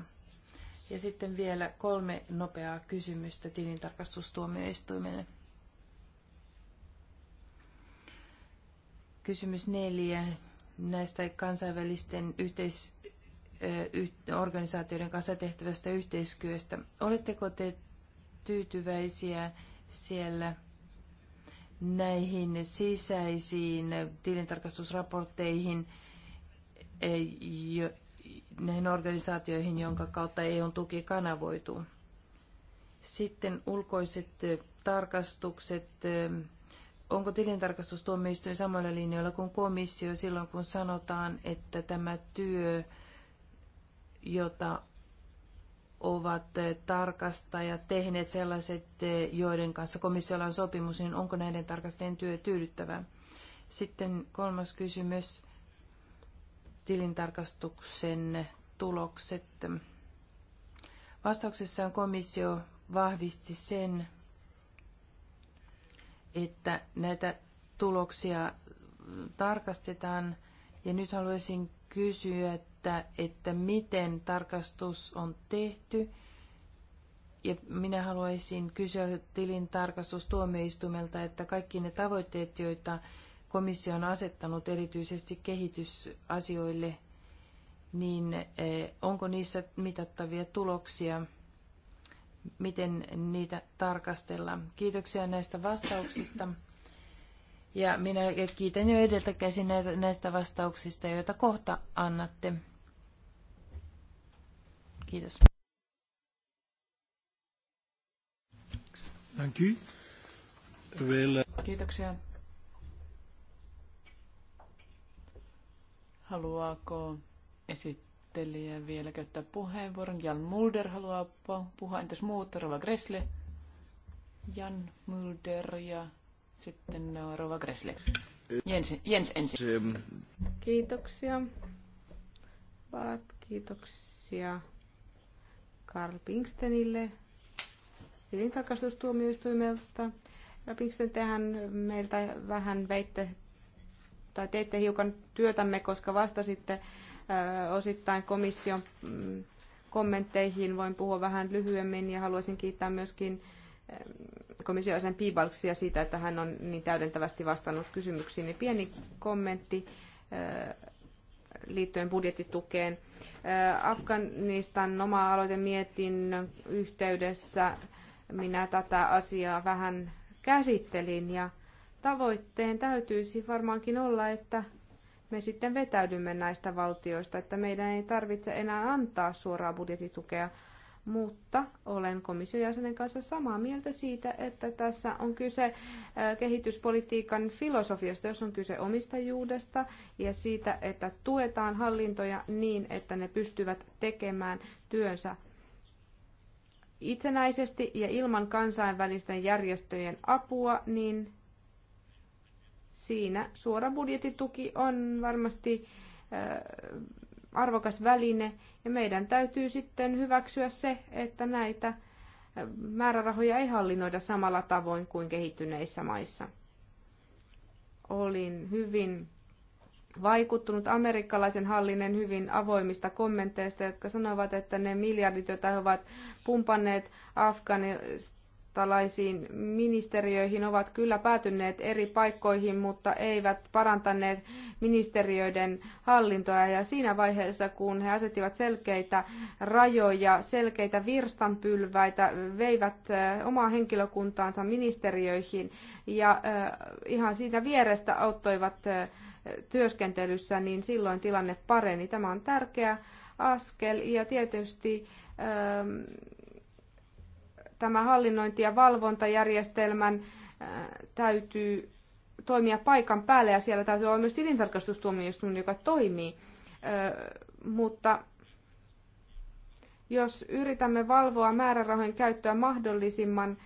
Ja sitten vielä kolme nopeaa kysymystä tilintarkastustuomioistuimelle. Kysymys neljä näistä kansainvälisten yhteis, organisaatioiden kanssa tehtävästä yhteistyöstä. Oletteko te tyytyväisiä siellä näihin sisäisiin tilintarkastusraportteihin, näihin organisaatioihin, jonka kautta EUn tuki kanavoituu. Sitten ulkoiset tarkastukset. Onko tilintarkastustuomioistuin samalla linjoilla kuin komissio silloin, kun sanotaan, että tämä työ, jota ovat tarkastajat tehneet sellaiset, joiden kanssa komissiolla on sopimus, niin onko näiden tarkastajien työ tyydyttävää? Sitten kolmas kysymys tilintarkastuksen tulokset. Vastauksessaan komissio vahvisti sen, että näitä tuloksia tarkastetaan. Ja nyt haluaisin kysyä, että, että miten tarkastus on tehty. Ja minä haluaisin kysyä tilintarkastustuomioistuimelta, että kaikki ne tavoitteet, joita komissio on asettanut erityisesti kehitysasioille, niin eh, onko niissä mitattavia tuloksia, miten niitä tarkastellaan. Kiitoksia näistä vastauksista. Ja minä kiitän jo edeltä käsin näistä vastauksista, joita kohta annatte. Kiitos. Kiitoksia. Haluaako esittelijä vielä käyttää puheenvuoron? Jan Mulder haluaa puhua. Entäs muut? Rova Gressle. Jan Mulder ja sitten Rova Gressle. Jens, Jens ensin. Kiitoksia. Bart, kiitoksia Karl Pinkstenille tilintarkastustuomioistuimelta. Pinksten, tehän meiltä vähän veitte tai teitte hiukan työtämme, koska vastasitte osittain komission mm, kommentteihin. Voin puhua vähän lyhyemmin ja haluaisin kiittää myöskin komissiojäsen Piibalksia siitä, että hän on niin täydentävästi vastannut kysymyksiin. Pieni kommentti liittyen budjettitukeen. Afganistan oma mietinnön yhteydessä minä tätä asiaa vähän käsittelin ja tavoitteen täytyisi varmaankin olla, että me sitten vetäydymme näistä valtioista, että meidän ei tarvitse enää antaa suoraa budjettitukea, mutta olen komission jäsenen kanssa samaa mieltä siitä, että tässä on kyse äh, kehityspolitiikan filosofiasta, jos on kyse omistajuudesta ja siitä, että tuetaan hallintoja niin, että ne pystyvät tekemään työnsä itsenäisesti ja ilman kansainvälisten järjestöjen apua, niin Siinä suora budjetituki on varmasti arvokas väline ja meidän täytyy sitten hyväksyä se, että näitä määrärahoja ei hallinnoida samalla tavoin kuin kehittyneissä maissa. Olin hyvin vaikuttunut amerikkalaisen hallinnen hyvin avoimista kommenteista, jotka sanovat, että ne miljardit, joita he ovat pumpanneet Afganistanissa, tällaisiin ministeriöihin ovat kyllä päätyneet eri paikkoihin, mutta eivät parantaneet ministeriöiden hallintoa. Ja siinä vaiheessa, kun he asettivat selkeitä rajoja, selkeitä virstanpylväitä, veivät omaa henkilökuntaansa ministeriöihin ja ihan siitä vierestä auttoivat työskentelyssä, niin silloin tilanne pareni. Tämä on tärkeä askel ja tietysti tämä hallinnointi- ja valvontajärjestelmän täytyy toimia paikan päällä ja siellä täytyy olla myös tilintarkastustuomioistuin, joka toimii. Mutta jos yritämme valvoa määrärahojen käyttöä mahdollisimman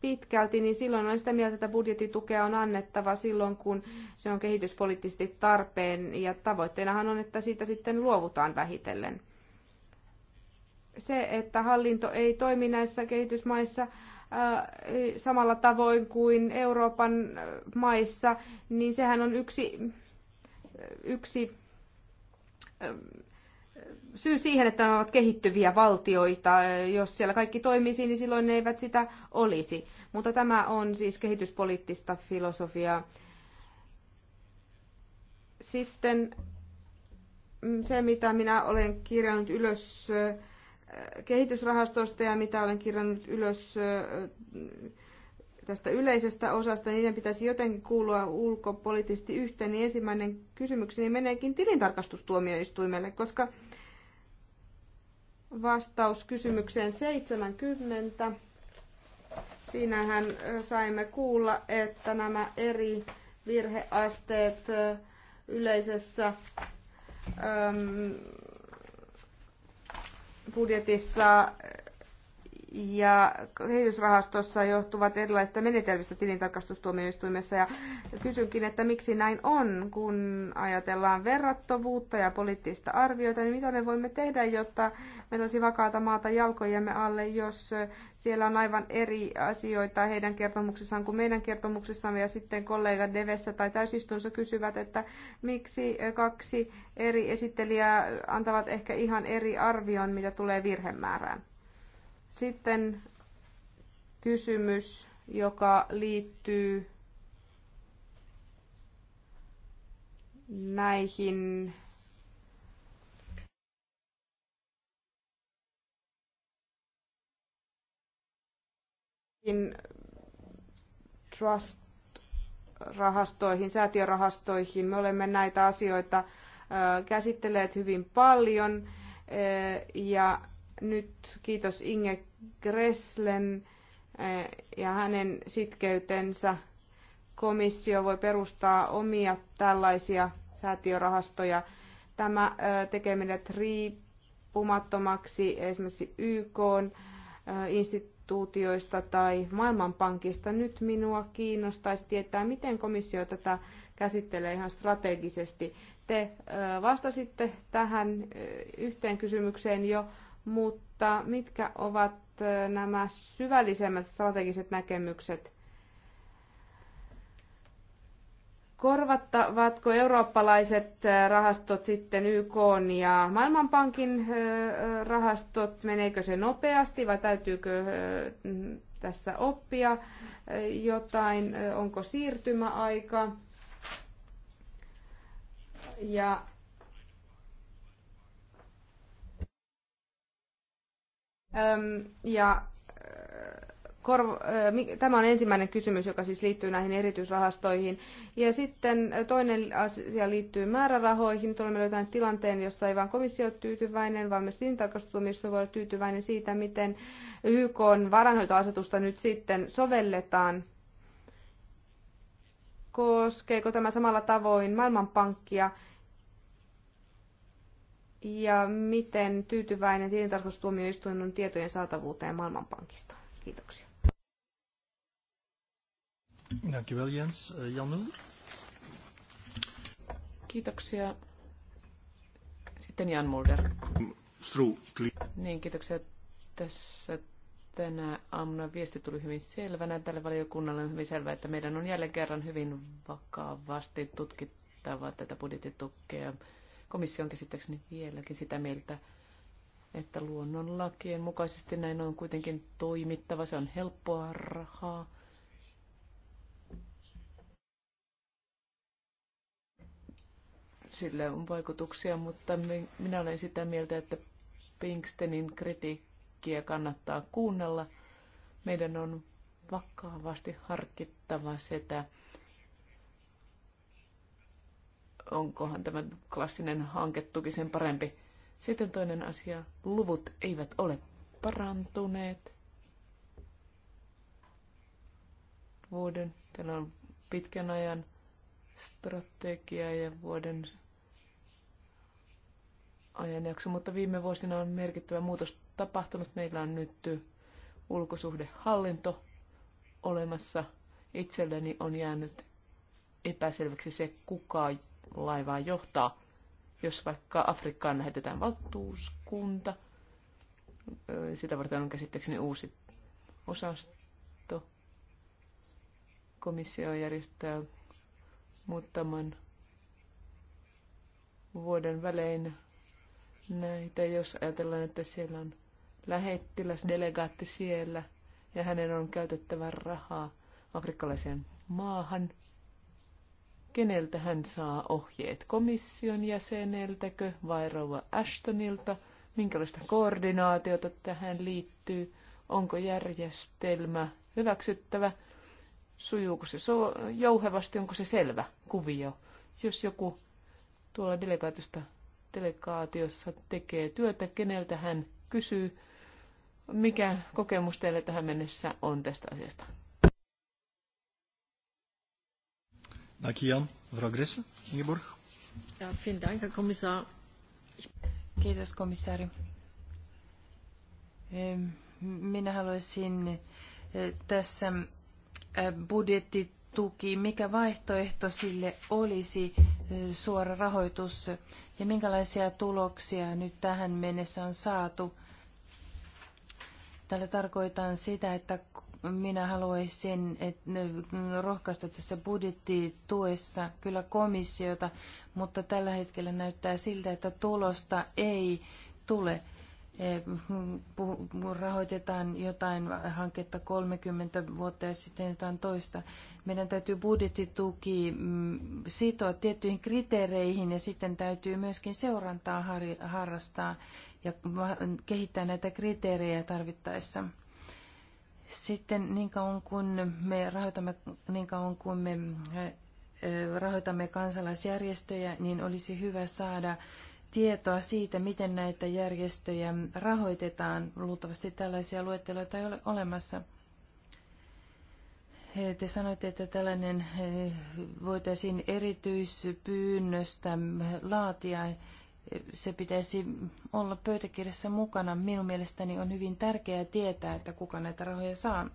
pitkälti, niin silloin olen sitä mieltä, että budjettitukea on annettava silloin, kun se on kehityspoliittisesti tarpeen. Ja tavoitteenahan on, että siitä sitten luovutaan vähitellen se, että hallinto ei toimi näissä kehitysmaissa äh, samalla tavoin kuin Euroopan äh, maissa, niin sehän on yksi, äh, yksi syy siihen, että ne ovat kehittyviä valtioita. Jos siellä kaikki toimisi, niin silloin ne eivät sitä olisi. Mutta tämä on siis kehityspoliittista filosofiaa. Sitten mm, se, mitä minä olen kirjannut ylös kehitysrahastosta ja mitä olen kirjannut ylös tästä yleisestä osasta, niiden pitäisi jotenkin kuulua ulkopoliittisesti yhteen, niin ensimmäinen kysymykseni meneekin tilintarkastustuomioistuimelle, koska vastaus kysymykseen 70. Siinähän saimme kuulla, että nämä eri virheasteet yleisessä budjetissa ja kehitysrahastossa johtuvat erilaisista menetelmistä tilintarkastustuomioistuimessa. Ja kysynkin, että miksi näin on, kun ajatellaan verrattavuutta ja poliittista arvioita, niin mitä me voimme tehdä, jotta meillä olisi vakaata maata jalkojemme alle, jos siellä on aivan eri asioita heidän kertomuksessaan kuin meidän kertomuksessamme, ja sitten kollega Devessä tai täysistunsa kysyvät, että miksi kaksi eri esittelijää antavat ehkä ihan eri arvion, mitä tulee virhemäärään. Sitten kysymys, joka liittyy näihin trust-rahastoihin, säätiörahastoihin. Me olemme näitä asioita käsitteleet hyvin paljon ja nyt kiitos Inge Gresslen eh, ja hänen sitkeytensä. Komissio voi perustaa omia tällaisia säätiörahastoja. Tämä eh, tekee meidät riippumattomaksi esimerkiksi YK eh, instituutioista tai Maailmanpankista. Nyt minua kiinnostaisi tietää, miten komissio tätä käsittelee ihan strategisesti. Te vastasitte tähän yhteen kysymykseen jo mutta mitkä ovat nämä syvällisemmät strategiset näkemykset? Korvattavatko eurooppalaiset rahastot sitten YK ja Maailmanpankin rahastot? Meneekö se nopeasti vai täytyykö tässä oppia jotain? Onko siirtymäaika? Ja ja Tämä on ensimmäinen kysymys, joka siis liittyy näihin erityisrahastoihin. Ja sitten toinen asia liittyy määrärahoihin. Nyt olemme löytäneet tilanteen, jossa ei vain komissio ole tyytyväinen, vaan myös tilintarkastustuomioistuin voi olla tyytyväinen siitä, miten YK on varanhoitoasetusta nyt sitten sovelletaan. Koskeeko tämä samalla tavoin Maailmanpankkia? ja miten tyytyväinen tilintarkastustuomioistuin on tietojen saatavuuteen Maailmanpankista? Kiitoksia. Jens. Eh, kiitoksia. Sitten Jan Mulder. Niin, kiitoksia. Tässä tänä aamuna viesti tuli hyvin selvänä. Tälle valiokunnalle on hyvin selvää, että meidän on jälleen kerran hyvin vakavasti tutkittava tätä budjettitukea Komissio on käsittääkseni vieläkin sitä mieltä, että luonnonlakien mukaisesti näin on kuitenkin toimittava. Se on helppoa rahaa. Sillä on vaikutuksia, mutta minä olen sitä mieltä, että Pinkstenin kritiikkiä kannattaa kuunnella. Meidän on vakavasti harkittava sitä, onkohan tämä klassinen hanketuki sen parempi. Sitten toinen asia, luvut eivät ole parantuneet vuoden, täällä on pitkän ajan strategia ja vuoden ajanjakso, mutta viime vuosina on merkittävä muutos tapahtunut. Meillä on nyt ulkosuhdehallinto olemassa. Itselleni on jäänyt epäselväksi se, kuka laivaa johtaa. Jos vaikka Afrikkaan lähetetään valtuuskunta, sitä varten on käsittääkseni uusi osasto. Komissio järjestää muutaman vuoden välein näitä, jos ajatellaan, että siellä on lähettiläsdelegaatti siellä ja hänen on käytettävä rahaa afrikkalaiseen maahan – Keneltä hän saa ohjeet? Komission jäseneltäkö vai rouva Ashtonilta? Minkälaista koordinaatiota tähän liittyy? Onko järjestelmä hyväksyttävä? Sujuuko se so- jouhevasti? Onko se selvä kuvio? Jos joku tuolla delegaatiosta, delegaatiossa tekee työtä, keneltä hän kysyy, mikä kokemus teillä tähän mennessä on tästä asiasta? Dank Jan. Mevrouw Ingeborg. Ja, Dank, Kiitos, komissaari. Ehm, minä haluaisin eh, tässä eh, budjettituki, mikä vaihtoehto sille olisi eh, suora rahoitus ja minkälaisia tuloksia nyt tähän mennessä on saatu. Tällä tarkoitan sitä, että minä haluaisin että rohkaista tässä budjettituessa kyllä komissiota, mutta tällä hetkellä näyttää siltä, että tulosta ei tule. E, rahoitetaan jotain hanketta 30 vuotta ja sitten jotain toista. Meidän täytyy budjettituki mm, sitoa tiettyihin kriteereihin ja sitten täytyy myöskin seurantaa harrastaa ja kehittää näitä kriteerejä tarvittaessa. Sitten niin kauan kun me rahoitamme, niin kauan kun me rahoitamme kansalaisjärjestöjä, niin olisi hyvä saada tietoa siitä, miten näitä järjestöjä rahoitetaan. Luultavasti tällaisia luetteloita ei ole olemassa. Te sanoitte, että tällainen voitaisiin erityispyynnöstä laatia se pitäisi olla pöytäkirjassa mukana. Minun mielestäni on hyvin tärkeää tietää, että kuka näitä rahoja saa.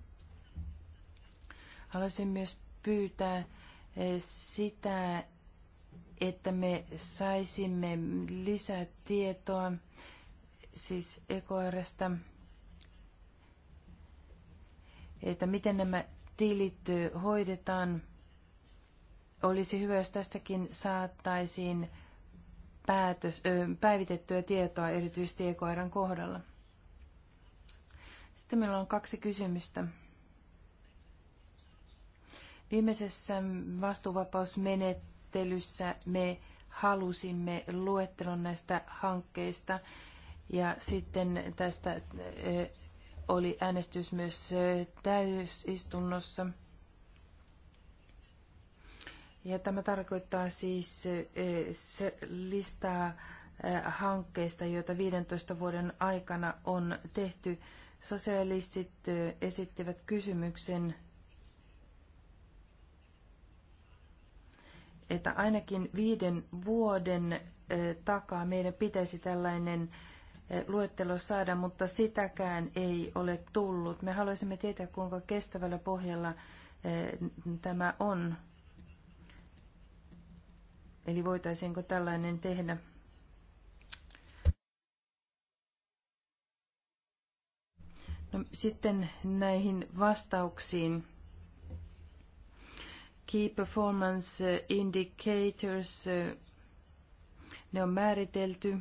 Haluaisin myös pyytää eh, sitä, että me saisimme lisätietoa siis EKRstä, että miten nämä tilit eh, hoidetaan. Olisi hyvä, jos tästäkin saattaisiin päätös, päivitettyä tietoa erityisesti ekoiran kohdalla. Sitten meillä on kaksi kysymystä. Viimeisessä vastuuvapausmenettelyssä me halusimme luettelon näistä hankkeista ja sitten tästä oli äänestys myös täysistunnossa – ja tämä tarkoittaa siis eh, se listaa eh, hankkeista, joita 15 vuoden aikana on tehty. Sosialistit eh, esittivät kysymyksen, että ainakin viiden vuoden takaa meidän pitäisi tällainen luettelo saada, mutta sitäkään ei ole tullut. Me haluaisimme tietää, kuinka kestävällä pohjalla tämä on. Eli voitaisiinko tällainen tehdä? No, sitten näihin vastauksiin. Key Performance Indicators, ne on määritelty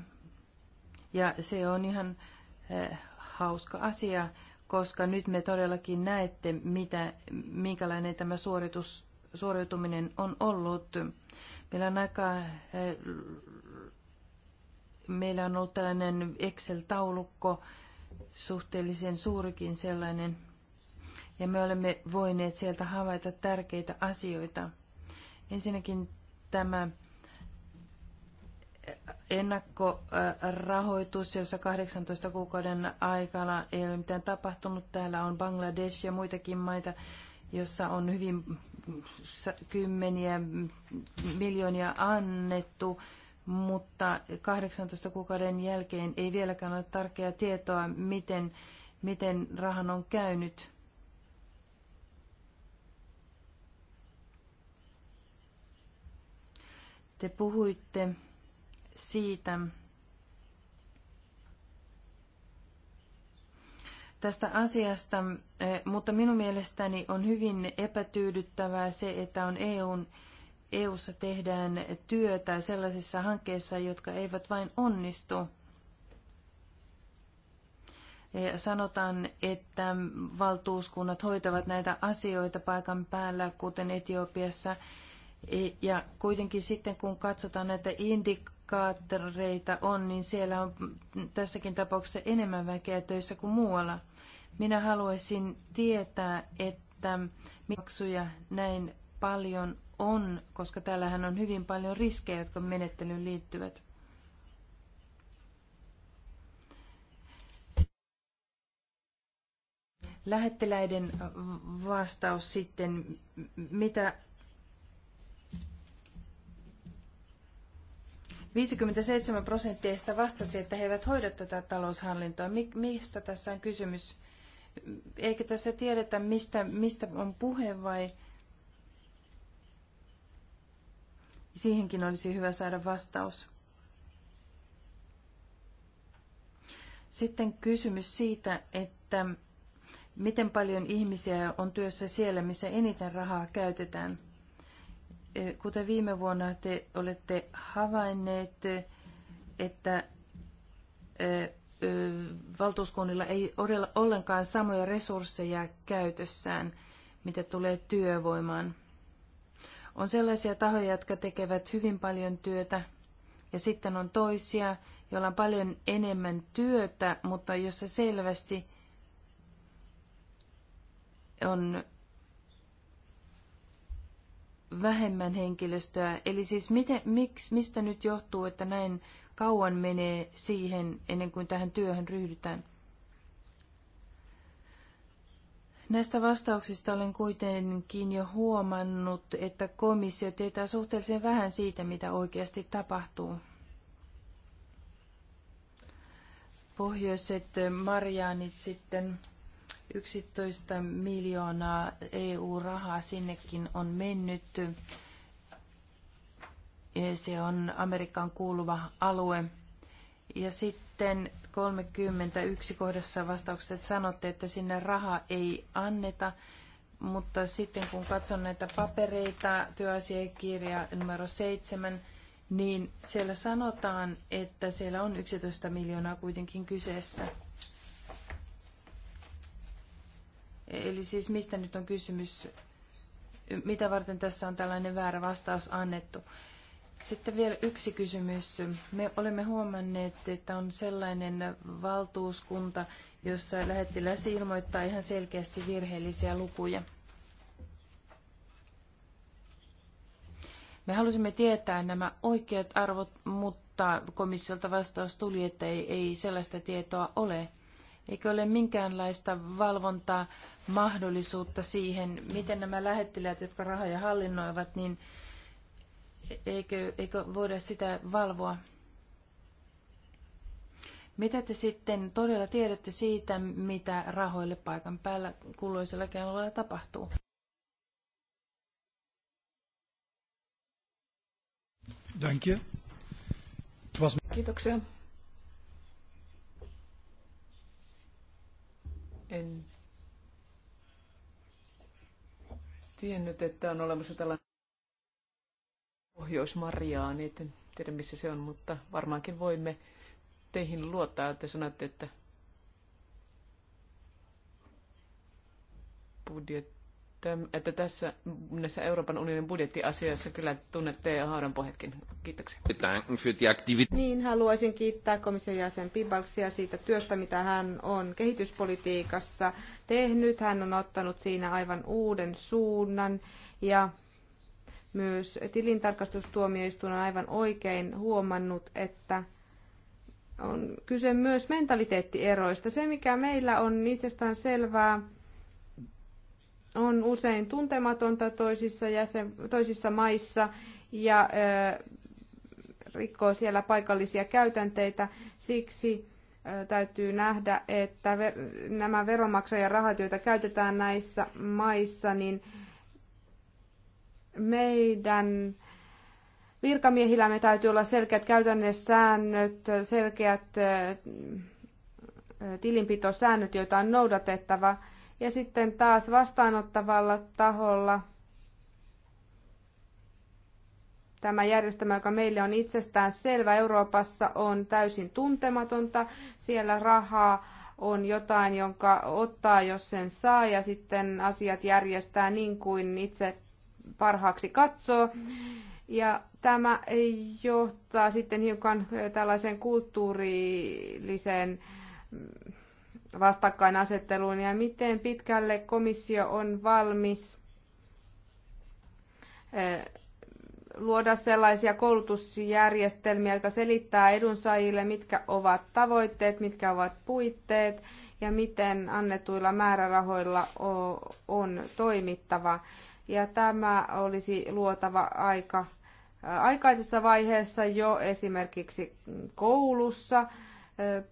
ja se on ihan eh, hauska asia, koska nyt me todellakin näette, mitä, minkälainen tämä suoritus suoriutuminen on ollut. Meillä on aika eh, meillä on ollut tällainen Excel-taulukko, suhteellisen suurikin sellainen, ja me olemme voineet sieltä havaita tärkeitä asioita. Ensinnäkin tämä ennakkorahoitus, jossa 18 kuukauden aikana ei ole mitään tapahtunut. Täällä on Bangladesh ja muitakin maita, jossa on hyvin kymmeniä miljoonia annettu, mutta 18 kuukauden jälkeen ei vieläkään ole tarkkaa tietoa, miten, miten rahan on käynyt. Te puhuitte siitä, tästä asiasta, eh, mutta minun mielestäni on hyvin epätyydyttävää se, että on EUn, EUssa tehdään työtä sellaisissa hankkeissa, jotka eivät vain onnistu. Eh, sanotaan, että valtuuskunnat hoitavat näitä asioita paikan päällä, kuten Etiopiassa. E, ja kuitenkin sitten, kun katsotaan näitä indikaattoreita on, niin siellä on tässäkin tapauksessa enemmän väkeä töissä kuin muualla – minä haluaisin tietää, että maksuja näin paljon on, koska täällähän on hyvin paljon riskejä, jotka menettelyyn liittyvät. Lähetteläiden vastaus sitten, mitä 57 prosenttia vastasi, että he eivät hoida tätä taloushallintoa. Mistä tässä on kysymys? Eikö tässä tiedetä, mistä, mistä on puhe vai... Siihenkin olisi hyvä saada vastaus. Sitten kysymys siitä, että miten paljon ihmisiä on työssä siellä, missä eniten rahaa käytetään. Eh, kuten viime vuonna te olette havainneet, eh, että eh, valtuuskunnilla ei ole ollenkaan samoja resursseja käytössään, mitä tulee työvoimaan. On sellaisia tahoja, jotka tekevät hyvin paljon työtä, ja sitten on toisia, joilla on paljon enemmän työtä, mutta jossa selvästi on vähemmän henkilöstöä. Eli siis miten, miksi, mistä nyt johtuu, että näin kauan menee siihen, ennen kuin tähän työhön ryhdytään. Näistä vastauksista olen kuitenkin jo huomannut, että komissio tietää suhteellisen vähän siitä, mitä oikeasti tapahtuu. Pohjoiset marjaanit sitten 11 miljoonaa EU-rahaa sinnekin on mennyt se on Amerikkaan kuuluva alue. Ja sitten 31 kohdassa vastauksessa sanotte, että sinne raha ei anneta, mutta sitten kun katson näitä papereita, työasiakirja numero 7, niin siellä sanotaan, että siellä on 11 miljoonaa kuitenkin kyseessä. Eli siis mistä nyt on kysymys? Mitä varten tässä on tällainen väärä vastaus annettu? Sitten vielä yksi kysymys. Me olemme huomanneet, että on sellainen valtuuskunta, jossa lähettiläs ilmoittaa ihan selkeästi virheellisiä lukuja. Me halusimme tietää nämä oikeat arvot, mutta komissiolta vastaus tuli, että ei, ei sellaista tietoa ole. Eikö ole minkäänlaista valvontaa, mahdollisuutta siihen, miten nämä lähettiläät, jotka rahoja hallinnoivat, niin eikö, eikö voida sitä valvoa? Mitä te sitten todella tiedätte siitä, mitä rahoille paikan päällä kulloisellakin alueella tapahtuu? Kiitoksia. En tiennyt, että on olemassa tällainen Pohjois-Mariaa, niin en tiedä missä se on, mutta varmaankin voimme teihin luottaa, että sanotte, että budjetti että tässä näissä Euroopan unionin budjettiasioissa kyllä tunnette ja haudan pohjatkin. Kiitoksia. Niin, haluaisin kiittää komission jäsen Pibalksia siitä työstä, mitä hän on kehityspolitiikassa tehnyt. Hän on ottanut siinä aivan uuden suunnan ja myös tilintarkastustuomioistuin on aivan oikein huomannut, että on kyse myös mentaliteettieroista. Se, mikä meillä on itsestään selvää, on usein tuntematonta toisissa, jäsen, toisissa maissa ja ö, rikkoo siellä paikallisia käytänteitä. Siksi ö, täytyy nähdä, että ver, nämä veronmaksajan rahat, joita käytetään näissä maissa, niin meidän virkamiehillämme täytyy olla selkeät säännöt, selkeät tilinpitosäännöt, joita on noudatettava. Ja sitten taas vastaanottavalla taholla tämä järjestelmä, joka meille on itsestään selvä Euroopassa, on täysin tuntematonta. Siellä rahaa on jotain, jonka ottaa, jos sen saa, ja sitten asiat järjestää niin kuin itse parhaaksi katsoo. Ja tämä johtaa sitten hiukan eh, tällaiseen kulttuurilliseen mm, vastakkainasetteluun ja miten pitkälle komissio on valmis eh, luoda sellaisia koulutusjärjestelmiä, jotka selittää edunsaajille, mitkä ovat tavoitteet, mitkä ovat puitteet ja miten annetuilla määrärahoilla on toimittava. Ja tämä olisi luotava aika äh, aikaisessa vaiheessa jo esimerkiksi koulussa äh,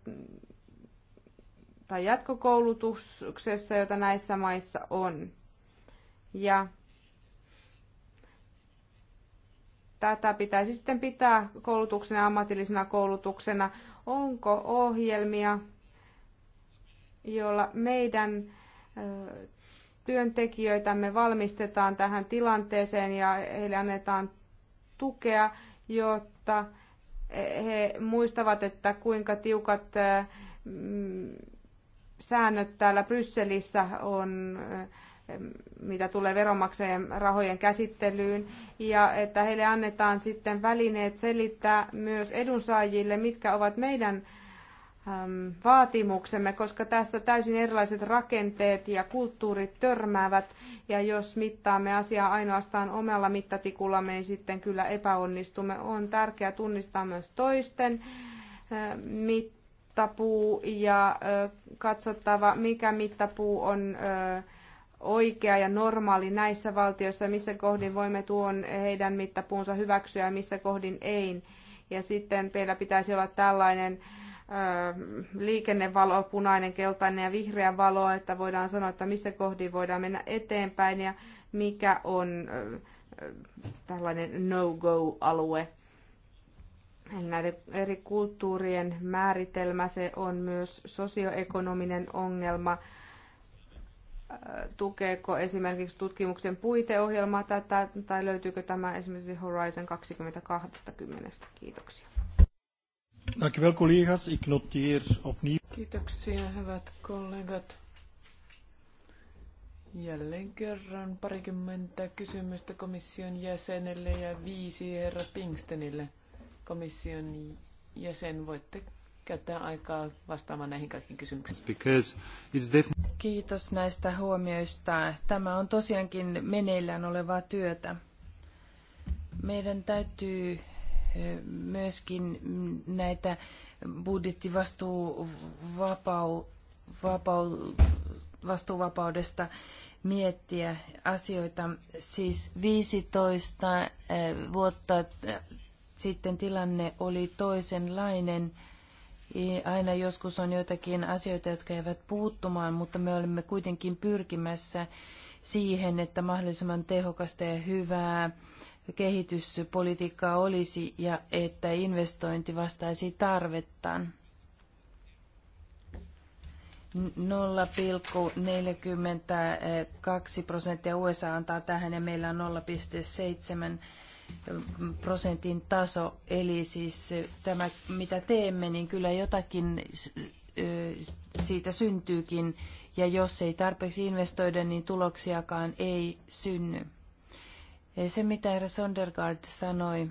tai jatkokoulutuksessa, jota näissä maissa on. Ja tätä pitäisi sitten pitää koulutuksena ja ammatillisena koulutuksena. Onko ohjelmia jolla meidän työntekijöitämme valmistetaan tähän tilanteeseen ja heille annetaan tukea, jotta he muistavat, että kuinka tiukat mm, säännöt täällä Brysselissä on, mitä tulee veronmaksajien rahojen käsittelyyn, ja että heille annetaan sitten välineet selittää myös edunsaajille, mitkä ovat meidän Ähm, vaatimuksemme, koska tässä täysin erilaiset rakenteet ja kulttuurit törmäävät, ja jos mittaamme asiaa ainoastaan omalla mittatikullamme, niin sitten kyllä epäonnistumme. On tärkeää tunnistaa myös toisten äh, mittapuu ja äh, katsottava, mikä mittapuu on äh, oikea ja normaali näissä valtioissa, missä kohdin voimme tuon heidän mittapuunsa hyväksyä ja missä kohdin ei. Ja sitten meillä pitäisi olla tällainen Ähm, liikennevalo, punainen, keltainen ja vihreä valo, että voidaan sanoa, että missä kohdin voidaan mennä eteenpäin ja mikä on tällainen no-go-alue. Eli näiden eri kulttuurien määritelmä, se on myös sosioekonominen ongelma. Tukeeko esimerkiksi tutkimuksen puiteohjelmaa tätä, tai löytyykö tämä esimerkiksi Horizon 2020? Kiitoksia. Dank u wel, collega's. Ik noteer opnieuw. Kiitoksia, hyvät kollegat. Jälleen kerran parikymmentä kysymystä komission jäsenelle ja viisi herra Pinkstenille. Komission jäsen, voitte käyttää aikaa vastaamaan näihin kaikkiin kysymyksiin. Kiitos näistä huomioista. Tämä on tosiaankin meneillään olevaa työtä. Meidän täytyy myöskin näitä budjettivastuuvapaudesta miettiä asioita. Siis 15 vuotta sitten tilanne oli toisenlainen. Aina joskus on joitakin asioita, jotka eivät puuttumaan, mutta me olemme kuitenkin pyrkimässä siihen, että mahdollisimman tehokasta ja hyvää kehityspolitiikkaa olisi ja että investointi vastaisi tarvettaan. 0,42 prosenttia USA antaa tähän ja meillä on 0,7 prosentin taso. Eli siis tämä, mitä teemme, niin kyllä jotakin siitä syntyykin. Ja jos ei tarpeeksi investoida, niin tuloksiakaan ei synny. Se, mitä herra Sondergaard sanoi,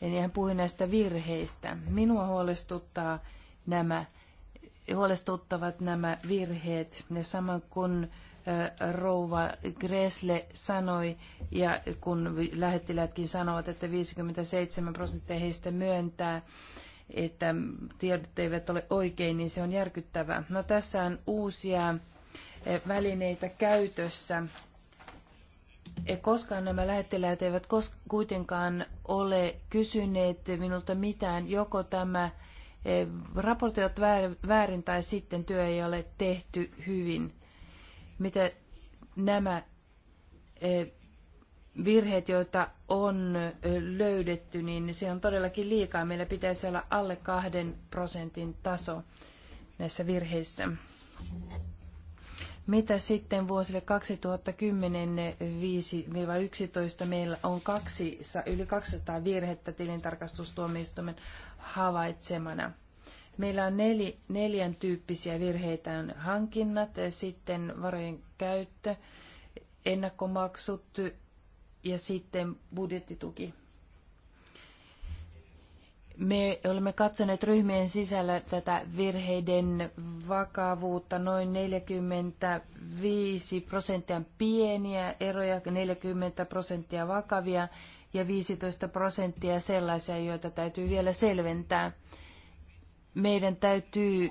ja hän puhui näistä virheistä. Minua huolestuttaa nämä, huolestuttavat nämä virheet, ne sama kuin rouva Gresle sanoi, ja kun lähettilätkin sanovat, että 57 prosenttia heistä myöntää, että tiedot eivät ole oikein, niin se on järkyttävää. No tässä on uusia välineitä käytössä Koskaan nämä lähettiläät eivät kuitenkaan ole kysyneet minulta mitään, joko tämä e, raportti on väärin tai sitten työ ei ole tehty hyvin. Mitä nämä e, virheet, joita on löydetty, niin se on todellakin liikaa. Meillä pitäisi olla alle kahden prosentin taso näissä virheissä. Mitä sitten vuosille 2010-2011 meillä on kaksi, yli 200 virhettä tilintarkastustuomioistuimen havaitsemana. Meillä on neli, neljän tyyppisiä virheitä on hankinnat, sitten varojen käyttö, ennakkomaksut ja sitten budjettituki. Me olemme katsoneet ryhmien sisällä tätä virheiden vakavuutta. Noin 45 prosenttia pieniä eroja, 40 prosenttia vakavia ja 15 prosenttia sellaisia, joita täytyy vielä selventää. Meidän täytyy,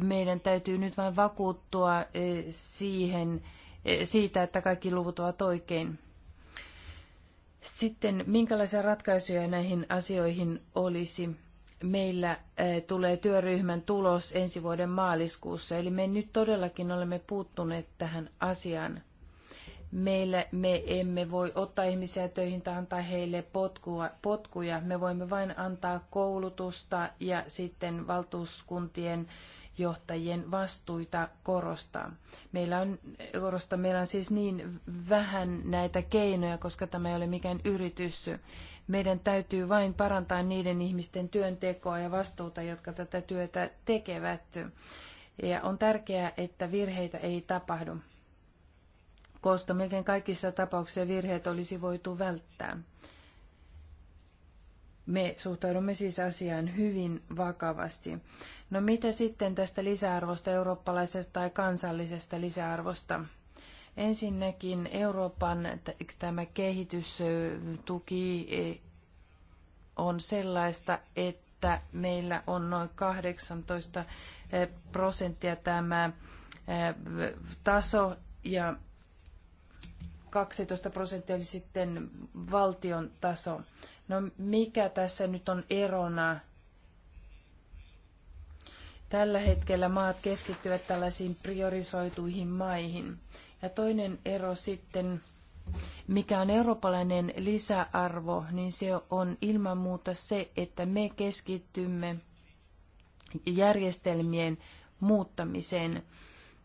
meidän täytyy nyt vain vakuuttua eh, siihen, eh, siitä, että kaikki luvut ovat oikein. Sitten minkälaisia ratkaisuja näihin asioihin olisi? Meillä tulee työryhmän tulos ensi vuoden maaliskuussa, eli me nyt todellakin olemme puuttuneet tähän asiaan. Meillä me emme voi ottaa ihmisiä töihin tai antaa heille potkua, potkuja. Me voimme vain antaa koulutusta ja sitten valtuuskuntien johtajien vastuita korostaa. Meillä on, korostaa, meillä on siis niin vähän näitä keinoja, koska tämä ei ole mikään yritys. Meidän täytyy vain parantaa niiden ihmisten työntekoa ja vastuuta, jotka tätä työtä tekevät. Ja on tärkeää, että virheitä ei tapahdu, koska melkein kaikissa tapauksissa virheet olisi voitu välttää. Me suhtaudumme siis asiaan hyvin vakavasti. No mitä sitten tästä lisäarvosta, eurooppalaisesta tai kansallisesta lisäarvosta? Ensinnäkin Euroopan tämä kehitystuki e, on sellaista, että meillä on noin 18 e, prosenttia tämä e, taso ja 12 prosenttia oli sitten valtion taso. No mikä tässä nyt on erona? Tällä hetkellä maat keskittyvät tällaisiin priorisoituihin maihin. Ja toinen ero sitten, mikä on eurooppalainen lisäarvo, niin se on ilman muuta se, että me keskittymme järjestelmien muuttamiseen.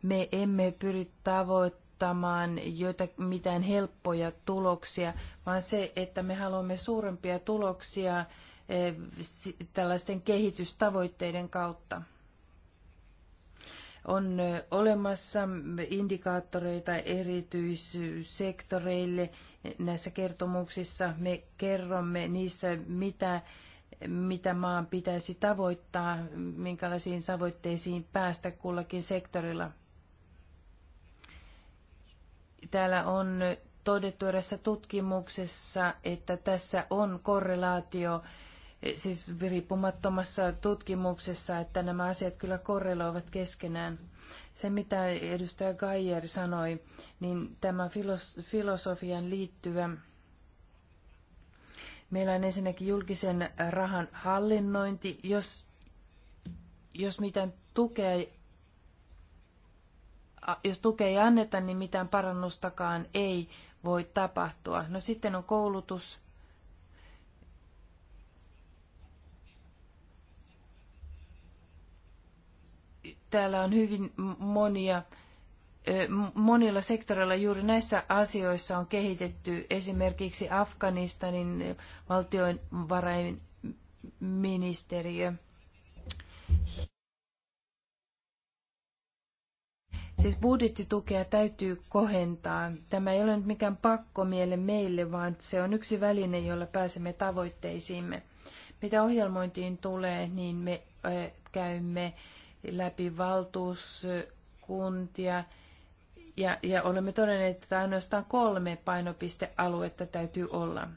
Me emme pyri tavoittamaan saavuttamaan joita, mitään helppoja tuloksia, vaan se, että me haluamme suurempia tuloksia eh, tällaisten kehitystavoitteiden kautta. On eh, olemassa indikaattoreita erityissektoreille näissä kertomuksissa. Me kerromme niissä, mitä, mitä maan pitäisi tavoittaa, minkälaisiin tavoitteisiin päästä kullakin sektorilla – Täällä on todettu erässä tutkimuksessa, että tässä on korrelaatio, siis riippumattomassa tutkimuksessa, että nämä asiat kyllä korreloivat keskenään. Se, mitä edustaja Geier sanoi, niin tämä filosofian liittyvä Meillä on ensinnäkin julkisen rahan hallinnointi. Jos, jos mitään tukea jos tukea ei anneta, niin mitään parannustakaan ei voi tapahtua. No sitten on koulutus. Täällä on hyvin monia, monilla sektoreilla juuri näissä asioissa on kehitetty esimerkiksi Afganistanin valtionvarainministeriö. ministeriö Siis budjettitukea täytyy kohentaa. Tämä ei ole nyt mikään pakkomielle meille, vaan se on yksi väline, jolla pääsemme tavoitteisiimme. Mitä ohjelmointiin tulee, niin me käymme läpi valtuuskuntia ja, ja olemme todenneet, että ainoastaan kolme painopistealuetta täytyy olla.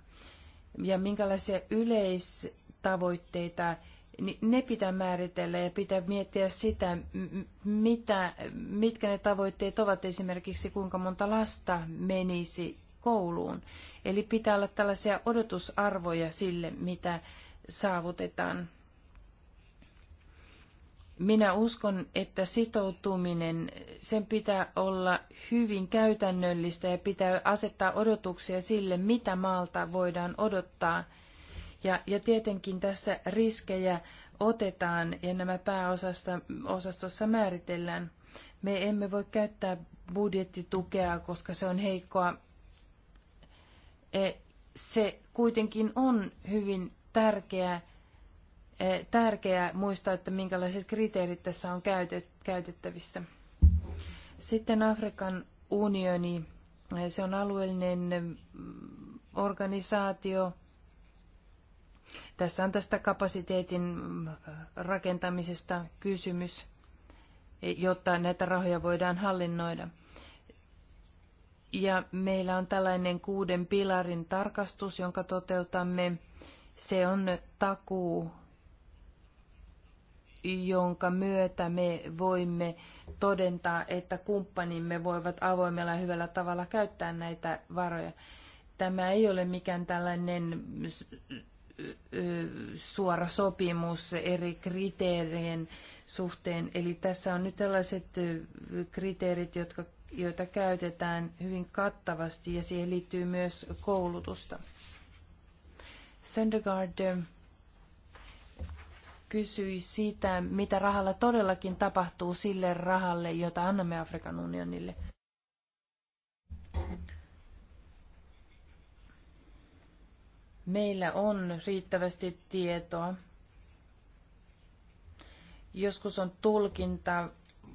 Ja minkälaisia yleistavoitteita niin ne pitää määritellä ja pitää miettiä sitä, mitä, mitkä ne tavoitteet ovat esimerkiksi, kuinka monta lasta menisi kouluun. Eli pitää olla tällaisia odotusarvoja sille, mitä saavutetaan. Minä uskon, että sitoutuminen, sen pitää olla hyvin käytännöllistä ja pitää asettaa odotuksia sille, mitä maalta voidaan odottaa – ja, ja tietenkin tässä riskejä otetaan ja nämä pääosastossa määritellään. Me emme voi käyttää budjettitukea, koska se on heikkoa. E, se kuitenkin on hyvin tärkeää e, tärkeää muistaa, että minkälaiset kriteerit tässä on käytettävissä. Sitten Afrikan unioni, se on alueellinen mm, organisaatio, tässä on tästä kapasiteetin rakentamisesta kysymys, jotta näitä rahoja voidaan hallinnoida. Ja meillä on tällainen kuuden pilarin tarkastus, jonka toteutamme. Se on takuu, jonka myötä me voimme todentaa, että kumppanimme voivat avoimella ja hyvällä tavalla käyttää näitä varoja. Tämä ei ole mikään tällainen suora sopimus eri kriteerien suhteen. Eli tässä on nyt tällaiset kriteerit, jotka, joita käytetään hyvin kattavasti ja siihen liittyy myös koulutusta. Söndergaard kysyi sitä, mitä rahalla todellakin tapahtuu sille rahalle, jota annamme Afrikan unionille. meillä on riittävästi tietoa. Joskus on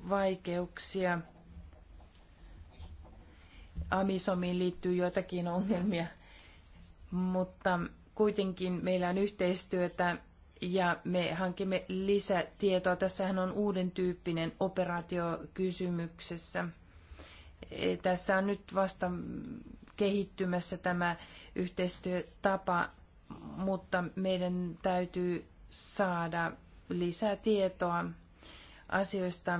vaikeuksia. Amisomiin liittyy joitakin ongelmia, mutta kuitenkin meillä on yhteistyötä ja me hankimme lisätietoa. Tässähän on uuden tyyppinen operaatio kysymyksessä. Tässä on nyt vasta kehittymässä tämä yhteistyötapa, mutta meidän täytyy saada lisää tietoa asioista.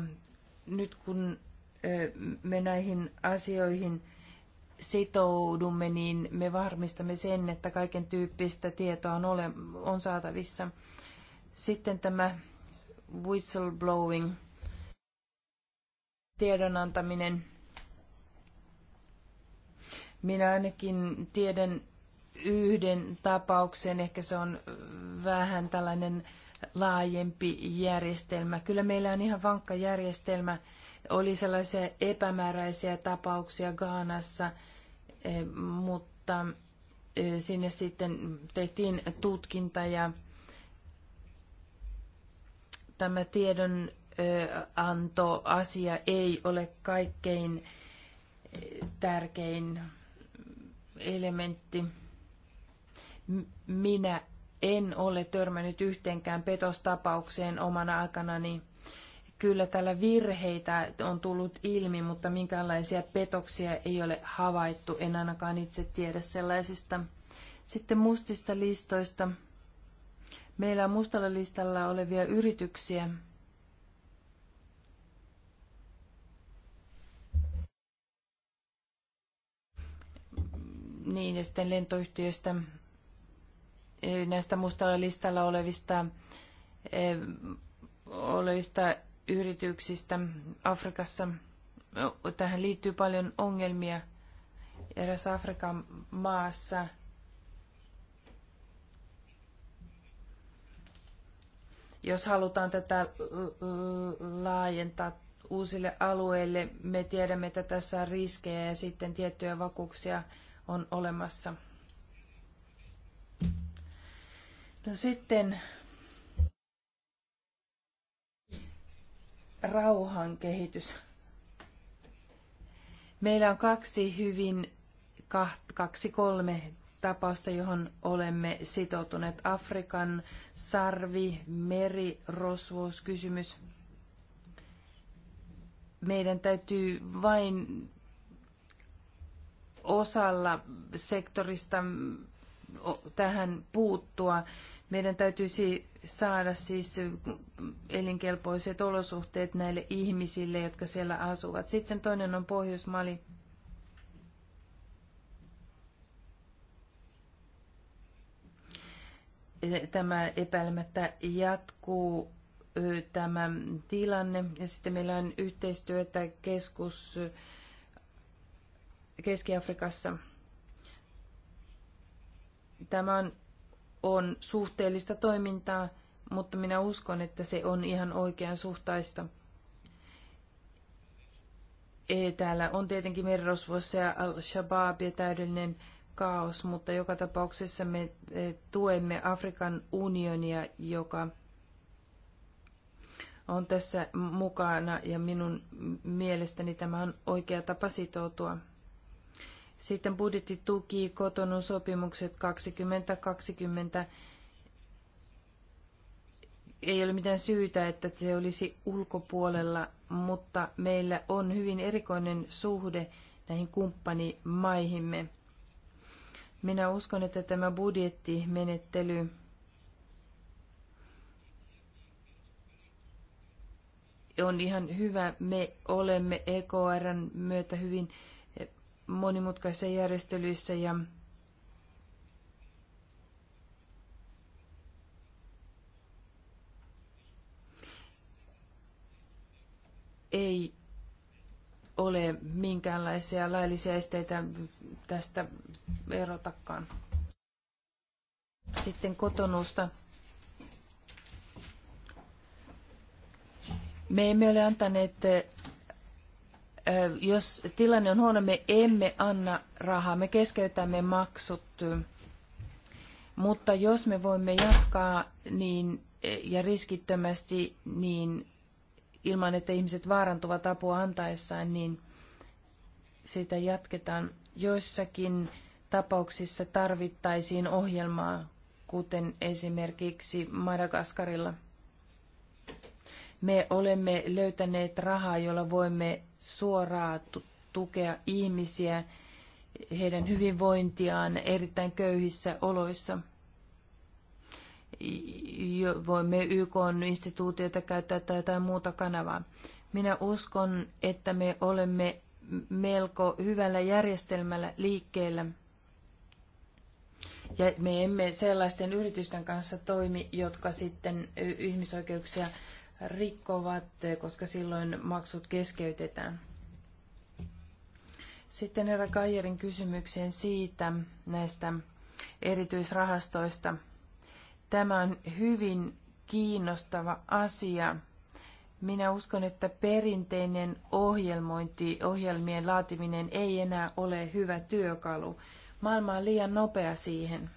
Nyt kun me näihin asioihin sitoudumme, niin me varmistamme sen, että kaiken tyyppistä tietoa on, ole, on saatavissa. Sitten tämä whistleblowing, tiedon antaminen – minä ainakin tiedän yhden tapauksen, ehkä se on vähän tällainen laajempi järjestelmä. Kyllä meillä on ihan vankka järjestelmä. Oli sellaisia epämääräisiä tapauksia Gaanassa, eh, mutta eh, sinne sitten tehtiin tutkinta ja tämä tiedon eh, antoasia ei ole kaikkein tärkein elementti. Minä en ole törmännyt yhteenkään petostapaukseen omana aikanani. Kyllä tällä virheitä on tullut ilmi, mutta minkälaisia petoksia ei ole havaittu. En ainakaan itse tiedä sellaisista. Sitten mustista listoista. Meillä on mustalla listalla olevia yrityksiä, niin ja sitten lentoyhtiöistä, e, näistä mustalla listalla olevista, e, olevista yrityksistä Afrikassa. Tähän liittyy paljon ongelmia. Eräs Afrikan maassa jos halutaan tätä laajentaa uusille alueille, me tiedämme, että tässä on riskejä ja sitten tiettyjä vakuuksia on olemassa. No sitten rauhan kehitys. Meillä on kaksi hyvin, kaksi kolme tapausta, johon olemme sitoutuneet. Afrikan sarvi, meri, rosvous, kysymys. Meidän täytyy vain osalla sektorista tähän puuttua. Meidän täytyisi saada siis elinkelpoiset olosuhteet näille ihmisille, jotka siellä asuvat. Sitten toinen on Pohjoismali. Tämä epäilemättä jatkuu tämä tilanne. Ja sitten meillä on yhteistyötä keskus Keski-Afrikassa. Tämä on, on suhteellista toimintaa, mutta minä uskon, että se on ihan oikean suhtaista. E, täällä on tietenkin merirosvoissa ja Al-Shabaab ja täydellinen kaos, mutta joka tapauksessa me e, tuemme Afrikan unionia, joka on tässä mukana ja minun mielestäni tämä on oikea tapa sitoutua. Sitten budjettituki, kotonun sopimukset 2020 ei ole mitään syytä, että se olisi ulkopuolella, mutta meillä on hyvin erikoinen suhde näihin kumppanimaihimme. Minä uskon, että tämä budjettimenettely on ihan hyvä. Me olemme EKRn myötä hyvin monimutkaisissa järjestelyissä ja ei ole minkäänlaisia laillisia esteitä tästä erotakaan. Sitten kotonusta. Me emme ole antaneet jos tilanne on huono, me emme anna rahaa, me keskeytämme maksut. Mutta jos me voimme jatkaa niin, e, ja riskittömästi, niin ilman että ihmiset vaarantuvat apua antaessaan, niin sitä jatketaan. Joissakin tapauksissa tarvittaisiin ohjelmaa, kuten esimerkiksi Madagaskarilla – me olemme löytäneet rahaa, jolla voimme suoraan tukea ihmisiä, heidän hyvinvointiaan erittäin köyhissä oloissa. Voimme YK-instituutioita käyttää tai jotain muuta kanavaa. Minä uskon, että me olemme melko hyvällä järjestelmällä liikkeellä. Ja me emme sellaisten yritysten kanssa toimi, jotka sitten ihmisoikeuksia rikkovat, koska silloin maksut keskeytetään. Sitten herra Kajerin kysymykseen siitä näistä erityisrahastoista. Tämä on hyvin kiinnostava asia. Minä uskon, että perinteinen ohjelmointi, ohjelmien laatiminen ei enää ole hyvä työkalu. Maailma on liian nopea siihen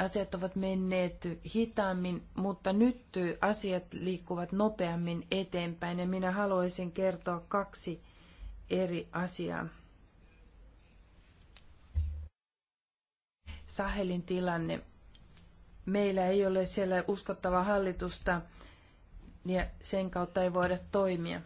asiat ovat menneet hitaammin, mutta nyt asiat liikkuvat nopeammin eteenpäin ja minä haluaisin kertoa kaksi eri asiaa. Sahelin tilanne. Meillä ei ole siellä uskottavaa hallitusta ja sen kautta ei voida toimia.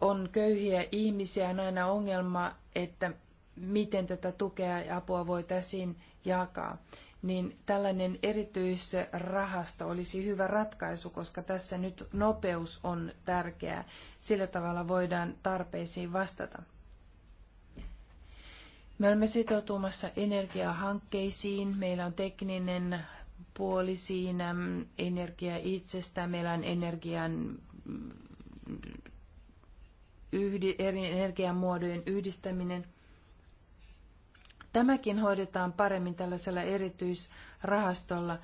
On köyhiä ihmisiä, on aina ongelma, että miten tätä tukea ja apua voitaisiin jakaa niin tällainen erityisrahasto olisi hyvä ratkaisu, koska tässä nyt nopeus on tärkeää. Sillä tavalla voidaan tarpeisiin vastata. Me olemme sitoutumassa energiahankkeisiin. Meillä on tekninen puoli siinä, mm, energia itsestä, meillä on energian mm, yhdi, eri energiamuodojen yhdistäminen – Tämäkin hoidetaan paremmin tällaisella erityisrahastolla.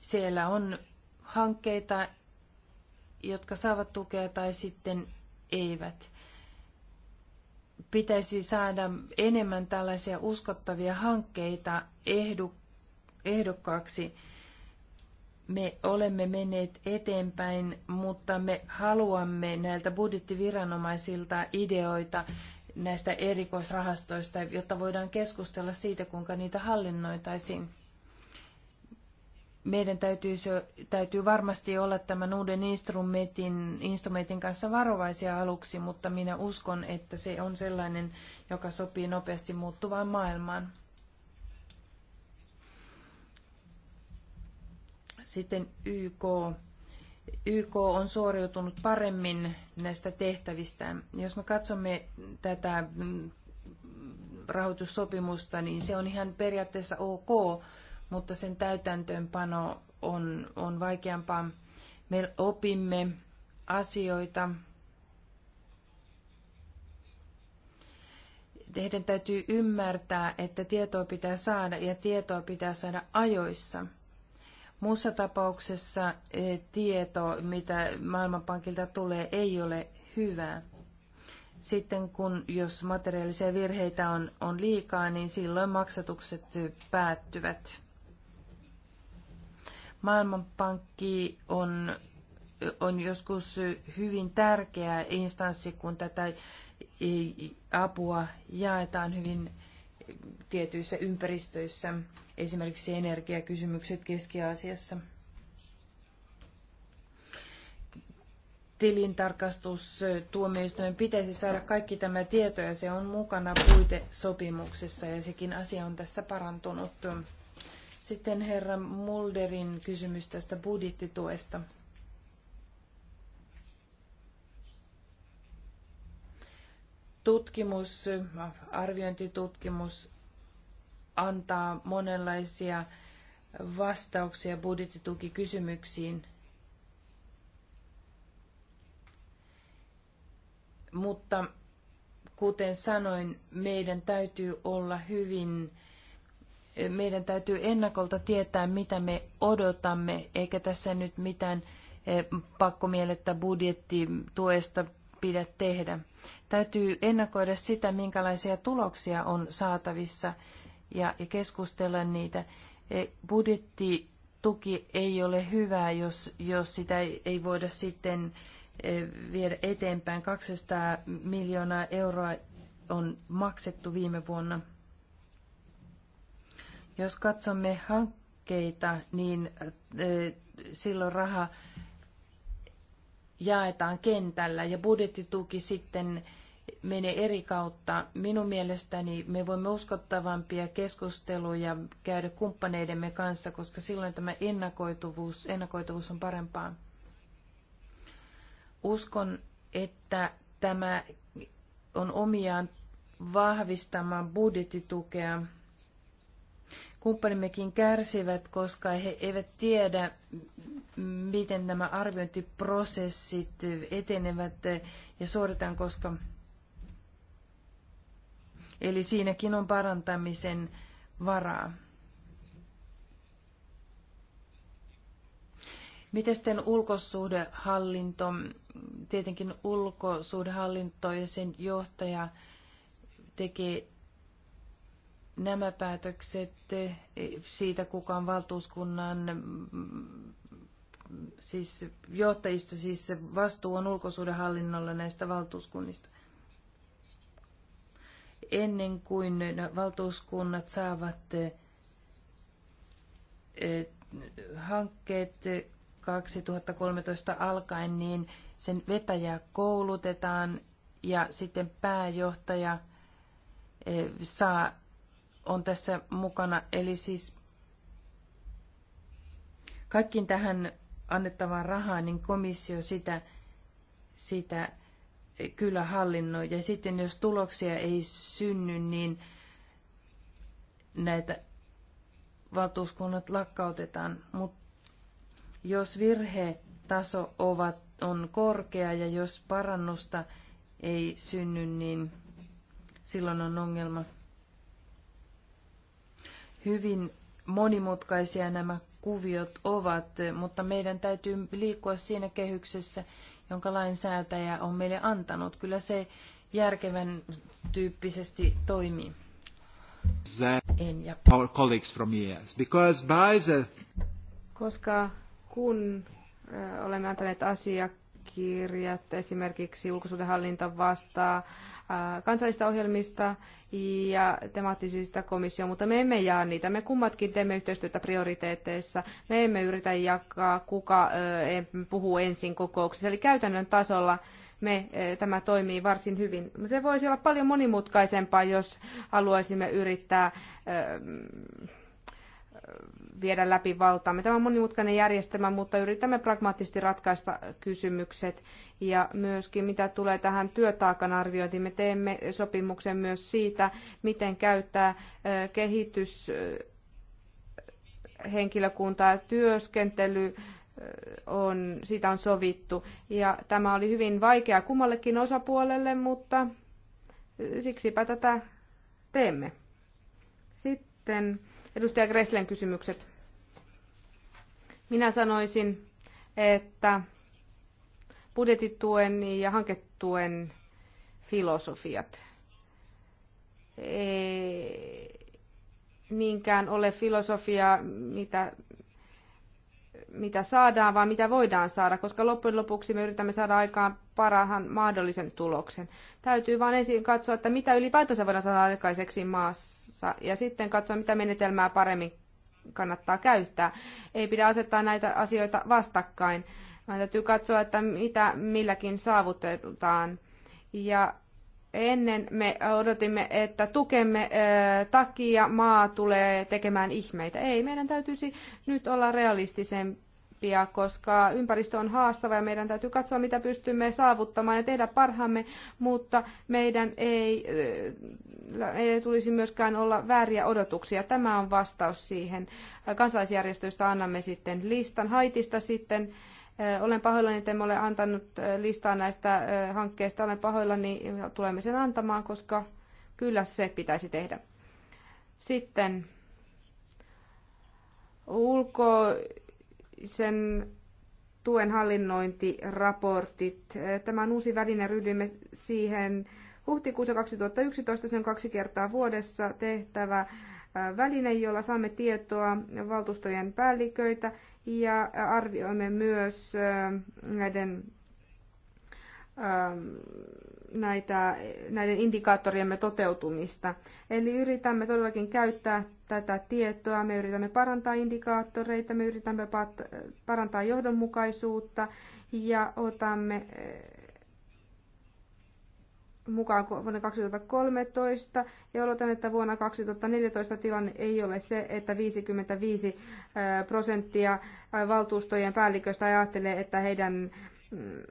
Siellä on hankkeita, jotka saavat tukea tai sitten eivät. Pitäisi saada enemmän tällaisia uskottavia hankkeita ehdokkaaksi. Me olemme menneet eteenpäin, mutta me haluamme näiltä budjettiviranomaisilta ideoita, näistä erikoisrahastoista, jotta voidaan keskustella siitä, kuinka niitä hallinnoitaisiin. Meidän täytyy, täytyy varmasti olla tämän uuden instrumentin, instrumentin kanssa varovaisia aluksi, mutta minä uskon, että se on sellainen, joka sopii nopeasti muuttuvaan maailmaan. Sitten YK YK on suoriutunut paremmin näistä tehtävistä. Jos me katsomme tätä mm, rahoitussopimusta, niin se on ihan periaatteessa ok, mutta sen täytäntöönpano on, on vaikeampaa. Me opimme asioita. Heidän täytyy ymmärtää, että tietoa pitää saada ja tietoa pitää saada ajoissa – Muussa tapauksessa eh, tieto, mitä Maailmanpankilta tulee, ei ole hyvää. Sitten kun, jos materiaalisia virheitä on, on liikaa, niin silloin maksatukset eh, päättyvät. Maailmanpankki on, eh, on joskus hyvin tärkeä instanssi, kun tätä apua jaetaan hyvin tietyissä ympäristöissä esimerkiksi energiakysymykset Keski-Aasiassa. Tilintarkastustuomioistuimen pitäisi saada kaikki tämä tieto ja se on mukana puitesopimuksessa ja sekin asia on tässä parantunut. Sitten herra Mulderin kysymys tästä budjettituesta. tutkimus, arviointitutkimus antaa monenlaisia vastauksia budjettitukikysymyksiin. Mutta kuten sanoin, meidän täytyy olla hyvin, meidän täytyy ennakolta tietää, mitä me odotamme, eikä tässä nyt mitään eh, pakkomielettä budjettituesta pidä tehdä. Täytyy ennakoida sitä, minkälaisia tuloksia on saatavissa ja, ja keskustella niitä. E, budjettituki ei ole hyvä, jos, jos sitä ei, ei voida sitten e, viedä eteenpäin. 200 miljoonaa euroa on maksettu viime vuonna. Jos katsomme hankkeita, niin e, silloin raha jaetaan kentällä ja budjettituki sitten mene eri kautta. Minun mielestäni me voimme uskottavampia keskusteluja käydä kumppaneidemme kanssa, koska silloin tämä ennakoituvuus, ennakoituvuus on parempaa. Uskon, että tämä on omiaan vahvistamaan budjettitukea. Kumppanimmekin kärsivät, koska he eivät tiedä, miten nämä arviointiprosessit etenevät ja suoritaan, koska Eli siinäkin on parantamisen varaa. Miten sitten ulkosuhdehallinto, tietenkin ulkosuhdehallinto ja sen johtaja tekee nämä päätökset siitä, kuka on valtuuskunnan siis johtajista, siis vastuu on ulkosuhdehallinnolla näistä valtuuskunnista ennen kuin valtuuskunnat saavat eh, hankkeet 2013 alkaen, niin sen vetäjää koulutetaan ja sitten pääjohtaja eh, saa, on tässä mukana. Eli siis kaikkiin tähän annettavaan rahaan, niin komissio sitä, sitä kyllä hallinnoi. Ja sitten jos tuloksia ei synny, niin näitä valtuuskunnat lakkautetaan. Mutta jos virhetaso ovat, on korkea ja jos parannusta ei synny, niin silloin on ongelma. Hyvin monimutkaisia nämä kuviot ovat, mutta meidän täytyy liikkua siinä kehyksessä, jonka lainsäätäjä on meille antanut. Kyllä se järkevän tyyppisesti toimii. En, ja. Our colleagues from years, because by the... Koska kun olemme antaneet asiakkaan, kirjat esimerkiksi ulkosuudenhallinta vastaa kansallista ohjelmista ja temaattisista komissio, mutta me emme jaa niitä. Me kummatkin teemme yhteistyötä prioriteetteissa. Me emme yritä jakaa, kuka puhuu ensin kokouksessa. Eli käytännön tasolla me, tämä toimii varsin hyvin. Se voisi olla paljon monimutkaisempaa, jos haluaisimme yrittää viedä läpi valtaamme. Tämä on monimutkainen järjestelmä, mutta yritämme pragmaattisesti ratkaista kysymykset. Ja myöskin mitä tulee tähän työtaakan arviointiin, me teemme sopimuksen myös siitä, miten käyttää kehitys henkilökuntaa työskentely on, siitä on sovittu. Ja tämä oli hyvin vaikea kummallekin osapuolelle, mutta siksipä tätä teemme. Sitten Edustaja Greslen kysymykset. Minä sanoisin, että budjetituen ja hanketuen filosofiat ei niinkään ole filosofia, mitä, mitä saadaan, vaan mitä voidaan saada, koska loppujen lopuksi me yritämme saada aikaan parhaan mahdollisen tuloksen. Täytyy vain ensin katsoa, että mitä ylipäätänsä voidaan saada aikaiseksi maassa kanssa ja sitten katsoa, mitä menetelmää paremmin kannattaa käyttää. Ei pidä asettaa näitä asioita vastakkain, vaan täytyy katsoa, että mitä milläkin saavutetaan. Ja ennen me odotimme, että tukemme takia maa tulee tekemään ihmeitä. Ei, meidän täytyisi nyt olla realistisempi oppia, koska ympäristö on haastava ja meidän täytyy katsoa, mitä pystymme saavuttamaan ja tehdä parhaamme, mutta meidän ei, äh, ei tulisi myöskään olla vääriä odotuksia. Tämä on vastaus siihen. Kansalaisjärjestöistä annamme sitten listan. Haitista sitten äh, olen pahoillani, että emme ole antanut äh, listaa näistä hankkeista. Olen pahoillani, tulemme sen antamaan, koska kyllä se pitäisi tehdä. Sitten ulko sen tuen hallinnointiraportit. Tämä on uusi väline, ryhdyimme siihen huhtikuussa 2011, sen kaksi kertaa vuodessa tehtävä väline, jolla saamme tietoa valtuustojen päälliköitä ja arvioimme myös näiden näitä, näiden indikaattoriemme toteutumista. Eli yritämme todellakin käyttää tätä tietoa, me yritämme parantaa indikaattoreita, me yritämme parantaa johdonmukaisuutta ja otamme eh, mukaan vuonna 2013 ja oletan, että vuonna 2014 tilanne ei ole se, että 55 eh, prosenttia eh, valtuustojen päälliköistä ajattelee, että heidän mm,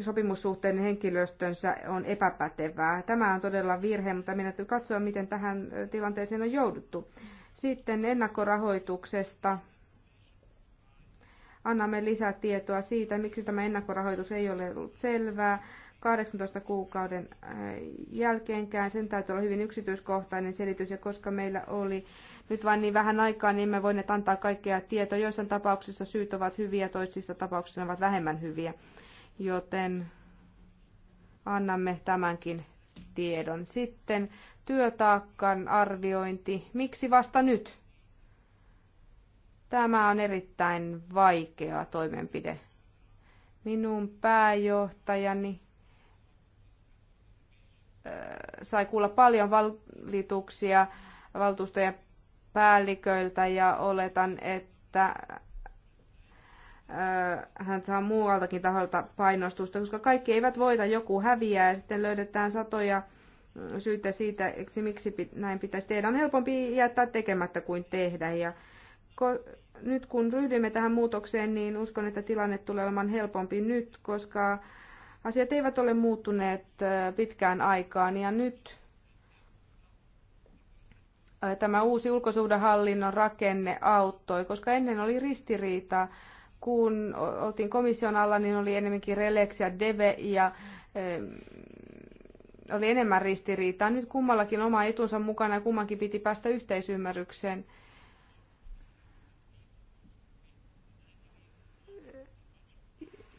Sopimussuhteen henkilöstönsä on epäpätevää. Tämä on todella virhe, mutta minä täytyy katsoa, miten tähän tilanteeseen on jouduttu. Sitten ennakkorahoituksesta annamme lisätietoa siitä, miksi tämä ennakkorahoitus ei ole ollut selvää. 18 kuukauden jälkeenkään. Sen täytyy olla hyvin yksityiskohtainen selitys, ja koska meillä oli nyt vain niin vähän aikaa, niin me voineet antaa kaikkea tietoa. Joissain tapauksissa syyt ovat hyviä, toisissa tapauksissa ne ovat vähemmän hyviä joten annamme tämänkin tiedon. Sitten työtaakkan arviointi. Miksi vasta nyt? Tämä on erittäin vaikea toimenpide. Minun pääjohtajani sai kuulla paljon valituksia valtuustojen päälliköiltä ja oletan, että hän saa muualtakin taholta painostusta, koska kaikki eivät voita, joku häviää ja sitten löydetään satoja syitä siitä, miksi näin pitäisi tehdä. On helpompi jättää tekemättä kuin tehdä. Ja nyt kun ryhdymme tähän muutokseen, niin uskon, että tilanne tulee olemaan helpompi nyt, koska asiat eivät ole muuttuneet pitkään aikaan ja nyt tämä uusi ulkosuhdehallinnon rakenne auttoi, koska ennen oli ristiriitaa kun oltiin komission alla, niin oli enemmänkin Relex ja Deve ja oli enemmän ristiriitaa. Nyt kummallakin oma etunsa mukana ja kummankin piti päästä yhteisymmärrykseen.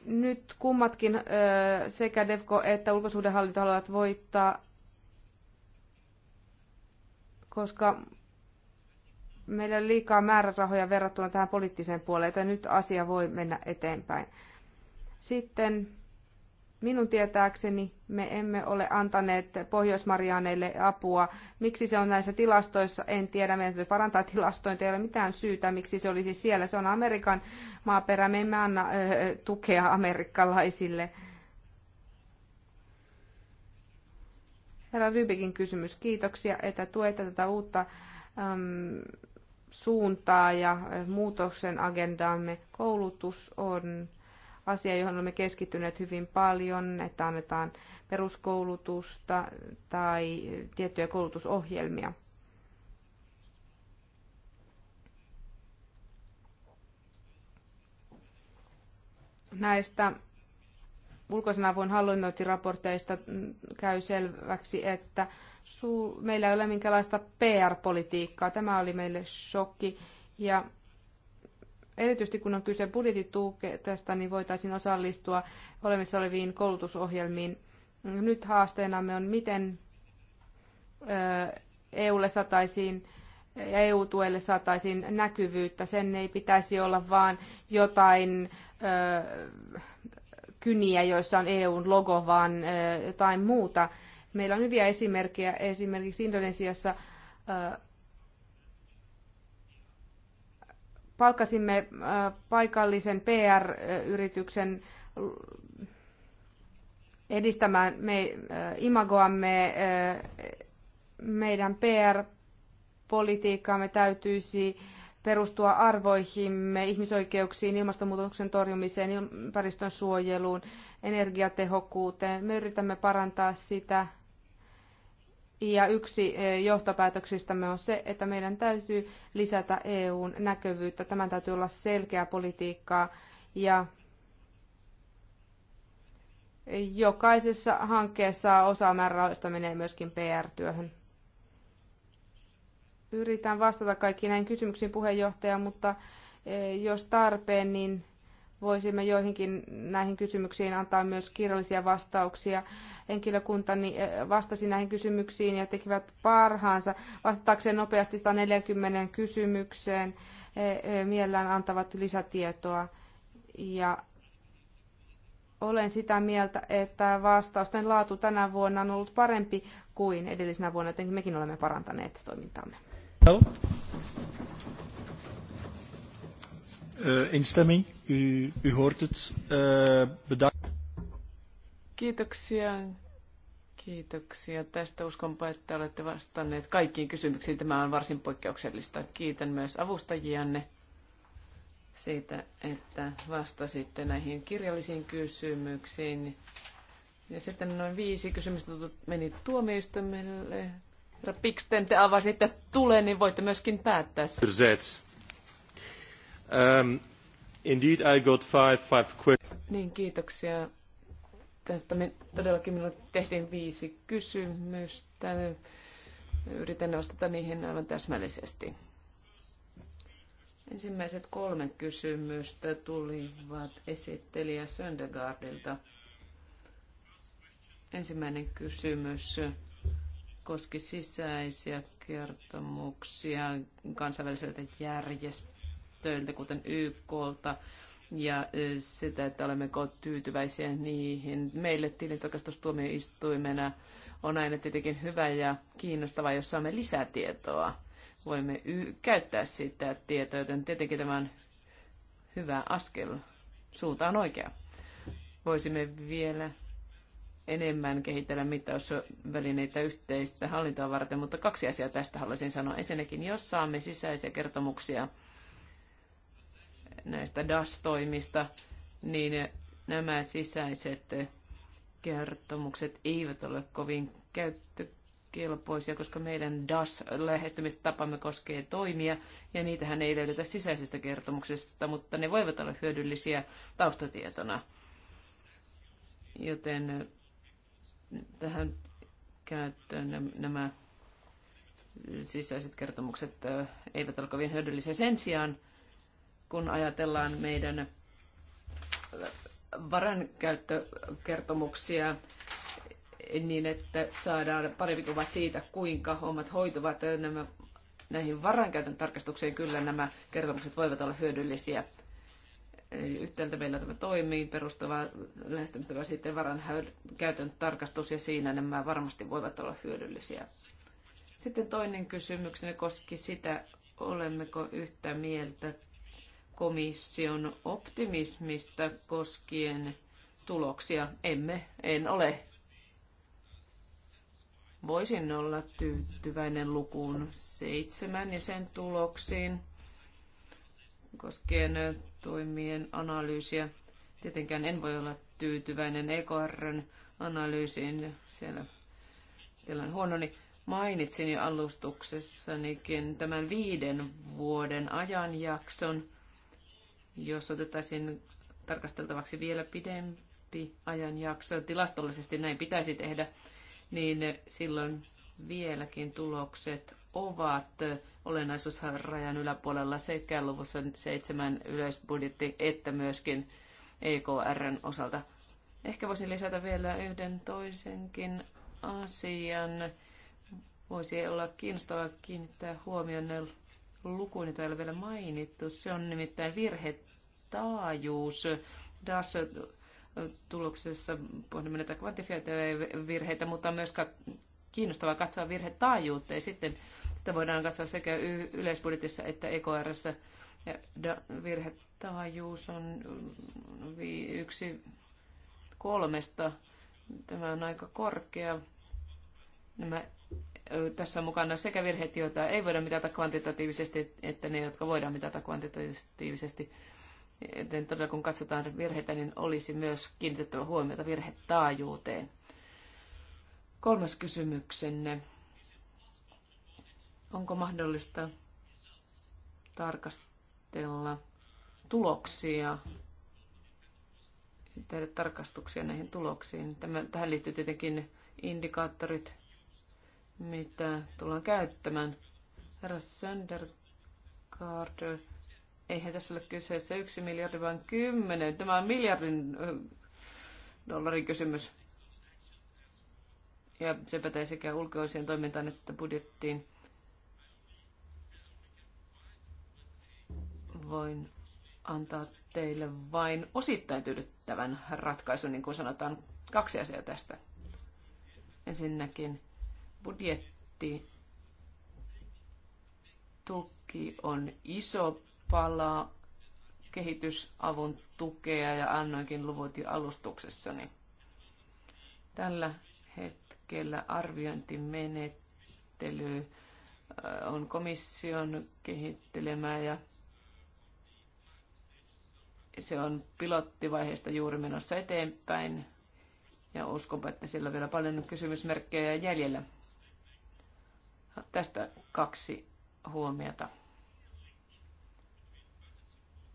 Nyt kummatkin sekä devko että ulkosuhdehallinto haluavat voittaa, koska meillä on liikaa määrärahoja verrattuna tähän poliittiseen puoleen, että nyt asia voi mennä eteenpäin. Sitten minun tietääkseni me emme ole antaneet pohjois apua. Miksi se on näissä tilastoissa, en tiedä. Meidän täytyy parantaa tilastointia, ei ole mitään syytä, miksi se olisi siellä. Se on Amerikan maaperä, me emme anna öö, tukea amerikkalaisille. Herra Rybikin kysymys. Kiitoksia, että tuette tätä uutta suuntaa ja muutoksen agendaamme. Koulutus on asia, johon olemme keskittyneet hyvin paljon, että annetaan peruskoulutusta tai tiettyjä koulutusohjelmia. Näistä ulkoisen avun hallinnointiraporteista käy selväksi, että su- meillä ei ole minkälaista PR-politiikkaa. Tämä oli meille shokki. Ja erityisesti kun on kyse budjettitukesta, niin voitaisiin osallistua olemassa oleviin koulutusohjelmiin. Nyt haasteenamme on, miten EUlle saataisiin ja EU-tuelle saataisiin näkyvyyttä. Sen ei pitäisi olla vain jotain ö, kyniä, joissa on EUn logo, vaan ö, jotain muuta. Meillä on hyviä esimerkkejä esimerkiksi Indonesiassa palkkasimme paikallisen PR-yrityksen edistämään me, imagoamme. Meidän PR-politiikkaamme täytyisi perustua arvoihimme, ihmisoikeuksiin, ilmastonmuutoksen torjumiseen, ympäristön suojeluun, energiatehokkuuteen. Me yritämme parantaa sitä ja yksi eh, johtopäätöksistämme on se, että meidän täytyy lisätä EUn näkyvyyttä. Tämän täytyy olla selkeää politiikkaa ja jokaisessa hankkeessa osa määrärahoista menee myöskin PR-työhön. Yritän vastata kaikkiin näihin kysymyksiin puheenjohtaja, mutta eh, jos tarpeen, niin voisimme joihinkin näihin kysymyksiin antaa myös kirjallisia vastauksia. Henkilökuntani eh, vastasi näihin kysymyksiin ja tekivät parhaansa vastatakseen nopeasti 140 kysymykseen. He eh, mielellään antavat lisätietoa ja olen sitä mieltä, että vastausten laatu tänä vuonna on ollut parempi kuin edellisenä vuonna, joten mekin olemme parantaneet toimintaamme. Eh, instemming. U, u hoort het. Uh, bedankt. Kiitoksia. Kiitoksia tästä. Uskonpa, että olette vastanneet kaikkiin kysymyksiin. Tämä on varsin poikkeuksellista. Kiitän myös avustajianne siitä, että vastasitte näihin kirjallisiin kysymyksiin. Ja sitten noin viisi kysymystä meni tuomioistuimelle. Herra Piksten, te avasitte tulen, niin voitte myöskin päättää sen. Um, indeed, I got five, five Niin, kiitoksia. Tästä me, todellakin minulle tehtiin viisi kysymystä. Yritän vastata niihin aivan täsmällisesti. Ensimmäiset kolme kysymystä tulivat esittelijä Söndergaardilta. Ensimmäinen kysymys koski sisäisiä kertomuksia kansainväliseltä järjestöltä töiltä kuten YKlta, ja sitä, että olemme tyytyväisiä niihin. Meille tilintarkastustuomioistuimena on aina tietenkin hyvä ja kiinnostava, jos saamme lisätietoa. Voimme käyttää sitä tietoa, joten tietenkin tämä on hyvä askel. Suunta on oikea. Voisimme vielä enemmän kehitellä mittausvälineitä yhteistä hallintoa varten, mutta kaksi asiaa tästä haluaisin sanoa. Ensinnäkin, jos saamme sisäisiä kertomuksia näistä DAS-toimista, niin nämä sisäiset kertomukset eivät ole kovin käyttökelpoisia, koska meidän DAS-lähestymistapamme koskee toimia, ja niitähän ei löydetä sisäisestä kertomuksesta, mutta ne voivat olla hyödyllisiä taustatietona. Joten tähän käyttöön nämä sisäiset kertomukset eivät ole kovin hyödyllisiä. Sen sijaan kun ajatellaan meidän varankäyttökertomuksia, niin että saadaan parempi kuva siitä, kuinka hommat hoituvat. Nämä, näihin varankäytön tarkastukseen kyllä nämä kertomukset voivat olla hyödyllisiä. yhtäältä meillä tämä toimii perustava lähestymistapa sitten varan käytön tarkastus ja siinä nämä varmasti voivat olla hyödyllisiä. Sitten toinen kysymykseni koski sitä, olemmeko yhtä mieltä komission optimismista koskien tuloksia. Emme, en ole. Voisin olla tyytyväinen lukuun seitsemän ja sen tuloksiin koskien toimien analyysiä. Tietenkään en voi olla tyytyväinen EKRn analyysiin. Siellä tilanne huononi. Niin mainitsin jo alustuksessanikin tämän viiden vuoden ajanjakson – jos otettaisiin tarkasteltavaksi vielä pidempi ajanjakso, tilastollisesti näin pitäisi tehdä, niin silloin vieläkin tulokset ovat olennaisuusrajan yläpuolella sekä luvussa seitsemän yleisbudjetti että myöskin EKRn osalta. Ehkä voisin lisätä vielä yhden toisenkin asian. Voisi olla kiinnostavaa kiinnittää huomioon lukuun, joita ei ole vielä mainittu. Se on nimittäin virhe taajuus. DAS-tuloksessa pohdimme näitä kvantifioituja virheitä, mutta on myös kiinnostavaa katsoa virhetaajuutta ja sitten sitä voidaan katsoa sekä yleisbudjetissa että EKRssä. Virhetaajuus on yksi kolmesta. Tämä on aika korkea. Nämä, tässä on mukana sekä virheet, joita ei voida mitata kvantitatiivisesti, että ne, jotka voidaan mitata kvantitatiivisesti. Joten todella kun katsotaan virheitä, niin olisi myös kiinnitettävä huomiota virhetaajuuteen. Kolmas kysymyksenne. Onko mahdollista tarkastella tuloksia, tehdä tarkastuksia näihin tuloksiin? Tämä, tähän liittyy tietenkin indikaattorit, mitä tullaan käyttämään. Herra Söndergaard eihän tässä ole kyseessä yksi miljardi, vaan kymmenen. Tämä on miljardin dollarin kysymys. Ja se pätee sekä ulkoiseen toimintaan että budjettiin. Voin antaa teille vain osittain tyydyttävän ratkaisun, niin kuin sanotaan, kaksi asiaa tästä. Ensinnäkin budjetti tuki on iso palaa kehitysavun tukea ja annoinkin luvut alustuksessani. Tällä hetkellä arviointimenettely äh, on komission kehittelemää ja se on pilottivaiheesta juuri menossa eteenpäin ja uskonpa, että sillä on vielä paljon kysymysmerkkejä jäljellä. Tästä kaksi huomiota.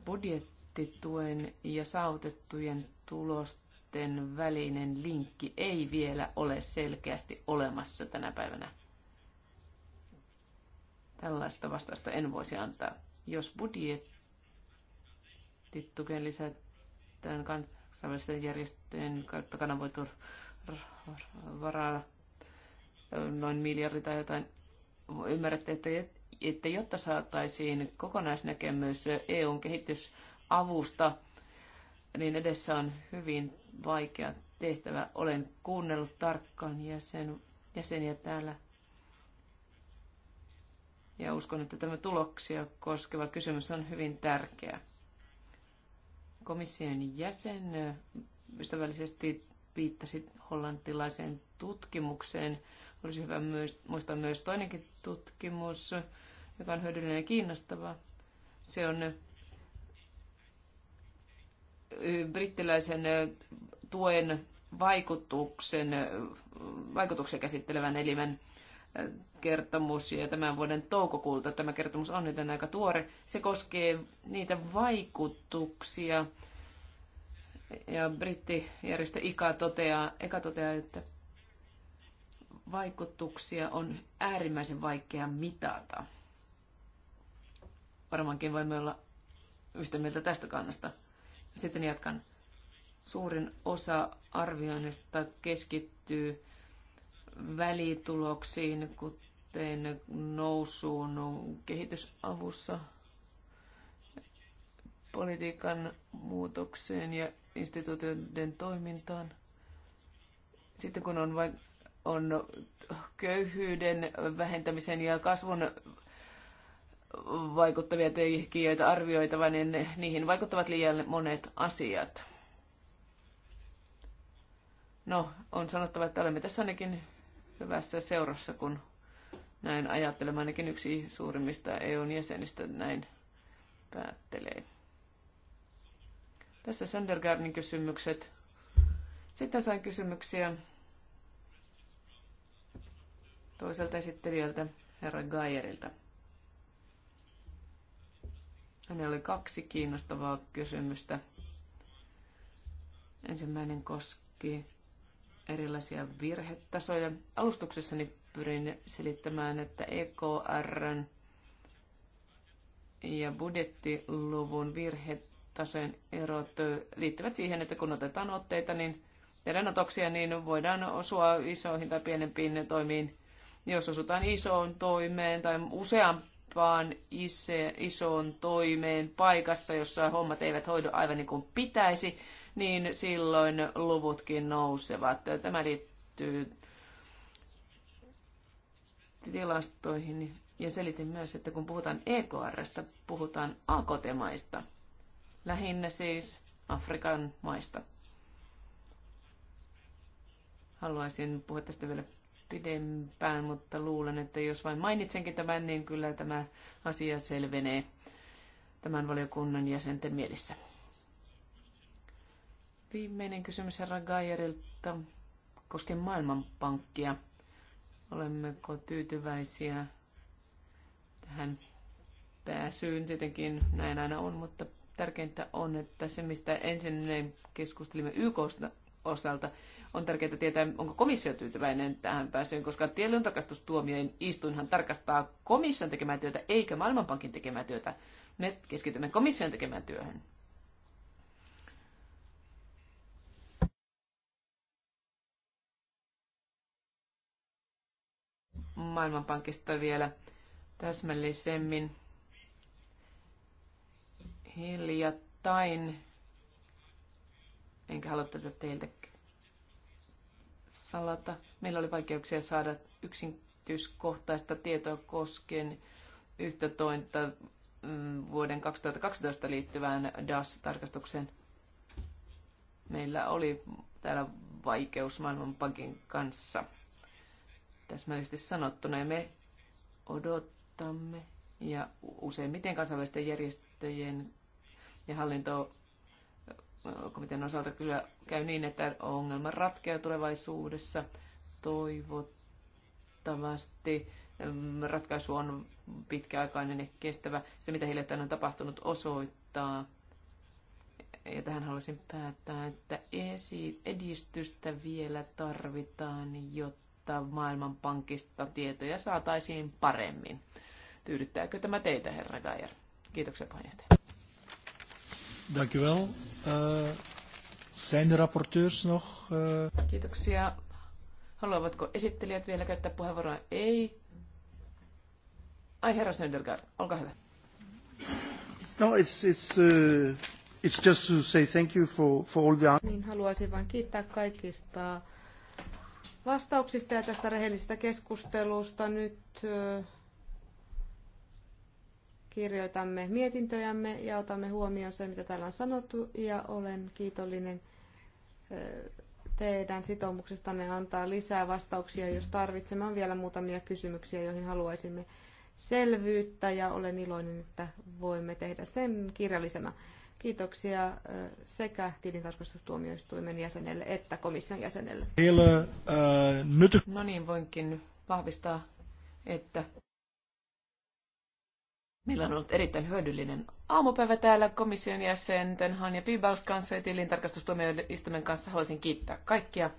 Budjettituen ja saavutettujen tulosten välinen linkki ei vielä ole selkeästi olemassa tänä päivänä. Tällaista vastausta en voisi antaa. Jos budjettitukeen lisätään kansainvälisten järjestöjen kautta kanavoitu varaa noin miljardi tai jotain, ymmärrätte, että että jotta saataisiin kokonaisnäkemys EUn kehitysavusta, niin edessä on hyvin vaikea tehtävä. Olen kuunnellut tarkkaan jäsen, jäseniä täällä ja uskon, että tämä tuloksia koskeva kysymys on hyvin tärkeä. Komission jäsen ystävällisesti viittasi hollantilaiseen tutkimukseen. Olisi hyvä myös, muistaa myös toinenkin tutkimus, joka on hyödyllinen ja kiinnostava. Se on brittiläisen tuen vaikutuksen, vaikutuksen käsittelevän elimen kertomus ja tämän vuoden toukokuulta tämä kertomus on nyt aika tuore. Se koskee niitä vaikutuksia ja brittijärjestö ICA toteaa, EKA toteaa, että vaikutuksia on äärimmäisen vaikea mitata. Varmaankin voimme olla yhtä mieltä tästä kannasta. Sitten jatkan. Suurin osa arvioinnista keskittyy välituloksiin, kuten nousuun kehitysavussa, politiikan muutokseen ja instituutioiden toimintaan. Sitten kun on, va- on köyhyyden vähentämisen ja kasvun vaikuttavia tekijöitä arvioitava, niin niihin vaikuttavat liian monet asiat. No, on sanottava, että olemme tässä ainakin hyvässä seurassa, kun näin ajattelemme. Ainakin yksi suurimmista EUn jäsenistä näin päättelee. Tässä Söndergaardin kysymykset. Sitten sain kysymyksiä toiselta esittelijältä, herra Gaierilta. Hänellä oli kaksi kiinnostavaa kysymystä. Ensimmäinen koski erilaisia virhetasoja. Alustuksessani pyrin selittämään, että EKRn ja budjettiluvun virhetasojen erot liittyvät siihen, että kun otetaan otteita, niin tehdään otoksia, niin voidaan osua isoihin tai pienempiin toimiin. Jos osutaan isoon toimeen tai usean vaan isse, isoon toimeen paikassa, jossa hommat eivät hoidu aivan niin kuin pitäisi, niin silloin luvutkin nousevat. Tämä liittyy tilastoihin. Ja selitin myös, että kun puhutaan EKRstä, puhutaan AKT-maista. Lähinnä siis Afrikan maista. Haluaisin puhua tästä vielä pidempään, mutta luulen, että jos vain mainitsenkin tämän, niin kyllä tämä asia selvenee tämän valiokunnan jäsenten mielissä. Viimeinen kysymys herra Gajerilta koskien Maailmanpankkia. Olemmeko tyytyväisiä tähän pääsyyn? Tietenkin näin aina on, mutta tärkeintä on, että se mistä ensin keskustelimme YK osalta, on tärkeää tietää, onko komissio tyytyväinen tähän pääsyyn, koska tilintarkastustuomioin istuinhan tarkastaa komission tekemää työtä eikä Maailmanpankin tekemää työtä. Me keskitymme komission tekemään työhön. Maailmanpankista vielä täsmällisemmin. Hiljattain, enkä halua tätä teiltä salata. Meillä oli vaikeuksia saada yksityiskohtaista tietoa koskien yhtä tointa mm, vuoden 2012 liittyvään DAS-tarkastukseen. Meillä oli täällä vaikeus Maailmanpankin kanssa täsmällisesti sanottuna ja me odottamme ja useimmiten kansainvälisten järjestöjen ja hallinto komitean osalta kyllä käy niin, että ongelma ratkeaa tulevaisuudessa toivottavasti. Ratkaisu on pitkäaikainen ja kestävä. Se, mitä hiljattain on tapahtunut, osoittaa, ja tähän haluaisin päättää, että edistystä vielä tarvitaan, jotta Maailmanpankista tietoja saataisiin paremmin. Tyydyttääkö tämä teitä, herra Geier? Kiitoksia puheenjohtaja. Dank u wel. Eh, zijn de rapporteurs nog? Eh? Kiitoksia. Haluavatko esittelijät vielä käyttää puheenvuoroa? Ei. Ai herra Söndergaard, olkaa hyvä. No, it's, it's, uh, it's just to say thank you for, for all the... Niin, haluaisin vain kiittää kaikista vastauksista ja tästä rehellisestä keskustelusta. Nyt uh, kirjoitamme mietintöjämme ja otamme huomioon sen, mitä täällä on sanottu, ja olen kiitollinen teidän sitoumuksestanne antaa lisää vastauksia, jos tarvitsemme. On vielä muutamia kysymyksiä, joihin haluaisimme selvyyttä, ja olen iloinen, että voimme tehdä sen kirjallisena. Kiitoksia sekä tilintarkastustuomioistuimen jäsenelle että komission jäsenelle. No niin, voinkin vahvistaa, että Meillä on ollut erittäin hyödyllinen aamupäivä täällä komission jäsenten Hanja Pibals kanssa ja tilintarkastustuomioistuimen kanssa. Haluaisin kiittää kaikkia.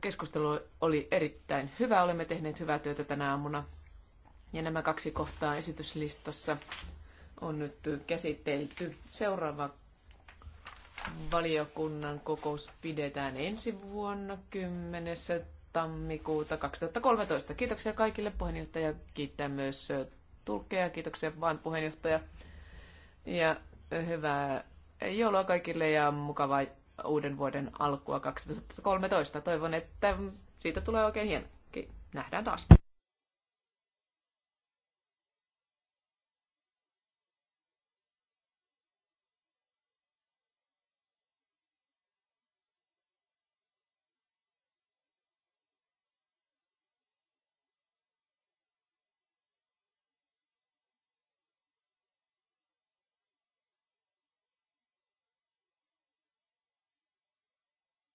Keskustelu oli erittäin hyvä. Olemme tehneet hyvää työtä tänä aamuna. Ja nämä kaksi kohtaa esityslistassa on nyt käsitelty. Seuraava valiokunnan kokous pidetään ensi vuonna 10. tammikuuta 2013. Kiitoksia kaikille. Puheenjohtaja kiittää myös tulkkeja, Kiitoksia vaan puheenjohtaja. Ja hyvää joulua kaikille ja mukavaa uuden vuoden alkua 2013. Toivon, että siitä tulee oikein hieno. Nähdään taas.